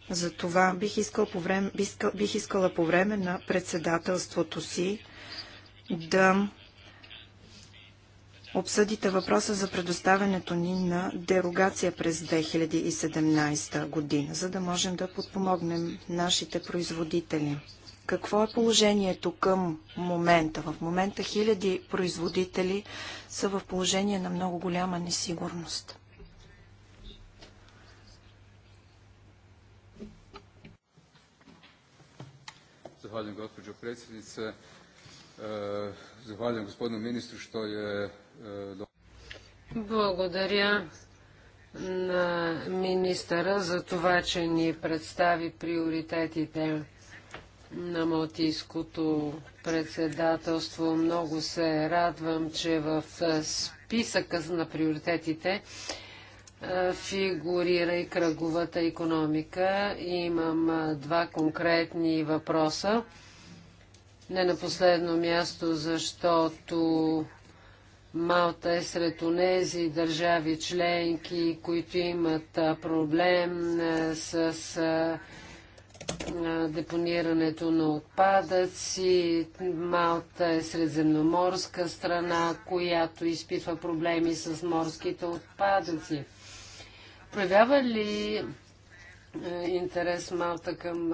Затова бих, искал по време, бих, бих искала по време на председателството си да обсъдите въпроса за предоставянето ни на дерогация през 2017 година, за да можем да подпомогнем нашите производители. Какво е положението към момента? В момента хиляди производители са в положение на много голяма несигурност. Zahvaljujem gospođo predsjednice. Zahvaljujem gospodinu ministru što je благодаря на министъра за това, че ни представи приоритетите на Малтийското председателство. Много се радвам, че в списъка на приоритетите фигурира и кръговата економика. Имам два конкретни въпроса. Не на последно място, защото Малта е сред онези държави членки, които имат проблем с депонирането на отпадъци. Малта е средземноморска страна, която изпитва проблеми с морските отпадъци. Проявява ли интерес Малта към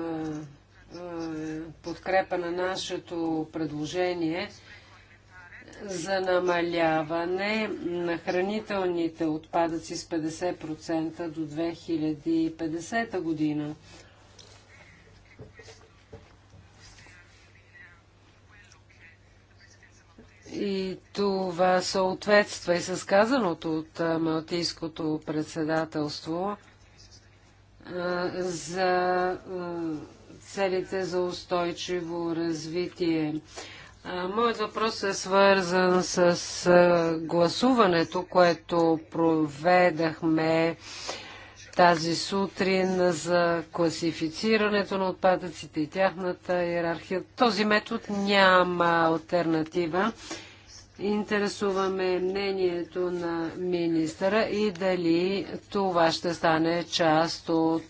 подкрепа на нашето предложение – за намаляване на хранителните отпадъци с 50% до 2050 година. И това съответства и с казаното от Малтийското председателство за целите за устойчиво развитие. Моят въпрос е свързан с гласуването, което проведахме тази сутрин за класифицирането на отпадъците и тяхната иерархия. Този метод няма альтернатива. Интересуваме мнението на министъра и дали това ще стане част от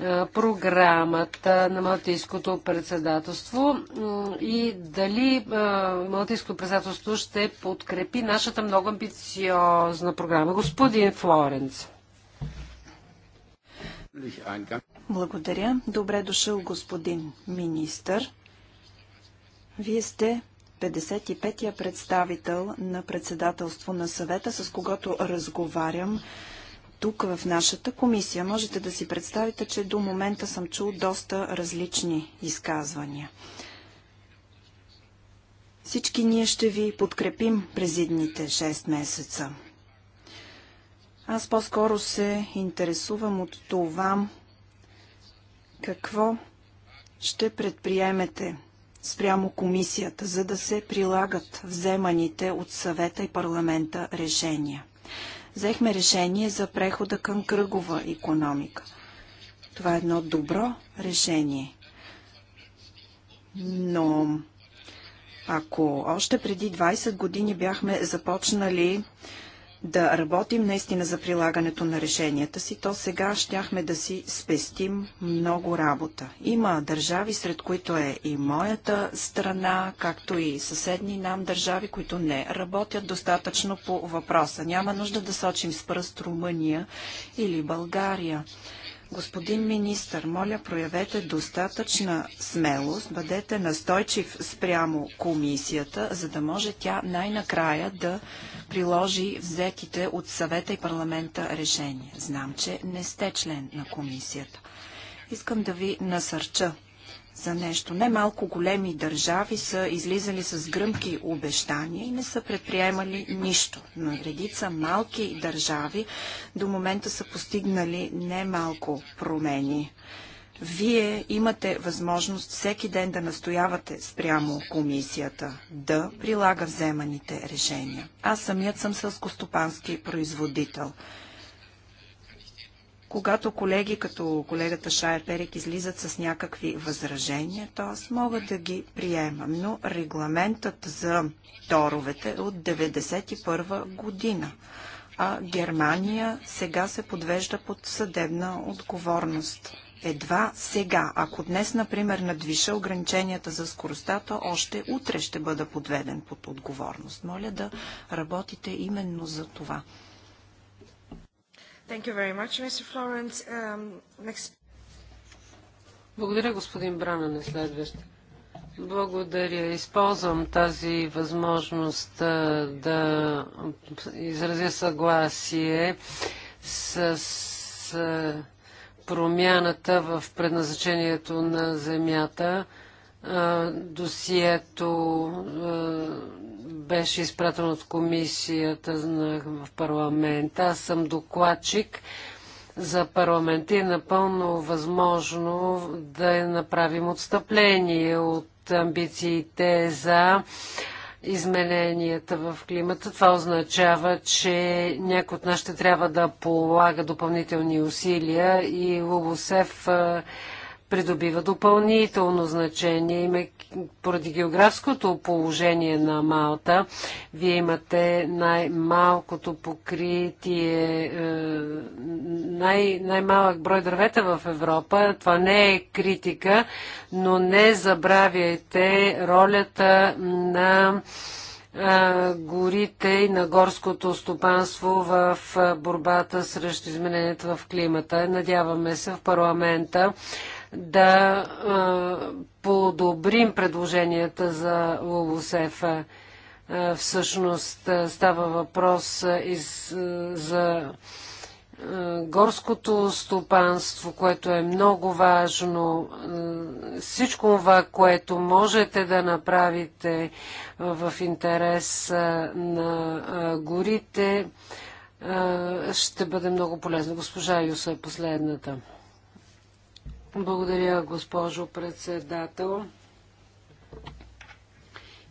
е, програмата на Малтийското председателство и дали е, Малтийското председателство ще подкрепи нашата много амбициозна програма. Господин Флоренц. Благодаря. Добре дошъл, господин министър. Вие сте 55-я представител на председателство на съвета, с когато разговарям тук в нашата комисия. Можете да си представите, че до момента съм чул доста различни изказвания. Всички ние ще ви подкрепим през идните 6 месеца. Аз по-скоро се интересувам от това, какво ще предприемете спрямо комисията, за да се прилагат вземаните от съвета и парламента решения взехме решение за прехода към кръгова економика. Това е едно добро решение. Но ако още преди 20 години бяхме започнали да работим наистина за прилагането на решенията си, то сега щяхме да си спестим много работа. Има държави, сред които е и моята страна, както и съседни нам държави, които не работят достатъчно по въпроса. Няма нужда да сочим с пръст Румъния или България. Господин министър, моля, проявете достатъчна смелост, бъдете настойчив спрямо комисията, за да може тя най-накрая да приложи взетите от съвета и парламента решения. Знам, че не сте член на комисията. Искам да ви насърча за нещо. Немалко големи държави са излизали с гръмки обещания и не са предприемали нищо. Но редица малки държави до момента са постигнали немалко промени. Вие имате възможност всеки ден да настоявате спрямо комисията да прилага вземаните решения. Аз самият съм сълскостопански производител когато колеги като колегата Шая Перек излизат с някакви възражения, то аз мога да ги приемам. Но регламентът за торовете е от 1991 година. А Германия сега се подвежда под съдебна отговорност едва сега. Ако днес, например, надвиша ограниченията за скоростта, то още утре ще бъда подведен под отговорност. Моля да работите именно за това. Much, um, next... Благодаря, господин на е следващ. Благодаря. Използвам тази възможност да изразя съгласие с, с промяната в предназначението на земята. Досието беше изпратено от комисията в парламента. Аз съм докладчик за парламента и е напълно възможно да направим отстъпление от амбициите за измененията в климата. Това означава, че някой от нас ще трябва да полага допълнителни усилия и Лугосев придобива допълнително значение. Име, поради географското положение на Малта, вие имате най-малкото покритие, е, най- най-малък брой дървета в Европа. Това не е критика, но не забравяйте ролята на е, горите и на горското стопанство в е, борбата срещу изменението в климата. Надяваме се в парламента да подобрим предложенията за ЛУЛУСЕФ. Всъщност става въпрос из, за горското стопанство, което е много важно, всичко това, което можете да направите в интерес на горите, ще бъде много полезно. Госпожа Юса е последната. Благодаря, госпожо председател.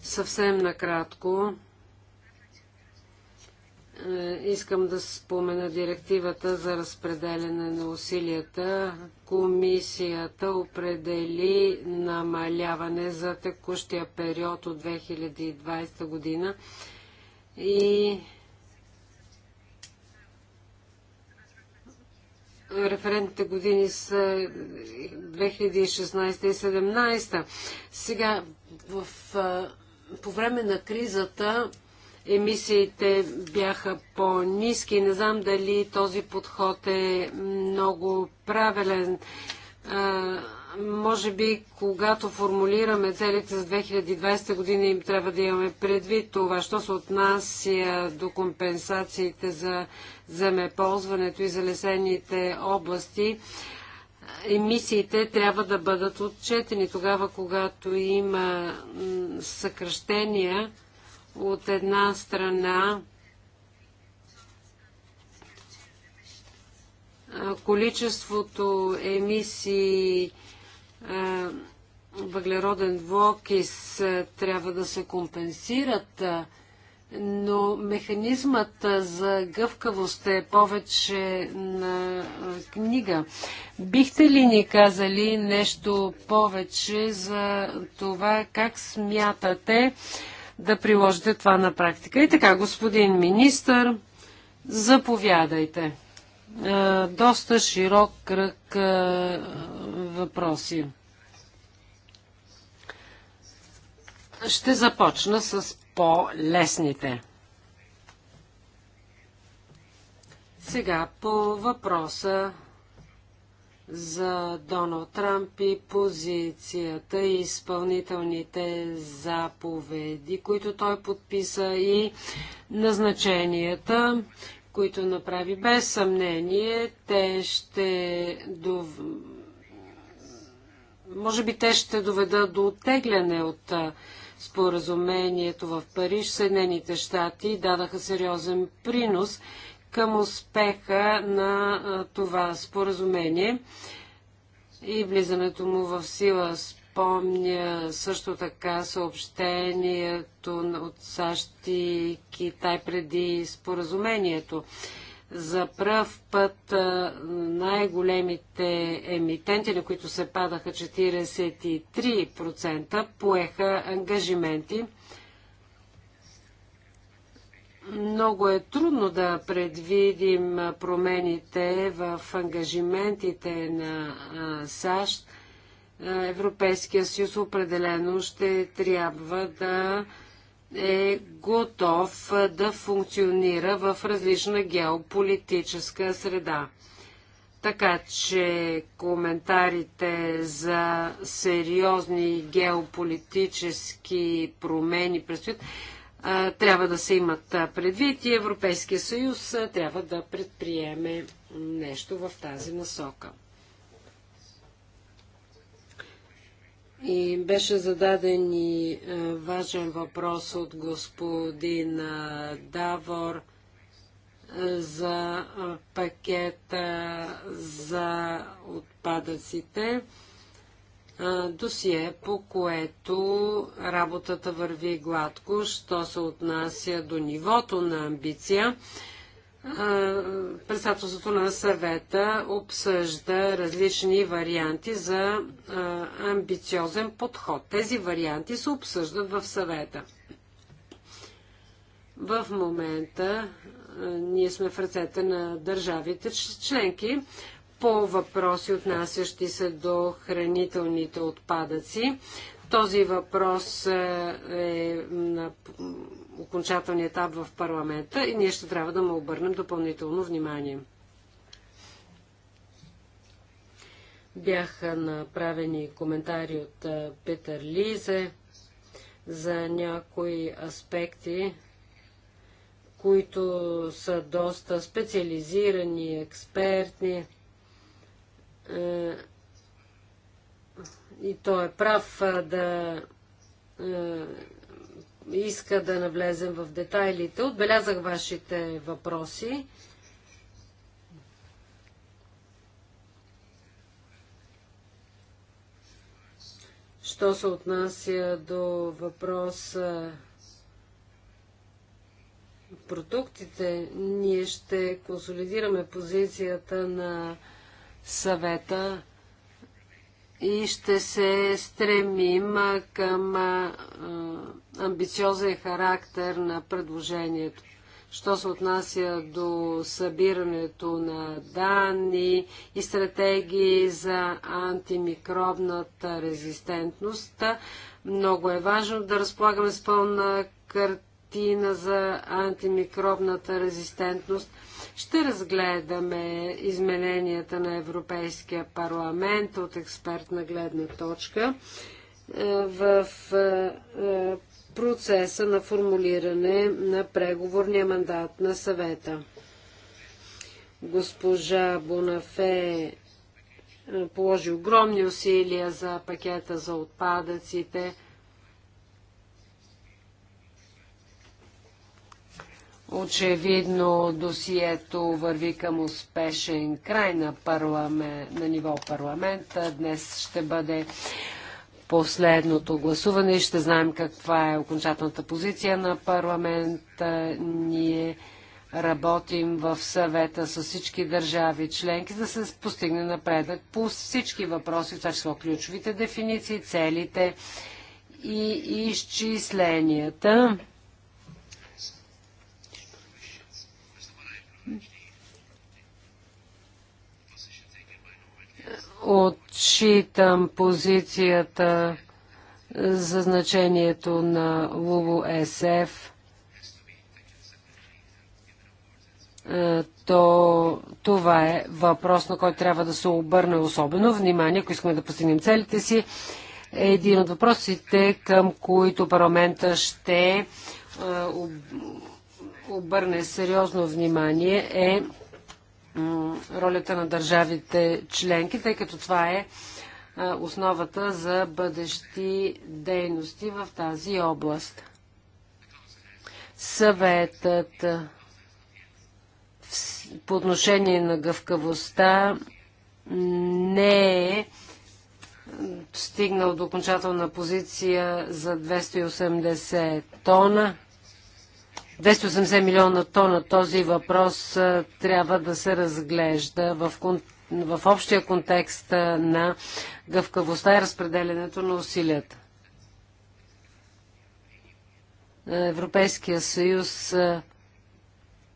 Съвсем накратко е, искам да спомена директивата за разпределяне на усилията. Комисията определи намаляване за текущия период от 2020 година и референтните години са 2016 и 2017. Сега, в, по време на кризата, емисиите бяха по-низки. Не знам дали този подход е много правилен. А, може би, когато формулираме целите за 2020 година, им трябва да имаме предвид това, що се отнася до компенсациите за земеползването и залесените области, емисиите трябва да бъдат отчетени. Тогава, когато има съкръщения от една страна, количеството емисии въглероден двуокис трябва да се компенсират но механизмът за гъвкавост е повече на книга. Бихте ли ни казали нещо повече за това как смятате да приложите това на практика? И така, господин министър, заповядайте. Доста широк кръг въпроси. Ще започна с по-лесните. Сега по въпроса за Доналд Трамп и позицията и изпълнителните заповеди, които той подписа и назначенията, които направи без съмнение, те ще дов... може би те ще доведат до оттегляне от споразумението в Париж, Съединените щати дадаха сериозен принос към успеха на това споразумение и влизането му в сила. Спомня също така съобщението от САЩ и Китай преди споразумението. За пръв път най-големите емитенти, на които се падаха 43%, поеха ангажименти. Много е трудно да предвидим промените в ангажиментите на САЩ. Европейския съюз определено ще трябва да е готов да функционира в различна геополитическа среда. Така че коментарите за сериозни геополитически промени предстоят трябва да се имат предвид и Европейския съюз трябва да предприеме нещо в тази насока. И беше зададен и е, важен въпрос от господин е, Давор е, за пакета за отпадъците. Досие, по което работата върви гладко, що се отнася до нивото на амбиция. Председателството на съвета обсъжда различни варианти за амбициозен подход. Тези варианти се обсъждат в съвета. В момента ние сме в ръцете на държавите членки по въпроси, отнасящи се до хранителните отпадъци. Този въпрос е, е на окончателния етап в парламента и ние ще трябва да му обърнем допълнително внимание. Бяха направени коментари от Петър Лизе за някои аспекти, които са доста специализирани, експертни. Е, и той е прав да е, иска да навлезем в детайлите. Отбелязах вашите въпроси. Що се отнася до въпроса продуктите, ние ще консолидираме позицията на съвета и ще се стремим към амбициозен характер на предложението. Що се отнася до събирането на данни и стратегии за антимикробната резистентност, много е важно да разполагаме с пълна картина за антимикробната резистентност – ще разгледаме измененията на Европейския парламент от експертна гледна точка е, в е, е, процеса на формулиране на преговорния мандат на съвета. Госпожа Бонафе положи огромни усилия за пакета за отпадъците – Очевидно досието върви към успешен край на, парламент, на ниво парламента. Днес ще бъде последното гласуване. Ще знаем каква е окончателната позиция на парламента. Ние работим в съвета с всички държави членки, за да се постигне напредък по всички въпроси, това число ключовите дефиниции, целите и изчисленията. отчитам позицията за значението на Лулу СФ. Е, то това е въпрос, на който трябва да се обърне особено внимание, ако искаме да постигнем целите си. един от въпросите, към които парламента ще е, обърне сериозно внимание е ролята на държавите членки, тъй като това е основата за бъдещи дейности в тази област. Съветът по отношение на гъвкавостта не е стигнал до окончателна позиция за 280 тона. 280 милиона тона този въпрос трябва да се разглежда в, в общия контекст на гъвкавостта и разпределенето на усилията. Европейския съюз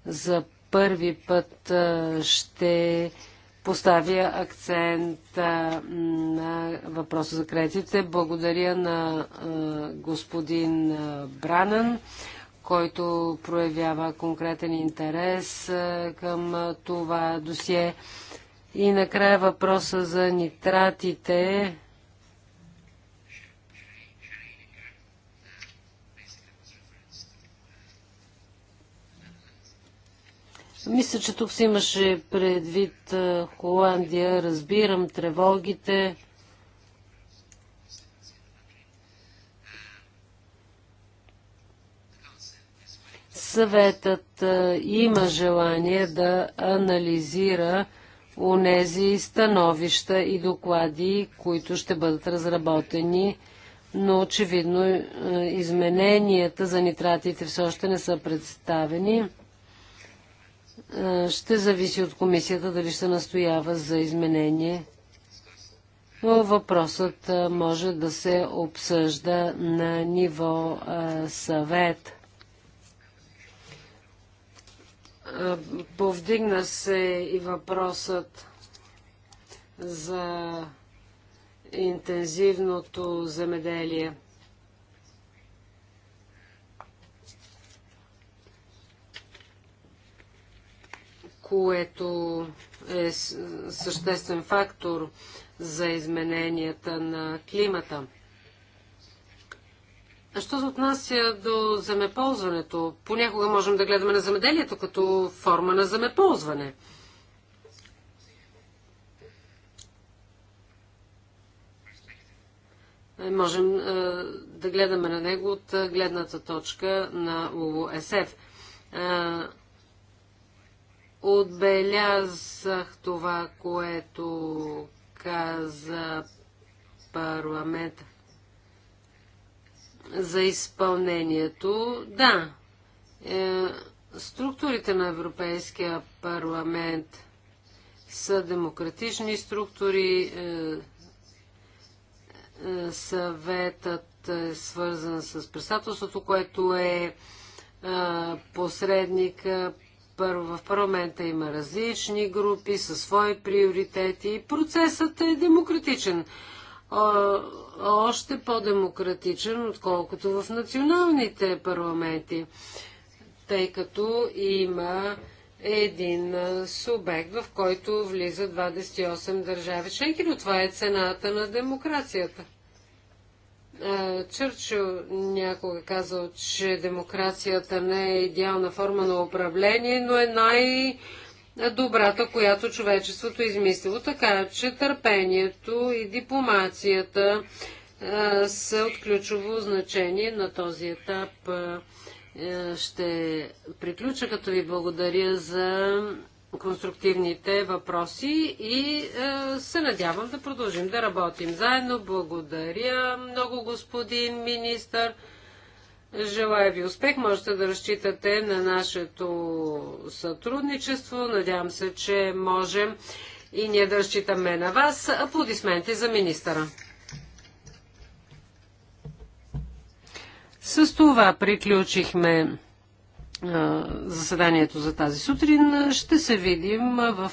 за първи път ще поставя акцент на въпроса за кредитите. Благодаря на господин Бранан който проявява конкретен интерес към това досие. И накрая въпроса за нитратите. Мисля, че тук си имаше предвид Холандия. Разбирам тревогите. Съветът има желание да анализира унези становища и доклади, които ще бъдат разработени, но очевидно измененията за нитратите все още не са представени. Ще зависи от комисията дали ще настоява за изменение. Но въпросът може да се обсъжда на ниво съвет. Повдигна се и въпросът за интензивното земеделие. което е съществен фактор за измененията на климата. Що се отнася до земеползването? Понякога можем да гледаме на земеделието като форма на земеползване. Е, можем е, да гледаме на него от е, гледната точка на ОСФ. отбелязах това, което каза парламента за изпълнението. Да, е, структурите на Европейския парламент са демократични структури. Е, е, съветът е свързан с председателството, което е, е посредник. Е, в парламента има различни групи със свои приоритети. и Процесът е демократичен още по-демократичен, отколкото в националните парламенти, тъй като има един субект, в който влиза 28 държави членки, но това е цената на демокрацията. Чърчо някога казал, че демокрацията не е идеална форма на управление, но е най- добрата, която човечеството е измислило. Така че търпението и дипломацията а, са от ключово значение на този етап. А, е, ще приключа, като ви благодаря за конструктивните въпроси и е, се надявам да продължим да работим заедно. Благодаря много, господин министър. Желая ви успех, можете да разчитате на нашето сътрудничество. Надявам се, че можем и ние да разчитаме на вас. Аплодисменти за министъра. С това приключихме заседанието за тази сутрин. Ще се видим в